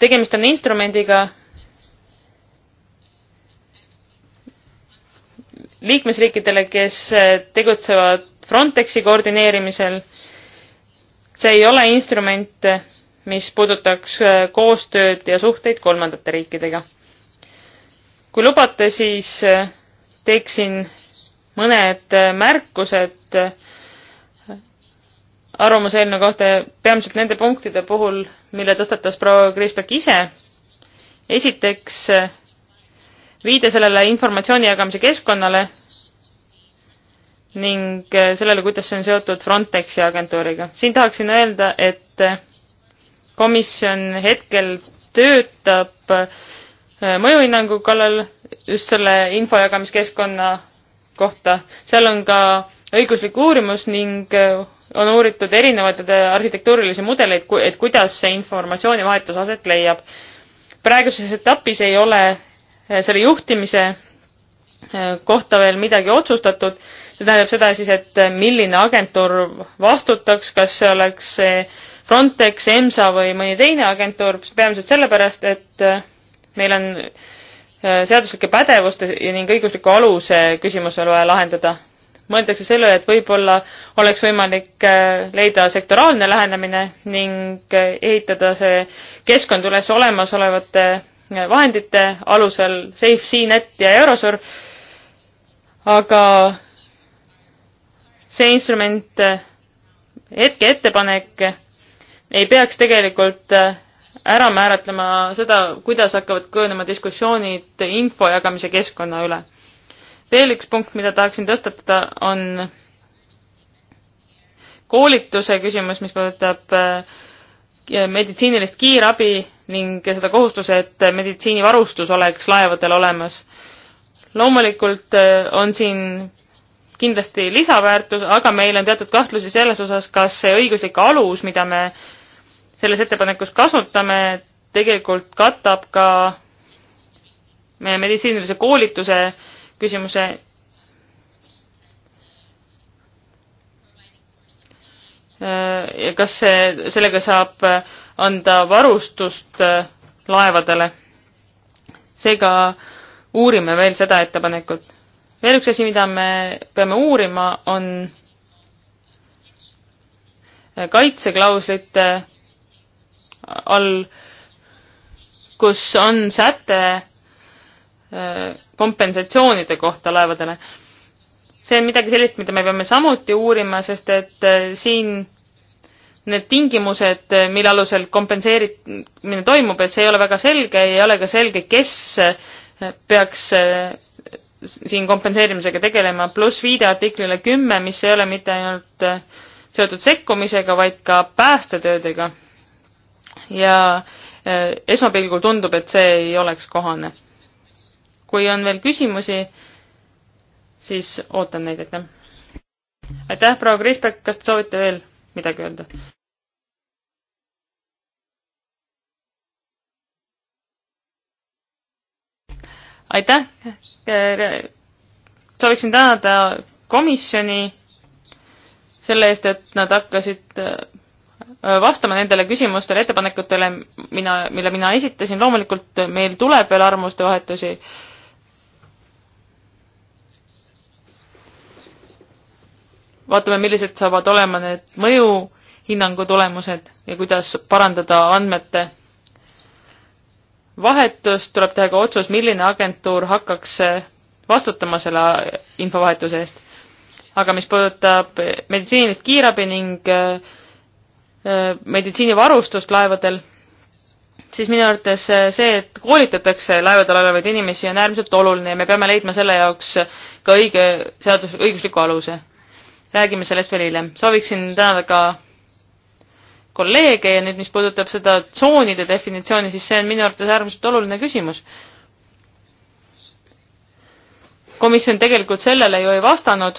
tegemist on instrumendiga, liikmesriikidele, kes tegutsevad Frontexi koordineerimisel, see ei ole instrument, mis puudutaks äh, koostööd ja suhteid kolmandate riikidega. kui lubate, siis äh, teeksin mõned äh, märkused arvamuse eelnõu kohta peamiselt nende punktide puhul, mille tõstatas proua Kriisbek ise. esiteks viide sellele informatsiooni jagamise keskkonnale ning sellele, kuidas see on seotud Frontexi agentuuriga. siin tahaksin öelda, et komisjon hetkel töötab äh, mõjuhinnangu kallal just selle info jagamiskeskkonna kohta. seal on ka õiguslik uurimus ning äh, on uuritud erinevaid äh, arhitektuurilisi mudeleid, et kuidas see informatsioonivahetus aset leiab. praeguses etapis ei ole selle juhtimise kohta veel midagi otsustatud, see tähendab seda siis, et milline agentuur vastutaks, kas see oleks see Frontex, EMSA või mõni teine agentuur, peamiselt sellepärast, et äh, meil on äh, seaduslike pädevuste ning õigusliku aluse küsimus veel vaja lahendada. mõeldakse sellele, et võib-olla oleks võimalik äh, leida sektoraalne lähenemine ning ehitada see keskkond üles olemasolevate vahendite alusel, Safe CNET ja Eurosur, aga see instrument, hetke ettepanek ei peaks tegelikult äh, ära määratlema seda, kuidas hakkavad kujunema diskussioonid info jagamise keskkonna üle. veel üks punkt, mida tahaksin tõstatada, on koolituse küsimus, mis puudutab äh, meditsiinilist kiirabi ning seda kohustuse, et meditsiinivarustus oleks laevadel olemas. loomulikult äh, on siin kindlasti lisaväärtus, aga meil on teatud kahtlusi selles osas, kas see õiguslik alus, mida me selles ettepanekus kasutame, tegelikult katab ka meie meditsiinilise koolituse küsimuse ja kas see, sellega saab anda varustust laevadele. seega uurime veel seda ettepanekut. veel üks asi, mida me peame uurima, on kaitseklauslite all, kus on säte äh, kompensatsioonide kohta laevadele. see on midagi sellist, mida me peame samuti uurima, sest et äh, siin need tingimused, äh, mille alusel kompenseerimine toimub, et see ei ole väga selge, ei ole ka selge, kes peaks siin kompenseerimisega tegelema, pluss viide artiklile kümme, mis ei ole mitte ainult seotud sekkumisega, vaid ka päästetöödega ja äh, esmapilgul tundub, et see ei oleks kohane. kui on veel küsimusi, siis ootan neid, aitäh. aitäh, proua Krispek, kas te soovite veel midagi öelda? aitäh, äh, sooviksin tänada komisjoni selle eest, et nad hakkasid äh, Äh, vastama nendele küsimustele, ettepanekutele, mina, mille mina esitasin, loomulikult meil tuleb veel arvamuste vahetusi. vaatame, millised saavad olema need mõjuhinnangu tulemused ja kuidas parandada andmete vahetust, tuleb teha ka otsus, milline agentuur hakkaks vastutama selle infovahetuse eest. aga mis puudutab meditsiinilist kiirabi ning äh, meditsiinivarustust laevadel, siis minu arvates eh, see, et koolitatakse laevadel olevaid inimesi, on äärmiselt oluline ja me peame leidma selle jaoks ka õige seadus, õigusliku aluse. räägime sellest veel hiljem. sooviksin tänada ka kolleege ja nüüd, mis puudutab seda tsoonide definitsiooni, siis see on minu arvates äärmiselt oluline küsimus. komisjon tegelikult sellele ju ei vastanud.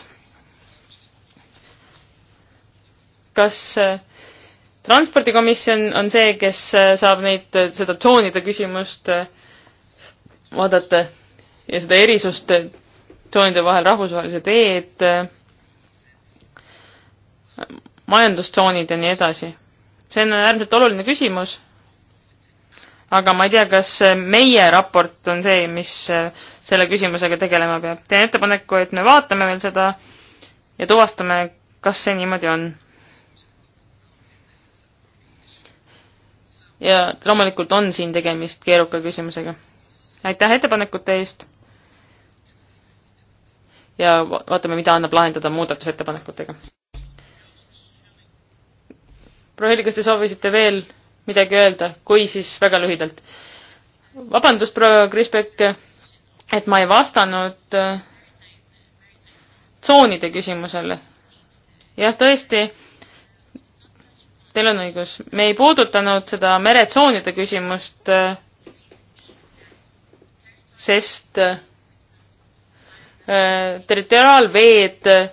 kas äh, transpordikomisjon on see, kes äh, saab neid, äh, seda tsoonide küsimust äh, vaadata ja seda erisust tsoonide vahel, rahvusvahelised E-d, majandustsoonid ja nii edasi. see on äärmiselt oluline küsimus, aga ma ei tea, kas meie raport on see, mis selle küsimusega tegelema peab. teen ettepaneku, et me vaatame veel seda ja tuvastame, kas see niimoodi on ja loomulikult on siin tegemist keeruka küsimusega. aitäh ettepanekute eest ja vaatame, mida annab lahendada muudatusettepanekutega. Proheli, kas te soovisite veel midagi öelda, kui siis väga lühidalt? vabandust, proua Krisbek, et ma ei vastanud äh, tsoonide küsimusele. jah, tõesti Teil on õigus, me ei puudutanud seda meretsoonide küsimust, sest äh, territoriaalveed äh,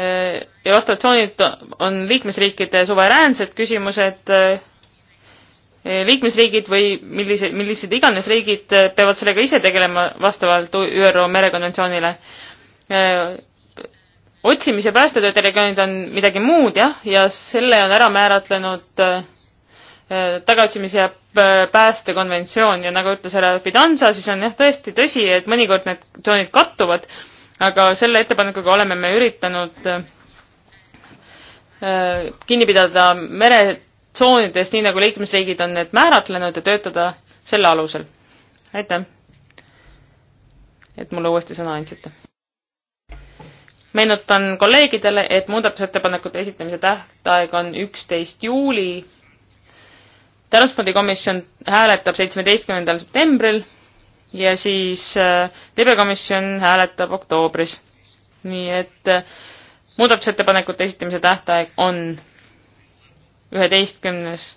ja vastavad tsoonid on liikmesriikide suveräänsed küsimused, äh, liikmesriigid või millise, millised iganes riigid peavad sellega ise tegelema vastavalt ÜRO merekonventsioonile otsimis- ja päästetöö delegatsioonid on midagi muud, jah, ja selle on ära määratlenud äh, tagaotsimise ja päästekonventsioon ja nagu ütles härra Fidanza, siis on jah, tõesti tõsi, et mõnikord need tsoonid kattuvad, aga selle ettepanekuga oleme me üritanud äh, kinni pidada meretsoonidest, nii nagu liikmesriigid on need määratlenud ja töötada selle alusel. aitäh, et mulle uuesti sõna andsite meenutan kolleegidele, et muudatusettepanekute esitamise tähtaeg on üksteist juuli. transpordikomisjon hääletab seitsmeteistkümnendal septembril ja siis äh, libekomisjon hääletab oktoobris. nii et äh, muudatusettepanekute esitamise tähtaeg on üheteistkümnes,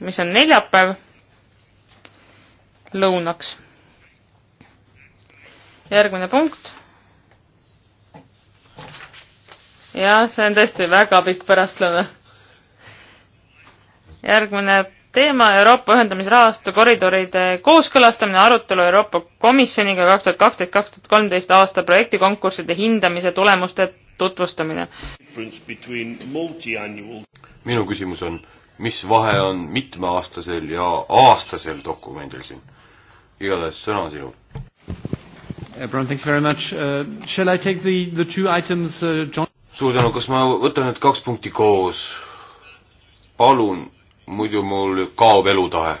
mis on neljapäev lõunaks järgmine punkt. jah, see on tõesti väga pikk pärastlõuna. järgmine teema Euroopa ühendamisrahastu koridoride kooskõlastamine, arutelu Euroopa Komisjoniga kaks tuhat kaksteist, kaks tuhat kolmteist aasta projektikonkursside hindamise tulemuste tutvustamine. minu küsimus on, mis vahe on mitmeaastasel ja aastasel dokumendil siin? igatahes sõna sinul. Everyone, thank you very much uh,. Shall I take the, the two items uh,, John? suur tänu, kas ma võtan need kaks punkti koos? palun, muidu mul kaob elutahe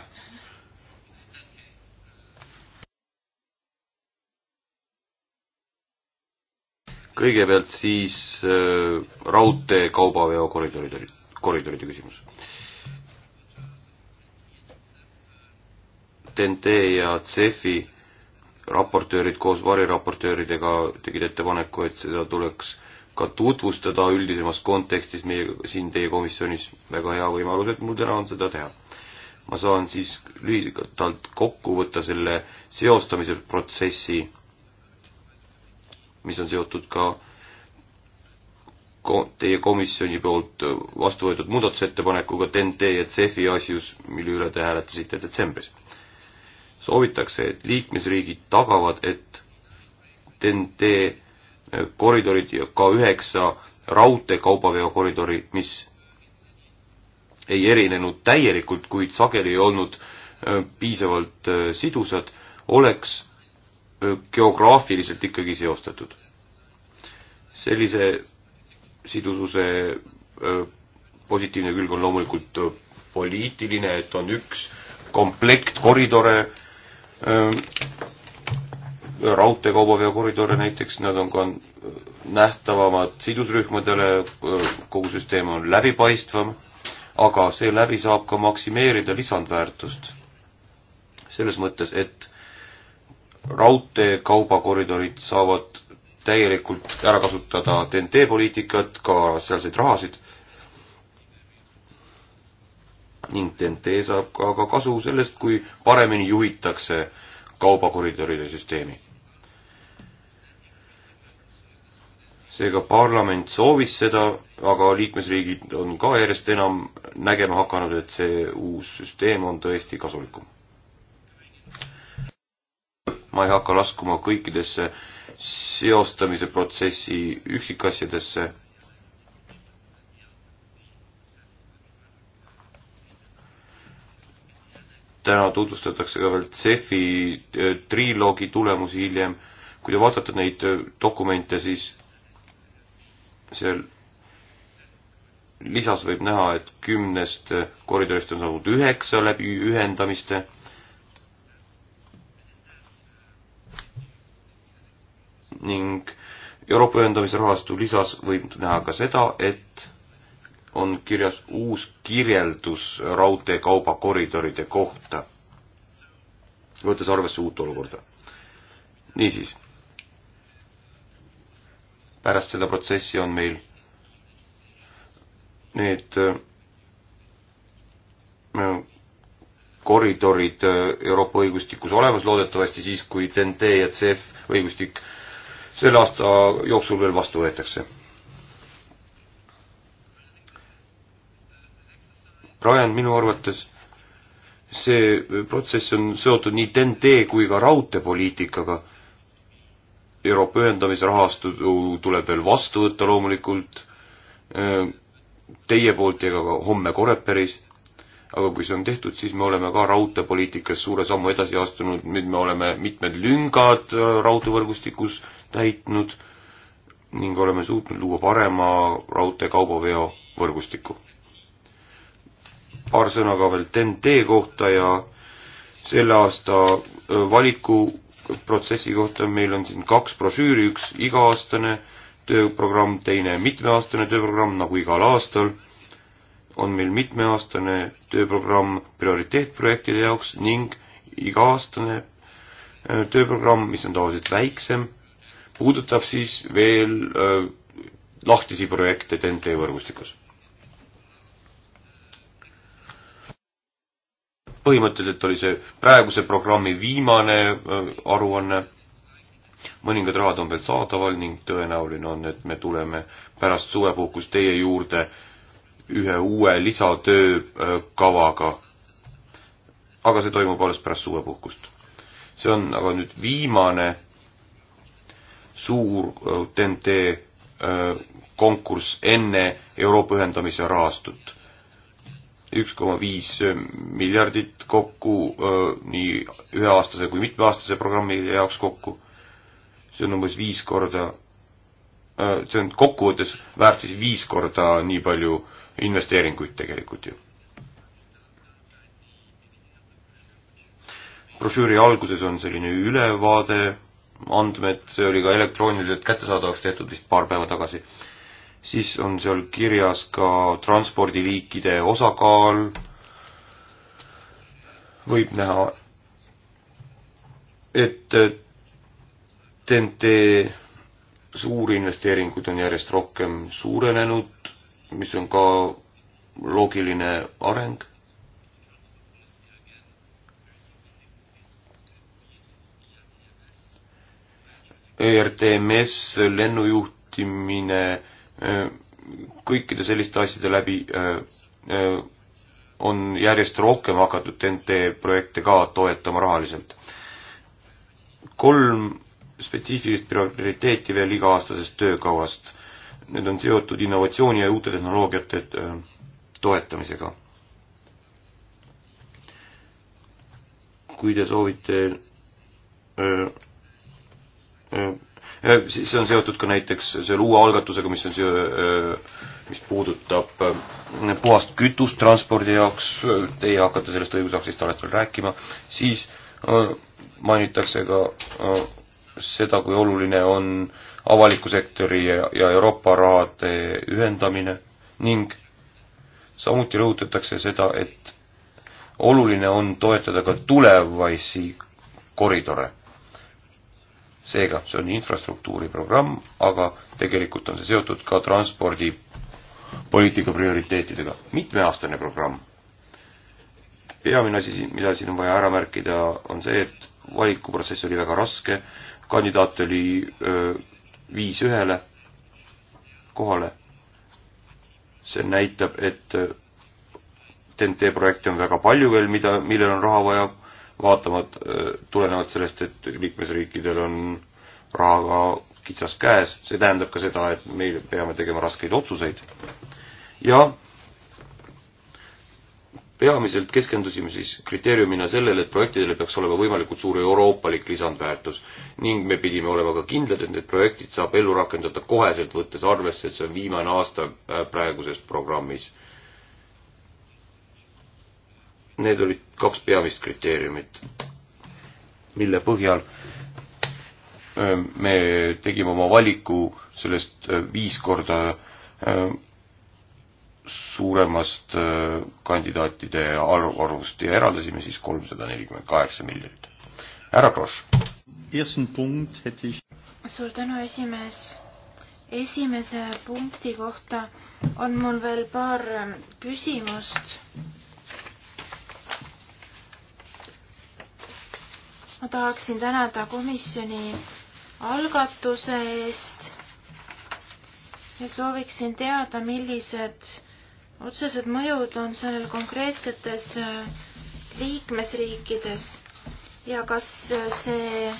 kõigepealt siis äh, raudtee kaubaveo koridoride, koridoride küsimus. TNT ja CEF-i raportöörid koos variraportööridega tegid ettepaneku, et seda tuleks ka tutvustada üldisemas kontekstis meie siin teie komisjonis. väga hea võimalus, et mul täna on seda teha. ma saan siis lühidalt kokku võtta selle seostamise protsessi, mis on seotud ka ko-, teie komisjoni poolt vastu võetud muudatusettepanekuga TNT ja CEF-i asjus, mille üle te hääletasite detsembris soovitakse, et liikmesriigid tagavad, et TNT koridorid ja ka üheksa raudteekaubaveokoridori, mis ei erinenud täielikult, kuid sageli ei olnud äh, piisavalt äh, sidusad, oleks äh, geograafiliselt ikkagi seostatud. sellise sidususe positiivne külg on loomulikult poliitiline, et on üks komplekt koridore, raudteekaubaveokoridore näiteks, nad on ka nähtavamad sidusrühmadele, kogu süsteem on läbipaistvam, aga seeläbi saab ka maksimeerida lisandväärtust. selles mõttes, et raudteekaubakoridorid saavad täielikult ära kasutada TNT poliitikat, ka sealseid rahasid ning TNT saab ka, ka kasu sellest, kui paremini juhitakse kaubakoridoride süsteemi. seega parlament soovis seda, aga liikmesriigid on ka järjest enam nägema hakanud, et see uus süsteem on tõesti kasulikum. ma ei hakka laskuma kõikidesse seostamise protsessi üksikasjadesse täna tutvustatakse ka veel CEF-i äh, triloogi tulemusi hiljem. kui te vaatate neid äh, dokumente, siis seal lisas võib näha, et kümnest äh, koridorist on saanud üheksa läbi ühendamiste. ning Euroopa ühendamise rahastu lisas võib näha ka seda, et on kirjas uus kirjeldus raudteekaubakoridoride kohta, võttes arvesse uut olukorda. niisiis, pärast seda protsessi on meil need äh, koridorid äh, Euroopa õigustikus olemas, loodetavasti siis, kui TNT ja CEF õigustik selle aasta jooksul veel vastu võetakse Ryan, minu arvates see protsess on seotud nii TEN-T kui ka raudteepoliitikaga. Euroopa ühendamisrahastu tuleb veel vastu võtta loomulikult äh, teie poolt ja ka homme Koreperis. aga kui see on tehtud, siis me oleme ka raudteepoliitikas suure sammu edasi astunud, nüüd me oleme mitmed lüngad äh, raudteevõrgustikus täitnud ning oleme suutnud luua parema raudteekaubaveo võrgustiku paar sõna ka veel TEN-T kohta ja selle aasta valikuprotsessi kohta meil on siin kaks brošüüri, üks iga-aastane tööprogramm, teine mitmeaastane tööprogramm, nagu igal aastal on meil mitmeaastane tööprogramm prioriteetprojektide jaoks ning iga-aastane tööprogramm, mis on tavaliselt väiksem, puudutab siis veel äh, lahtisi projekte TNT võrgustikus. põhimõtteliselt oli see praeguse programmi viimane aruanne, mõningad rahad on veel saadaval ning tõenäoline on, et me tuleme pärast suvepuhkust teie juurde ühe uue lisatöökavaga. aga see toimub alles pärast suvepuhkust. see on aga nüüd viimane suur TNT konkurss enne Euroopa ühendamise rahastut üks koma viis miljardit kokku nii üheaastase kui mitmeaastase programmi jaoks kokku. see on umbes viis korda, see on kokkuvõttes väärt siis viis korda nii palju investeeringuid tegelikult ju. brošüüri alguses on selline ülevaade, andmed, see oli ka elektrooniliselt kättesaadavaks tehtud vist paar päeva tagasi siis on seal kirjas ka transpordiliikide osakaal, võib näha, et TNT suurinvesteeringud on järjest rohkem suurenenud, mis on ka loogiline areng. ERTMS lennujuhtimine Äh, kõikide selliste asjade läbi äh, äh, on järjest rohkem hakatud TNT projekte ka toetama rahaliselt. kolm spetsiifilist prioriteeti veel iga-aastasest töökavast. Need on seotud innovatsiooni ja uute tehnoloogiate toetamisega. kui te soovite öö, öö, Äh, see on seotud ka näiteks selle uue algatusega, mis on see, äh, mis puudutab äh, puhast kütust transpordi jaoks, teie hakkate sellest õigusaktist alles veel rääkima, siis mainitakse ka seda, kui oluline on avaliku sektori ja, ja Euroopa rahade ühendamine ning samuti rõhutatakse seda, et oluline on toetada ka tulevasi koridore seega see on infrastruktuuri programm, aga tegelikult on see seotud ka transpordipoliitika prioriteetidega. mitmeaastane programm. peamine asi, mida siin on vaja ära märkida, on see, et valikuprotsess oli väga raske, kandidaate oli öö, viis ühele kohale. see näitab, et TNT projekte on väga palju veel, mida, millel on raha vaja, vaatamad, äh, tulenevalt sellest, et liikmesriikidel on rahaga kitsas käes, see tähendab ka seda, et me peame tegema raskeid otsuseid. ja peamiselt keskendusime siis kriteeriumina sellele, et projektidele peaks olema võimalikult suur euroopalik lisandväärtus ning me pidime olema ka kindlad, et need projektid saab ellu rakendada koheselt, võttes arvesse, et see on viimane aasta äh, praeguses programmis Need olid kaks peamist kriteeriumit, mille põhjal me tegime oma valiku sellest viis korda suuremast kandidaatide arv, arvust ja eraldasime siis kolmsada nelikümmend kaheksa miljonit. härra Kross. suur tänu, esimees. esimese punkti kohta on mul veel paar küsimust ma tahaksin tänada komisjoni algatuse eest ja sooviksin teada, millised otsesed mõjud on sellel konkreetsetes äh, liikmesriikides ja kas äh, see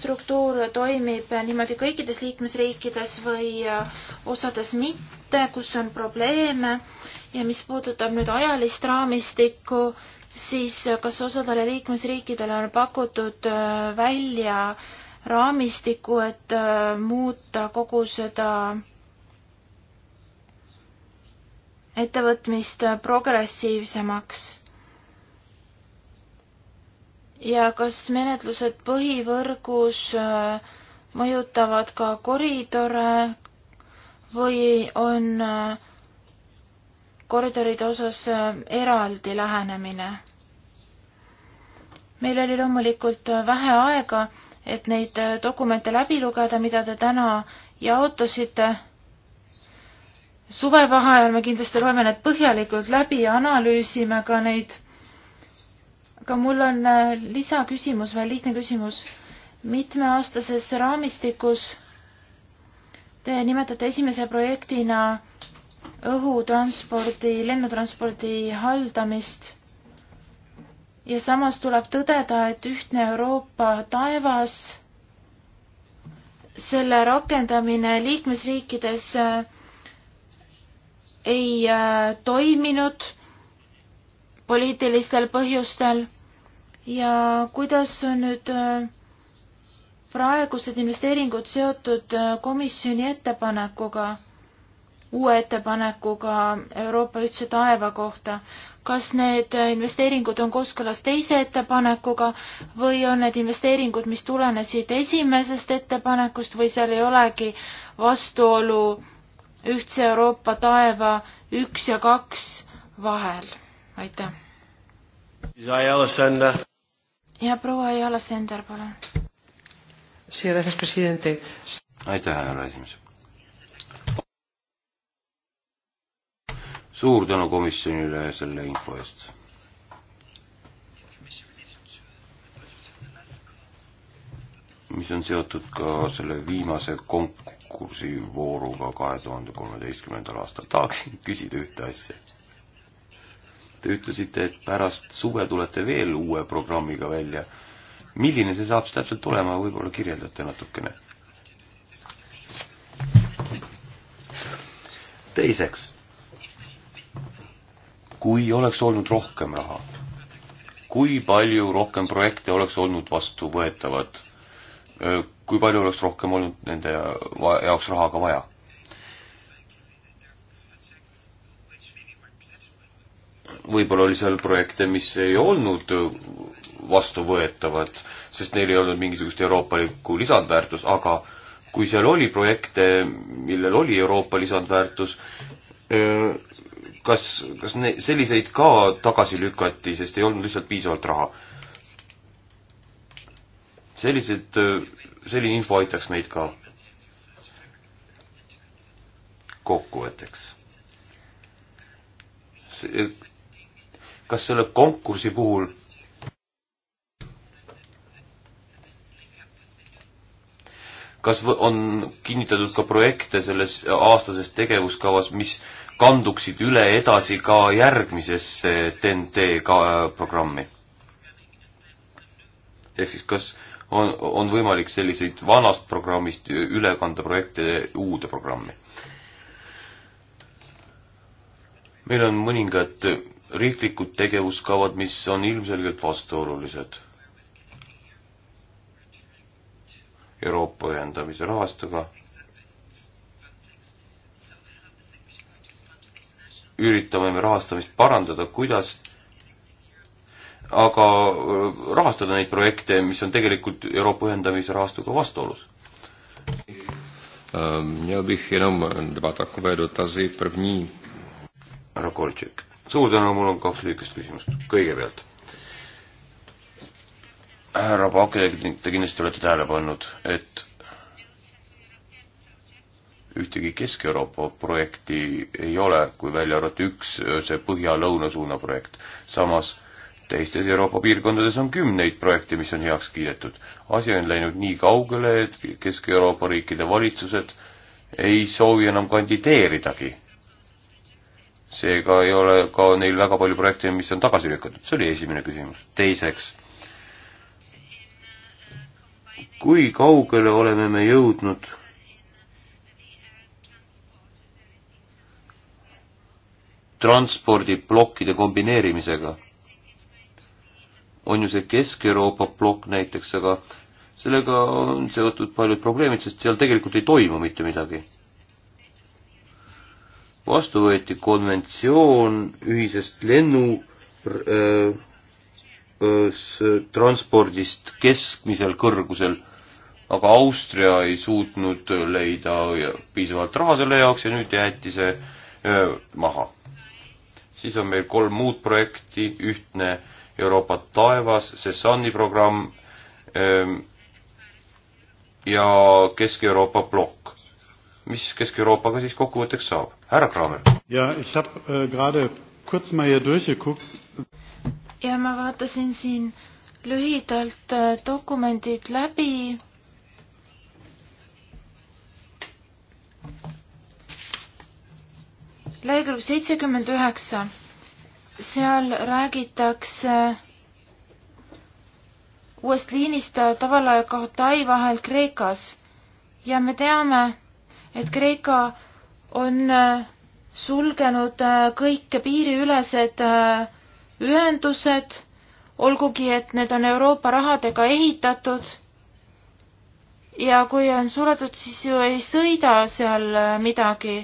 struktuur toimib niimoodi kõikides liikmesriikides või äh, osades mitte, kus on probleeme ja mis puudutab nüüd ajalist raamistikku, siis kas osadele liikmesriikidele on pakutud äh, välja raamistikku, et äh, muuta kogu seda ettevõtmist äh, progressiivsemaks? ja kas menetlused põhivõrgus mõjutavad ka koridore või on äh, koridoride osas äh, eraldi lähenemine. meil oli loomulikult äh, vähe aega, et neid äh, dokumente läbi lugeda, mida te täna jaotasite. suvevaheajal me kindlasti loeme need põhjalikult läbi ja analüüsime ka neid. aga mul on lisaküsimus veel, lihtne küsimus. mitmeaastases raamistikus te nimetate esimese projektina õhutranspordi, lennutranspordi haldamist. ja samas tuleb tõdeda, et ühtne Euroopa taevas, selle rakendamine liikmesriikides äh, ei äh, toiminud poliitilistel põhjustel ja kuidas on nüüd äh, praegused investeeringud seotud komisjoni ettepanekuga? uue ettepanekuga Euroopa ühtse taeva kohta. kas need investeeringud on kooskõlas teise ettepanekuga või on need investeeringud, mis tulenesid esimesest ettepanekust või seal ei olegi vastuolu ühtse Euroopa taeva üks ja kaks vahel? aitäh. ja proua Jala Sender, palun. aitäh, härra esimees suur tänu komisjonile selle info eest. mis on seotud ka selle viimase konkursi vooruga kahe tuhande kolmeteistkümnendal aastal. tahaksin küsida ühte asja. Te ütlesite, et pärast suve tulete veel uue programmiga välja. milline see saab siis täpselt olema, võib-olla kirjeldate natukene? teiseks kui oleks olnud rohkem raha, kui palju rohkem projekte oleks olnud vastuvõetavad, kui palju oleks rohkem olnud nende jaoks raha ka vaja? võib-olla oli seal projekte, mis ei olnud vastuvõetavad, sest neil ei olnud mingisugust euroopalikku lisandväärtust, aga kui seal oli projekte, millel oli Euroopa lisandväärtus, kas, kas ne-, selliseid ka tagasi lükati, sest ei olnud lihtsalt piisavalt raha? sellised, selline info aitaks meid ka kokkuvõtteks. kas selle konkursi puhul kas on kinnitatud ka projekte selles aastases tegevuskavas, mis kanduksid üle edasi ka järgmisesse TNT ka äh, programmi? ehk siis kas on, on võimalik selliseid vanast programmist üle kanda projekte uude programmi? meil on mõningad riiklikud tegevuskavad, mis on ilmselgelt vastuolulised Euroopa ühendamise rahastuga üritame me rahastamist parandada, kuidas aga äh, rahastada neid projekte, mis on tegelikult Euroopa ühendamise rahastuga vastuolus? Měl ähm, bych jenom dva takové dotazy. První. härra Koltšik. suur tänu, mul on kaks lühikest küsimust. kõigepealt. härra Pakel, te kindlasti olete tähele pannud, et ühtegi Kesk-Euroopa projekti ei ole, kui välja arvata üks, see põhja-lõuna suuna projekt. samas teistes Euroopa piirkondades on kümneid projekte, mis on heaks kiidetud. asi on läinud nii kaugele, et Kesk-Euroopa riikide valitsused ei soovi enam kandideeridagi. seega ei ole ka neil väga palju projekte, mis on tagasi lükatud, see oli esimene küsimus. teiseks kui kaugele oleme me jõudnud transpordiplokkide kombineerimisega. on ju see Kesk-Euroopa plokk näiteks, aga sellega on seotud paljud probleemid, sest seal tegelikult ei toimu mitte midagi. vastu võeti konventsioon ühisest lennu öö, äh, öö, äh, transpordist keskmisel kõrgusel, aga Austria ei suutnud leida piisavalt raha selle jaoks ja nüüd jäeti see öö, äh, maha siis on meil kolm muud projekti, ühtne Euroopa taevas, Cezanne'i programm ähm, ja Kesk-Euroopa plokk. mis Kesk-Euroopaga siis kokkuvõtteks saab? härra Kramer. ja, ich hab äh, gerade kurz mal hier durchgeguckt. ja ma vaatasin siin lühidalt äh, dokumendid läbi lehekülg seitsekümmend üheksa, seal räägitakse uuest liinist tavalae Kahotai vahel Kreekas ja me teame, et Kreeka on äh, sulgenud äh, kõik piiriülesed äh, ühendused, olgugi et need on Euroopa rahadega ehitatud. ja kui on suletud, siis ju ei sõida seal midagi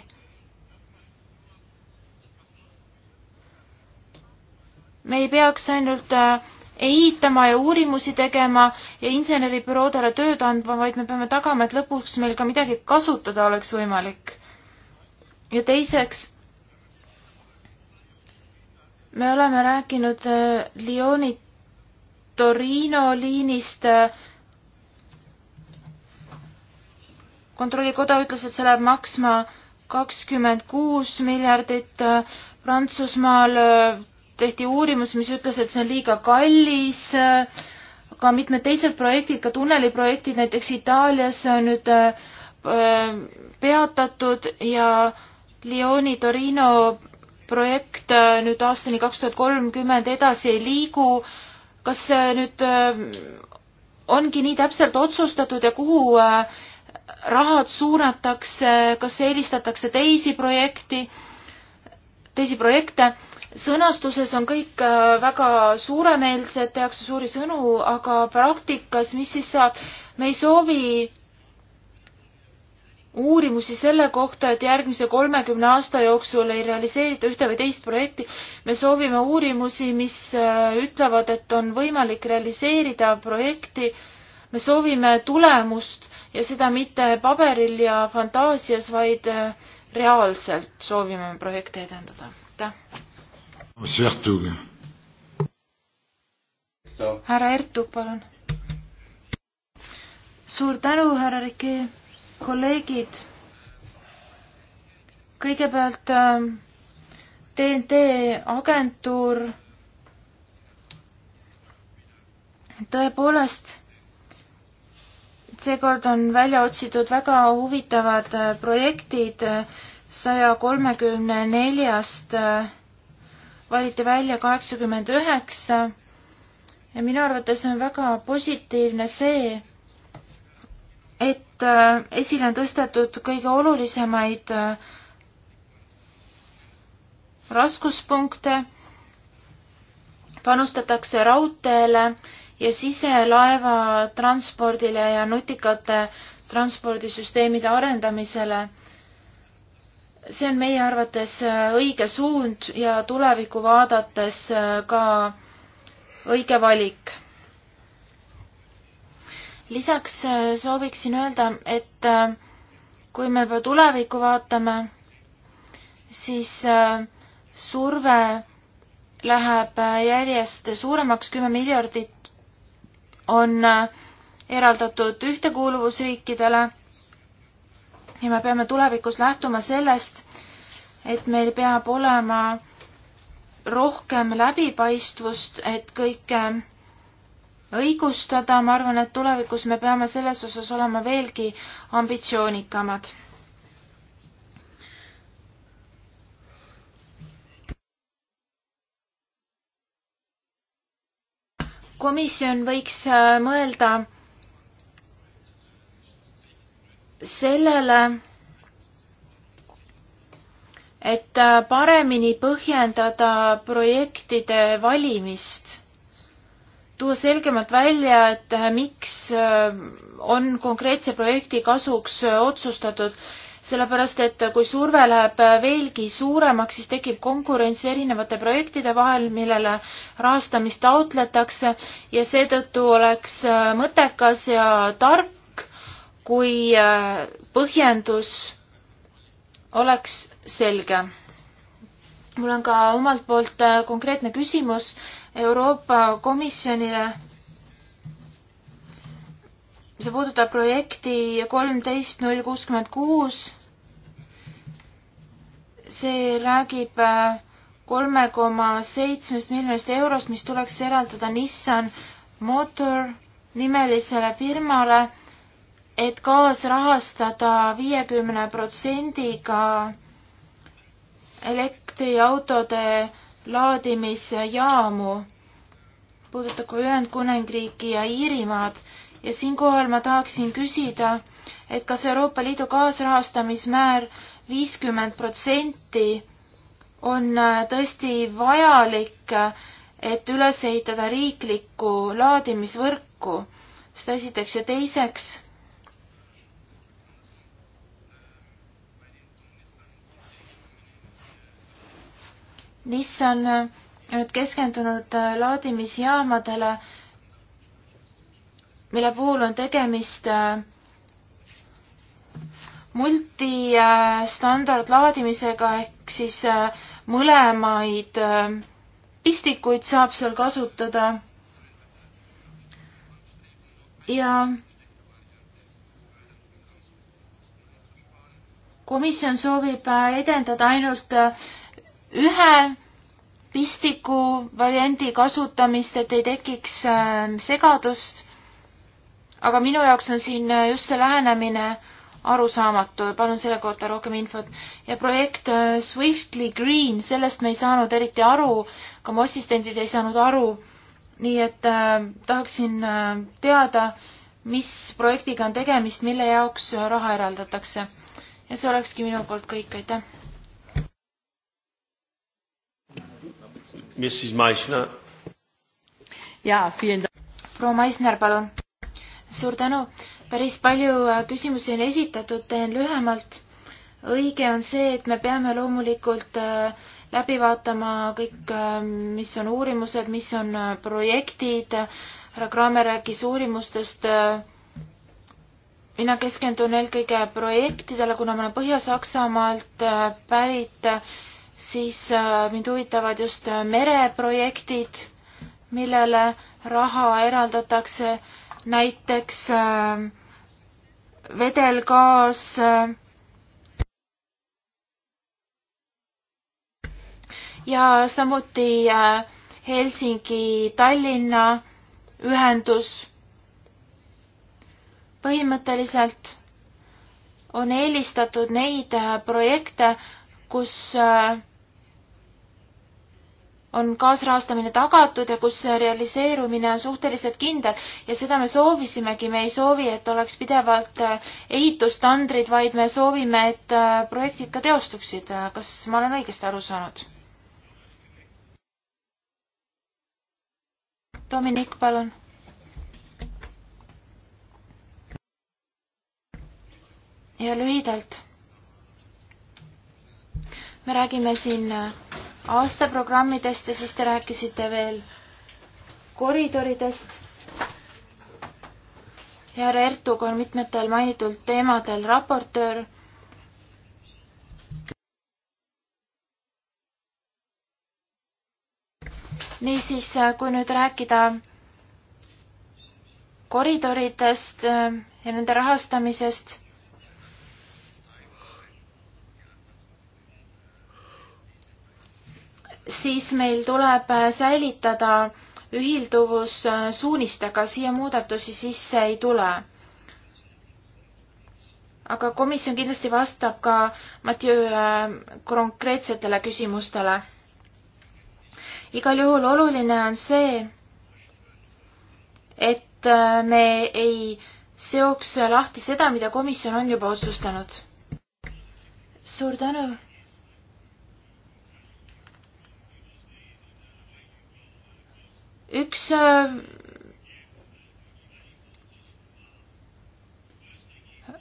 me ei peaks ainult äh, eitama ja uurimusi tegema ja inseneribüroodele tööd andma, vaid me peame tagama, et lõpuks meil ka midagi kasutada oleks võimalik. ja teiseks, me oleme rääkinud äh, Lyoni Torino liinist. Äh, kontrollikoda ütles, et see läheb maksma kakskümmend kuus miljardit, Prantsusmaal tehti uurimus, mis ütles, et see on liiga kallis, aga mitmed teised projektid, ka tunneliprojektid näiteks Itaalias on nüüd äh, peatatud ja Lyoni Torino projekt äh, nüüd aastani kaks tuhat kolmkümmend edasi ei liigu. kas äh, nüüd ongi nii täpselt otsustatud ja kuhu rahad suunatakse, kas eelistatakse teisi projekti, teisi projekte? sõnastuses on kõik äh, väga suuremeelsed, tehakse suuri sõnu, aga praktikas, mis siis saab? me ei soovi uurimusi selle kohta, et järgmise kolmekümne aasta jooksul ei realiseerita ühte või teist projekti. me soovime uurimusi, mis äh, ütlevad, et on võimalik realiseerida projekti. me soovime tulemust ja seda mitte paberil ja fantaasias, vaid äh, reaalselt soovime projekte edendada. aitäh! härra Ertug, palun. suur tänu, härra Riki, kolleegid. kõigepealt TNT ähm, agentuur tõepoolest seekord on välja otsitud väga huvitavad äh, projektid äh, saja kolmekümne neljast äh, valiti välja kaheksakümmend üheksa ja minu arvates on väga positiivne see, et äh, esile on tõstetud kõige olulisemaid äh, raskuspunkte, panustatakse raudteele ja siselaevatranspordile ja nutikate transpordisüsteemide arendamisele see on meie arvates äh, õige suund ja tulevikku vaadates äh, ka õige valik. lisaks äh, sooviksin öelda, et kui me juba tulevikku vaatame, siis surve läheb järjest suuremaks, kümme miljardit on eraldatud ühtekuuluvusriikidele ja me peame tulevikus lähtuma sellest, et meil peab olema rohkem läbipaistvust, et kõike õigustada, ma arvan, et tulevikus me peame selles osas olema veelgi ambitsioonikamad. komisjon võiks äh, mõelda sellele, et paremini põhjendada projektide valimist, tuua selgemalt välja, et miks on konkreetse projekti kasuks otsustatud, sellepärast et kui surve läheb veelgi suuremaks, siis tekib konkurents erinevate projektide vahel, millele rahastamist taotletakse ja seetõttu oleks mõttekas ja tark kui äh, põhjendus oleks selge. mul on ka omalt poolt äh, konkreetne küsimus Euroopa Komisjonile. see puudutab projekti kolmteist null kuuskümmend kuus. see räägib äh, kolme koma seitsmest miljonist eurost, mis tuleks eraldada Nissan Motor nimelisele firmale et kaasrahastada viiekümne protsendiga elektriautode laadimisjaamu, puudutab ka Ühendkuningriiki ja Iirimaad ja siinkohal ma tahaksin küsida, et kas Euroopa Liidu kaasrahastamismäär viiskümmend protsenti on äh, tõesti vajalik, et üles ehitada riiklikku laadimisvõrku, seda esiteks ja teiseks mis on nüüd äh, keskendunud äh, laadimisjaamadele, mille puhul on tegemist äh, multistandardlaadimisega ehk siis mõlemaid pistikuid saab seal kasutada. ja komisjon soovib edendada ainult ühe pistiku variandi kasutamist, et ei tekiks ähm, segadust. aga minu jaoks on siin äh, just see lähenemine arusaamatu ja palun selle kohta rohkem infot. ja projekt äh, Swiftly Green, sellest me ei saanud eriti aru, ka mu assistendid ei saanud aru. nii et äh, tahaksin äh, teada, mis projektiga on tegemist, mille jaoks äh, raha eraldatakse. ja see olekski minu poolt kõik, aitäh! Mrs Meissner. jaa, proua Meissner, palun. suur tänu. päris palju äh, küsimusi on esitatud, teen lühemalt. õige on see, et me peame loomulikult äh, läbi vaatama kõik, äh, mis on uurimused, mis on projektid. härra Kraamer rääkis uurimustest mina keskendun eelkõige projektidele, kuna ma olen Põhja-Saksamaalt pärit siis äh, mind huvitavad just äh, mereprojektid, millele raha eraldatakse, näiteks äh, vedelgaas, ja samuti Helsingi-Tallinna ühendus. põhimõtteliselt on eelistatud neid projekte, kus äh, on kaasrahastamine tagatud ja kus realiseerumine on suhteliselt kindel ja seda me soovisimegi, me ei soovi, et oleks pidevalt äh, ehitustandrid, vaid me soovime, et äh, projektid ka teostuksid. kas ma olen õigesti aru saanud? Dominik, palun. ja lühidalt me räägime siin äh, aastaprogrammidest ja siis te rääkisite veel koridoridest. härra Ertug on mitmetel mainitud teemadel raportöör. niisiis, äh, kui nüüd rääkida koridoridest äh, ja nende rahastamisest siis meil tuleb äh, säilitada ühilduvus äh, suunistega, siia muudatusi sisse ei tule. aga komisjon kindlasti vastab ka Mathieu äh, konkreetsetele küsimustele. igal juhul oluline on see, et me ei seoks lahti seda, mida komisjon on juba otsustanud. suur tänu! üks äh,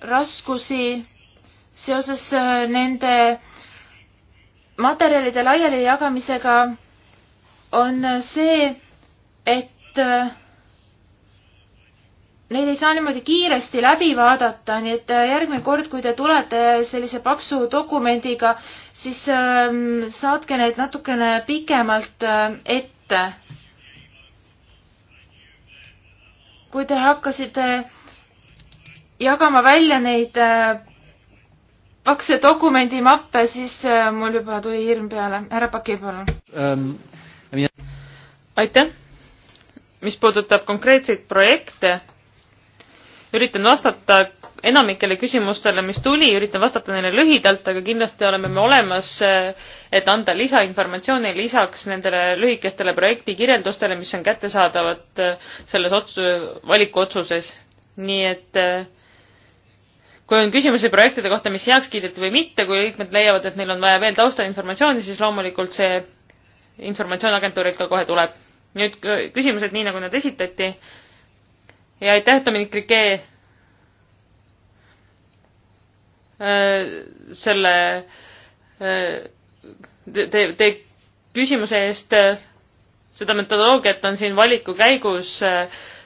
raskusi seoses äh, nende materjalide laialijagamisega on äh, see, et neid ei saa niimoodi kiiresti läbi vaadata, nii et järgmine kord, kui te tulete sellise paksu dokumendiga, siis ähm, saatke neid natukene pikemalt ette kui te hakkasite jagama välja neid pakse äh, dokumendimappe, siis äh, mul juba tuli hirm peale. härra Paki, palun um,. Mean... aitäh. mis puudutab konkreetseid projekte, üritan vastata enamikele küsimustele, mis tuli, üritan vastata neile lühidalt, aga kindlasti oleme me olemas, eh, et anda lisainformatsiooni lisaks nendele lühikestele projektikirjeldustele, mis on kättesaadavad eh, selles otsu-, valikuotsuses. nii et eh, kui on küsimusi projektide kohta, mis heaks kiideti või mitte, kui liikmed leiavad, et neil on vaja veel taustainformatsiooni, siis loomulikult see informatsioon agentuurilt ka kohe tuleb. nüüd küsimused, nii nagu nad esitati ja aitäh, Dominic Riquet Äh, selle äh, te, te küsimuse eest. Äh, seda metodoloogiat on siin valiku käigus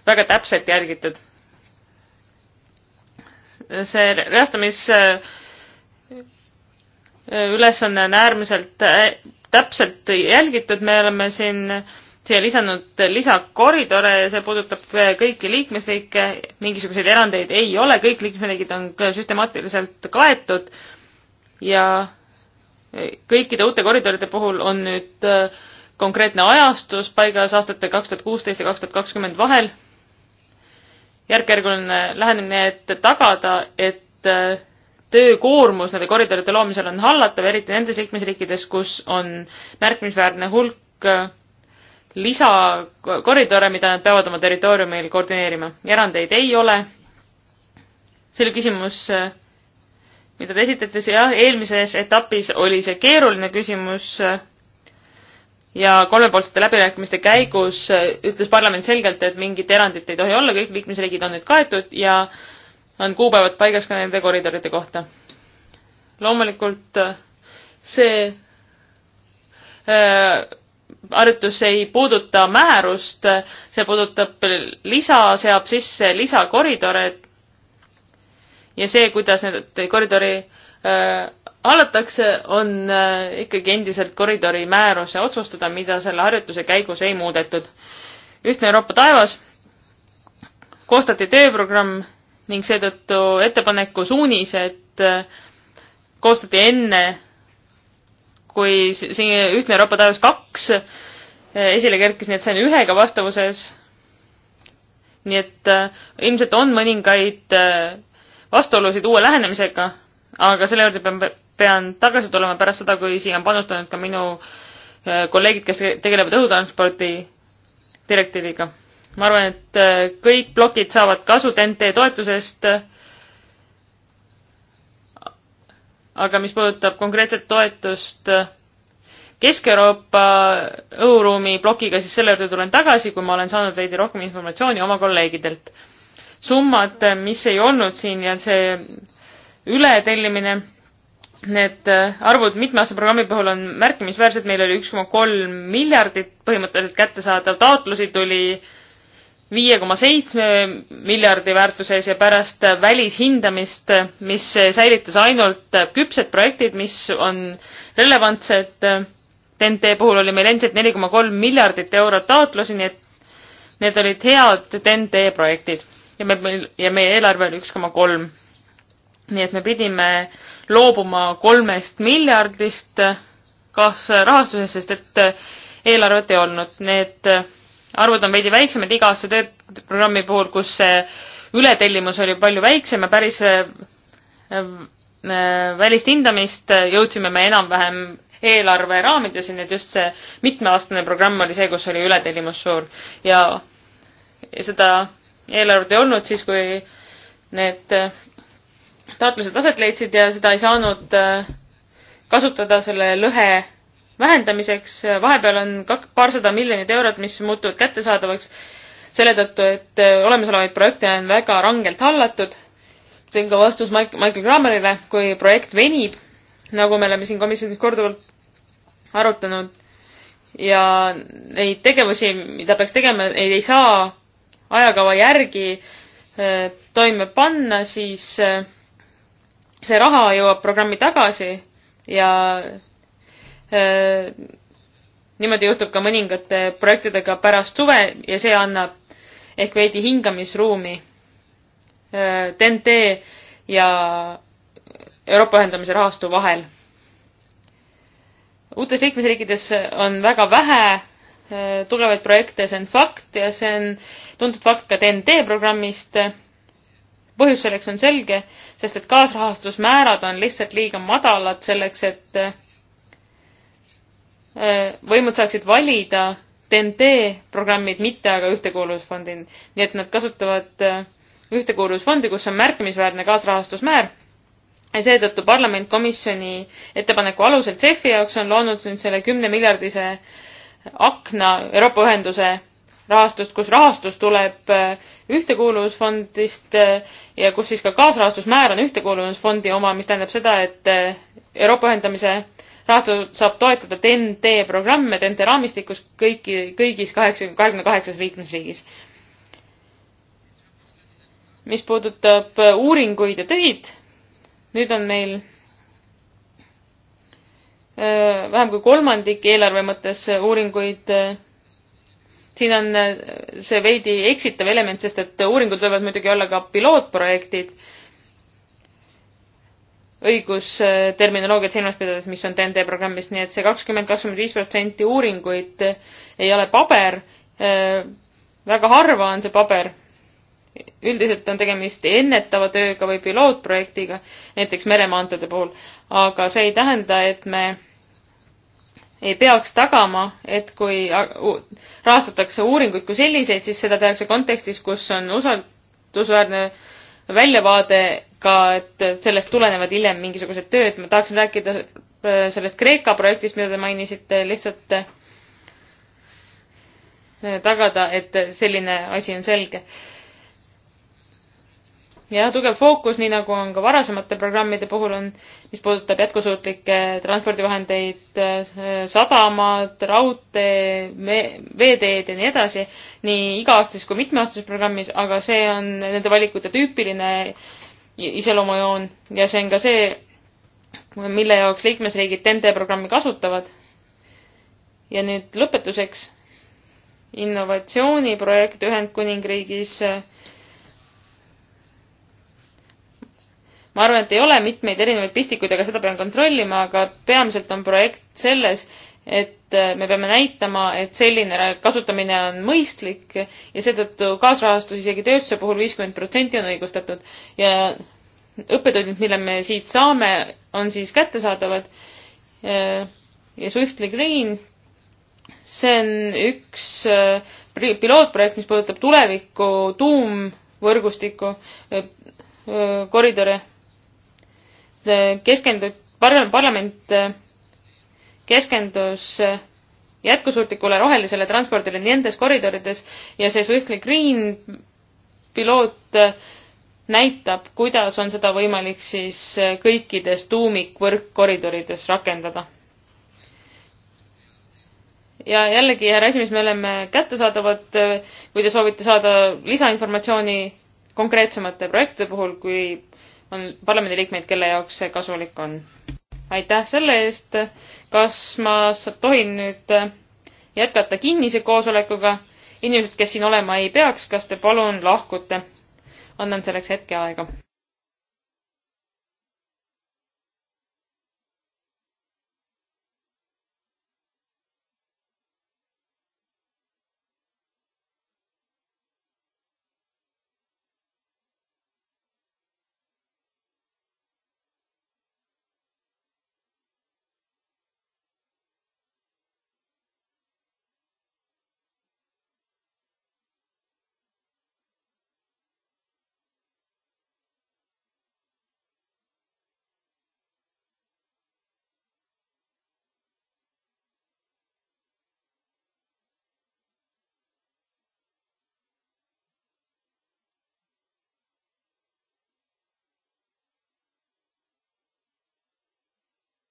väga täpselt järgitud. see reastamisülesanne on äärmiselt täpselt jälgitud, me oleme siin äh, siia lisanud lisakoridore ja see puudutab eh, kõiki liikmesriike, mingisuguseid erandeid ei ole, kõik liikmesriigid on süstemaatiliselt kaetud ja eh, kõikide uute koridoride puhul on nüüd eh, konkreetne ajastus paigas aastate kaks tuhat kuusteist ja kaks tuhat kakskümmend vahel. järk-järguline lähenemine, et tagada, et töökoormus nende koridoride loomisel on hallatav, eriti nendes liikmesriikides, kus on märkimisväärne hulk lisakoridore, mida nad peavad oma territooriumil koordineerima. erandeid ei ole. see oli küsimus, mida te esitate, jah, eelmises etapis oli see keeruline küsimus ja kolmepoolsete läbirääkimiste käigus ütles parlament selgelt, et mingit erandit ei tohi olla, kõik liikmesriigid on nüüd kaetud ja on kuupäevad paigas ka nende koridoride kohta. loomulikult see äh, harjutus ei puuduta määrust, see puudutab lisa, seab sisse lisakoridore ja see, kuidas need koridori äh, hallatakse, on äh, ikkagi endiselt koridori määruse otsustada, mida selle harjutuse käigus ei muudetud. ühtne Euroopa taevas, koostati tööprogramm ning seetõttu ettepaneku suunised äh, koostati enne kui siin Ühtne Euroopa taevas kaks eh, esile kerkis, nii et see on ühega vastavuses. nii et äh, ilmselt on mõningaid äh, vastuolusid uue lähenemisega, aga selle juurde pean, pean tagasi tulema pärast seda, kui siia on panustanud ka minu äh, kolleegid, kes tegelevad õhutranspordi direktiiviga. ma arvan, et äh, kõik plokid saavad kasu TNT toetusest äh, aga mis puudutab konkreetset toetust äh, Kesk-Euroopa õhuruumi plokiga, siis selle juurde tulen tagasi, kui ma olen saanud veidi rohkem informatsiooni oma kolleegidelt. summad, äh, mis ei olnud siin ja see ületellimine, need äh, arvud mitme aasta programmi puhul on märkimisväärsed, meil oli üks koma kolm miljardit põhimõtteliselt kättesaadav, taotlusi tuli viie koma seitsme miljardi väärtuses ja pärast välishindamist, mis säilitas ainult küpsed projektid, mis on relevantsed. TNT puhul oli meil endiselt neli koma kolm miljardit eurot taotlusi, nii et need olid head TNT projektid ja me, ja meie eelarve oli üks koma kolm. nii et me pidime loobuma kolmest miljardist kaasrahastusest, sest et eelarvet ei olnud. Need arvud on veidi väiksemad iga aasta tööprogrammi puhul, kus see ületellimus oli palju väiksem ja päris äh, äh, välist hindamist äh, jõudsime me enam-vähem eelarve raamides, nii et just see mitmeaastane programm oli see, kus oli ületellimus suur ja, ja seda eelarvet ei olnud siis, kui need taotlused aset leidsid ja seda ei saanud kasutada selle lõhe vähendamiseks, vahepeal on kak-, paarsada miljonit eurot, mis muutuvad kättesaadavaks selle tõttu, et äh, olemasolevaid projekte on väga rangelt hallatud. see on ka vastus Michael Krammerile, kui projekt venib, nagu me oleme siin komisjonis korduvalt arutanud ja neid tegevusi, mida peaks tegema, ei saa ajakava järgi äh, toime panna, siis äh, see raha jõuab programmi tagasi ja Äh, niimoodi juhtub ka mõningate projektidega pärast suve ja see annab ehk veidi hingamisruumi TNT äh, ja Euroopa ühendamise rahastu vahel. uutes liikmesriikides on väga vähe äh, tugevaid projekte, see on fakt ja see on tuntud fakt ka TNT programmist. põhjus selleks on selge, sest et kaasrahastusmäärad on lihtsalt liiga madalad selleks, et Äh, võimud saaksid valida TNT programmid, mitte aga Ühtekuuluvusfondi. nii et nad kasutavad äh, Ühtekuuluvusfondi, kus on märkimisväärne kaasrahastusmäär ja seetõttu parlament komisjoni ettepaneku alusel CEF-i jaoks on loonud nüüd selle kümnemiljardise akna Euroopa Ühenduse rahastust, kus rahastus tuleb äh, ühtekuuluvusfondist ja kus siis ka kaasrahastusmäär on ühtekuuluvusfondi oma, mis tähendab seda, et Euroopa ühendamise rahastu saab toetada TNT programme TNT raamistikus kõiki, kõigis kaheksa, kahekümne kaheksas liikmesriigis. mis puudutab äh, uuringuid ja töid, nüüd on meil äh, vähem kui kolmandik eelarve mõttes äh, uuringuid. siin on see veidi eksitav element, sest et uuringud võivad muidugi olla ka pilootprojektid õigusterminoloogiat silmas pidades, mis on TNT programmis, nii et see kakskümmend, kakskümmend viis protsenti uuringuid eh, ei ole paber. Eh, väga harva on see paber. üldiselt on tegemist ennetava tööga või pilootprojektiga, näiteks meremaanteede puhul, aga see ei tähenda, et me ei peaks tagama, et kui rahastatakse uuringuid kui selliseid, siis seda tehakse kontekstis, kus on usaldusväärne äh, väljavaade ka, et sellest tulenevad hiljem mingisugused tööd, ma tahaksin rääkida äh, sellest Kreeka projektist, mida te mainisite, lihtsalt äh, tagada, et selline asi on selge jah, tugev fookus, nii nagu on ka varasemate programmide puhul on, mis puudutab jätkusuutlikke transpordivahendeid, äh, sadamad, raudtee, veeteed ja nii edasi, nii iga-aastases kui mitmeaastases programmis, aga see on nende valikute tüüpiline iseloomujoon ja see on ka see, mille jaoks liikmesriigid TEN-T programmi kasutavad. ja nüüd lõpetuseks innovatsiooniprojekt Ühendkuningriigis äh, ma arvan, et ei ole mitmeid erinevaid pistikuid, aga seda pean kontrollima, aga peamiselt on projekt selles, et äh, me peame näitama, et selline kasutamine on mõistlik ja seetõttu kaasrahastus isegi tööstuse puhul viiskümmend protsenti on õigustatud ja õppetunnid, mille me siit saame, on siis kättesaadavad. Äh, ja Swiftly Green, see on üks äh, pilootprojekt, mis puudutab tuleviku tuumvõrgustiku koridore Äh, keskendud, parlament äh, keskendus äh, jätkusuutlikule rohelisele transpordile nendes koridorides ja see Swiftly Green piloot näitab, kuidas on seda võimalik siis kõikides tuumikvõrkkoridorides rakendada. ja jällegi, härra esimees, me oleme kättesaadavad, kui te soovite saada lisainformatsiooni konkreetsemate projektide puhul, kui on parlamendiliikmeid, kelle jaoks see kasulik on. aitäh selle eest. kas ma tohin nüüd jätkata kinnise koosolekuga? inimesed, kes siin olema ei peaks, kas te palun lahkute? annan selleks hetke aega.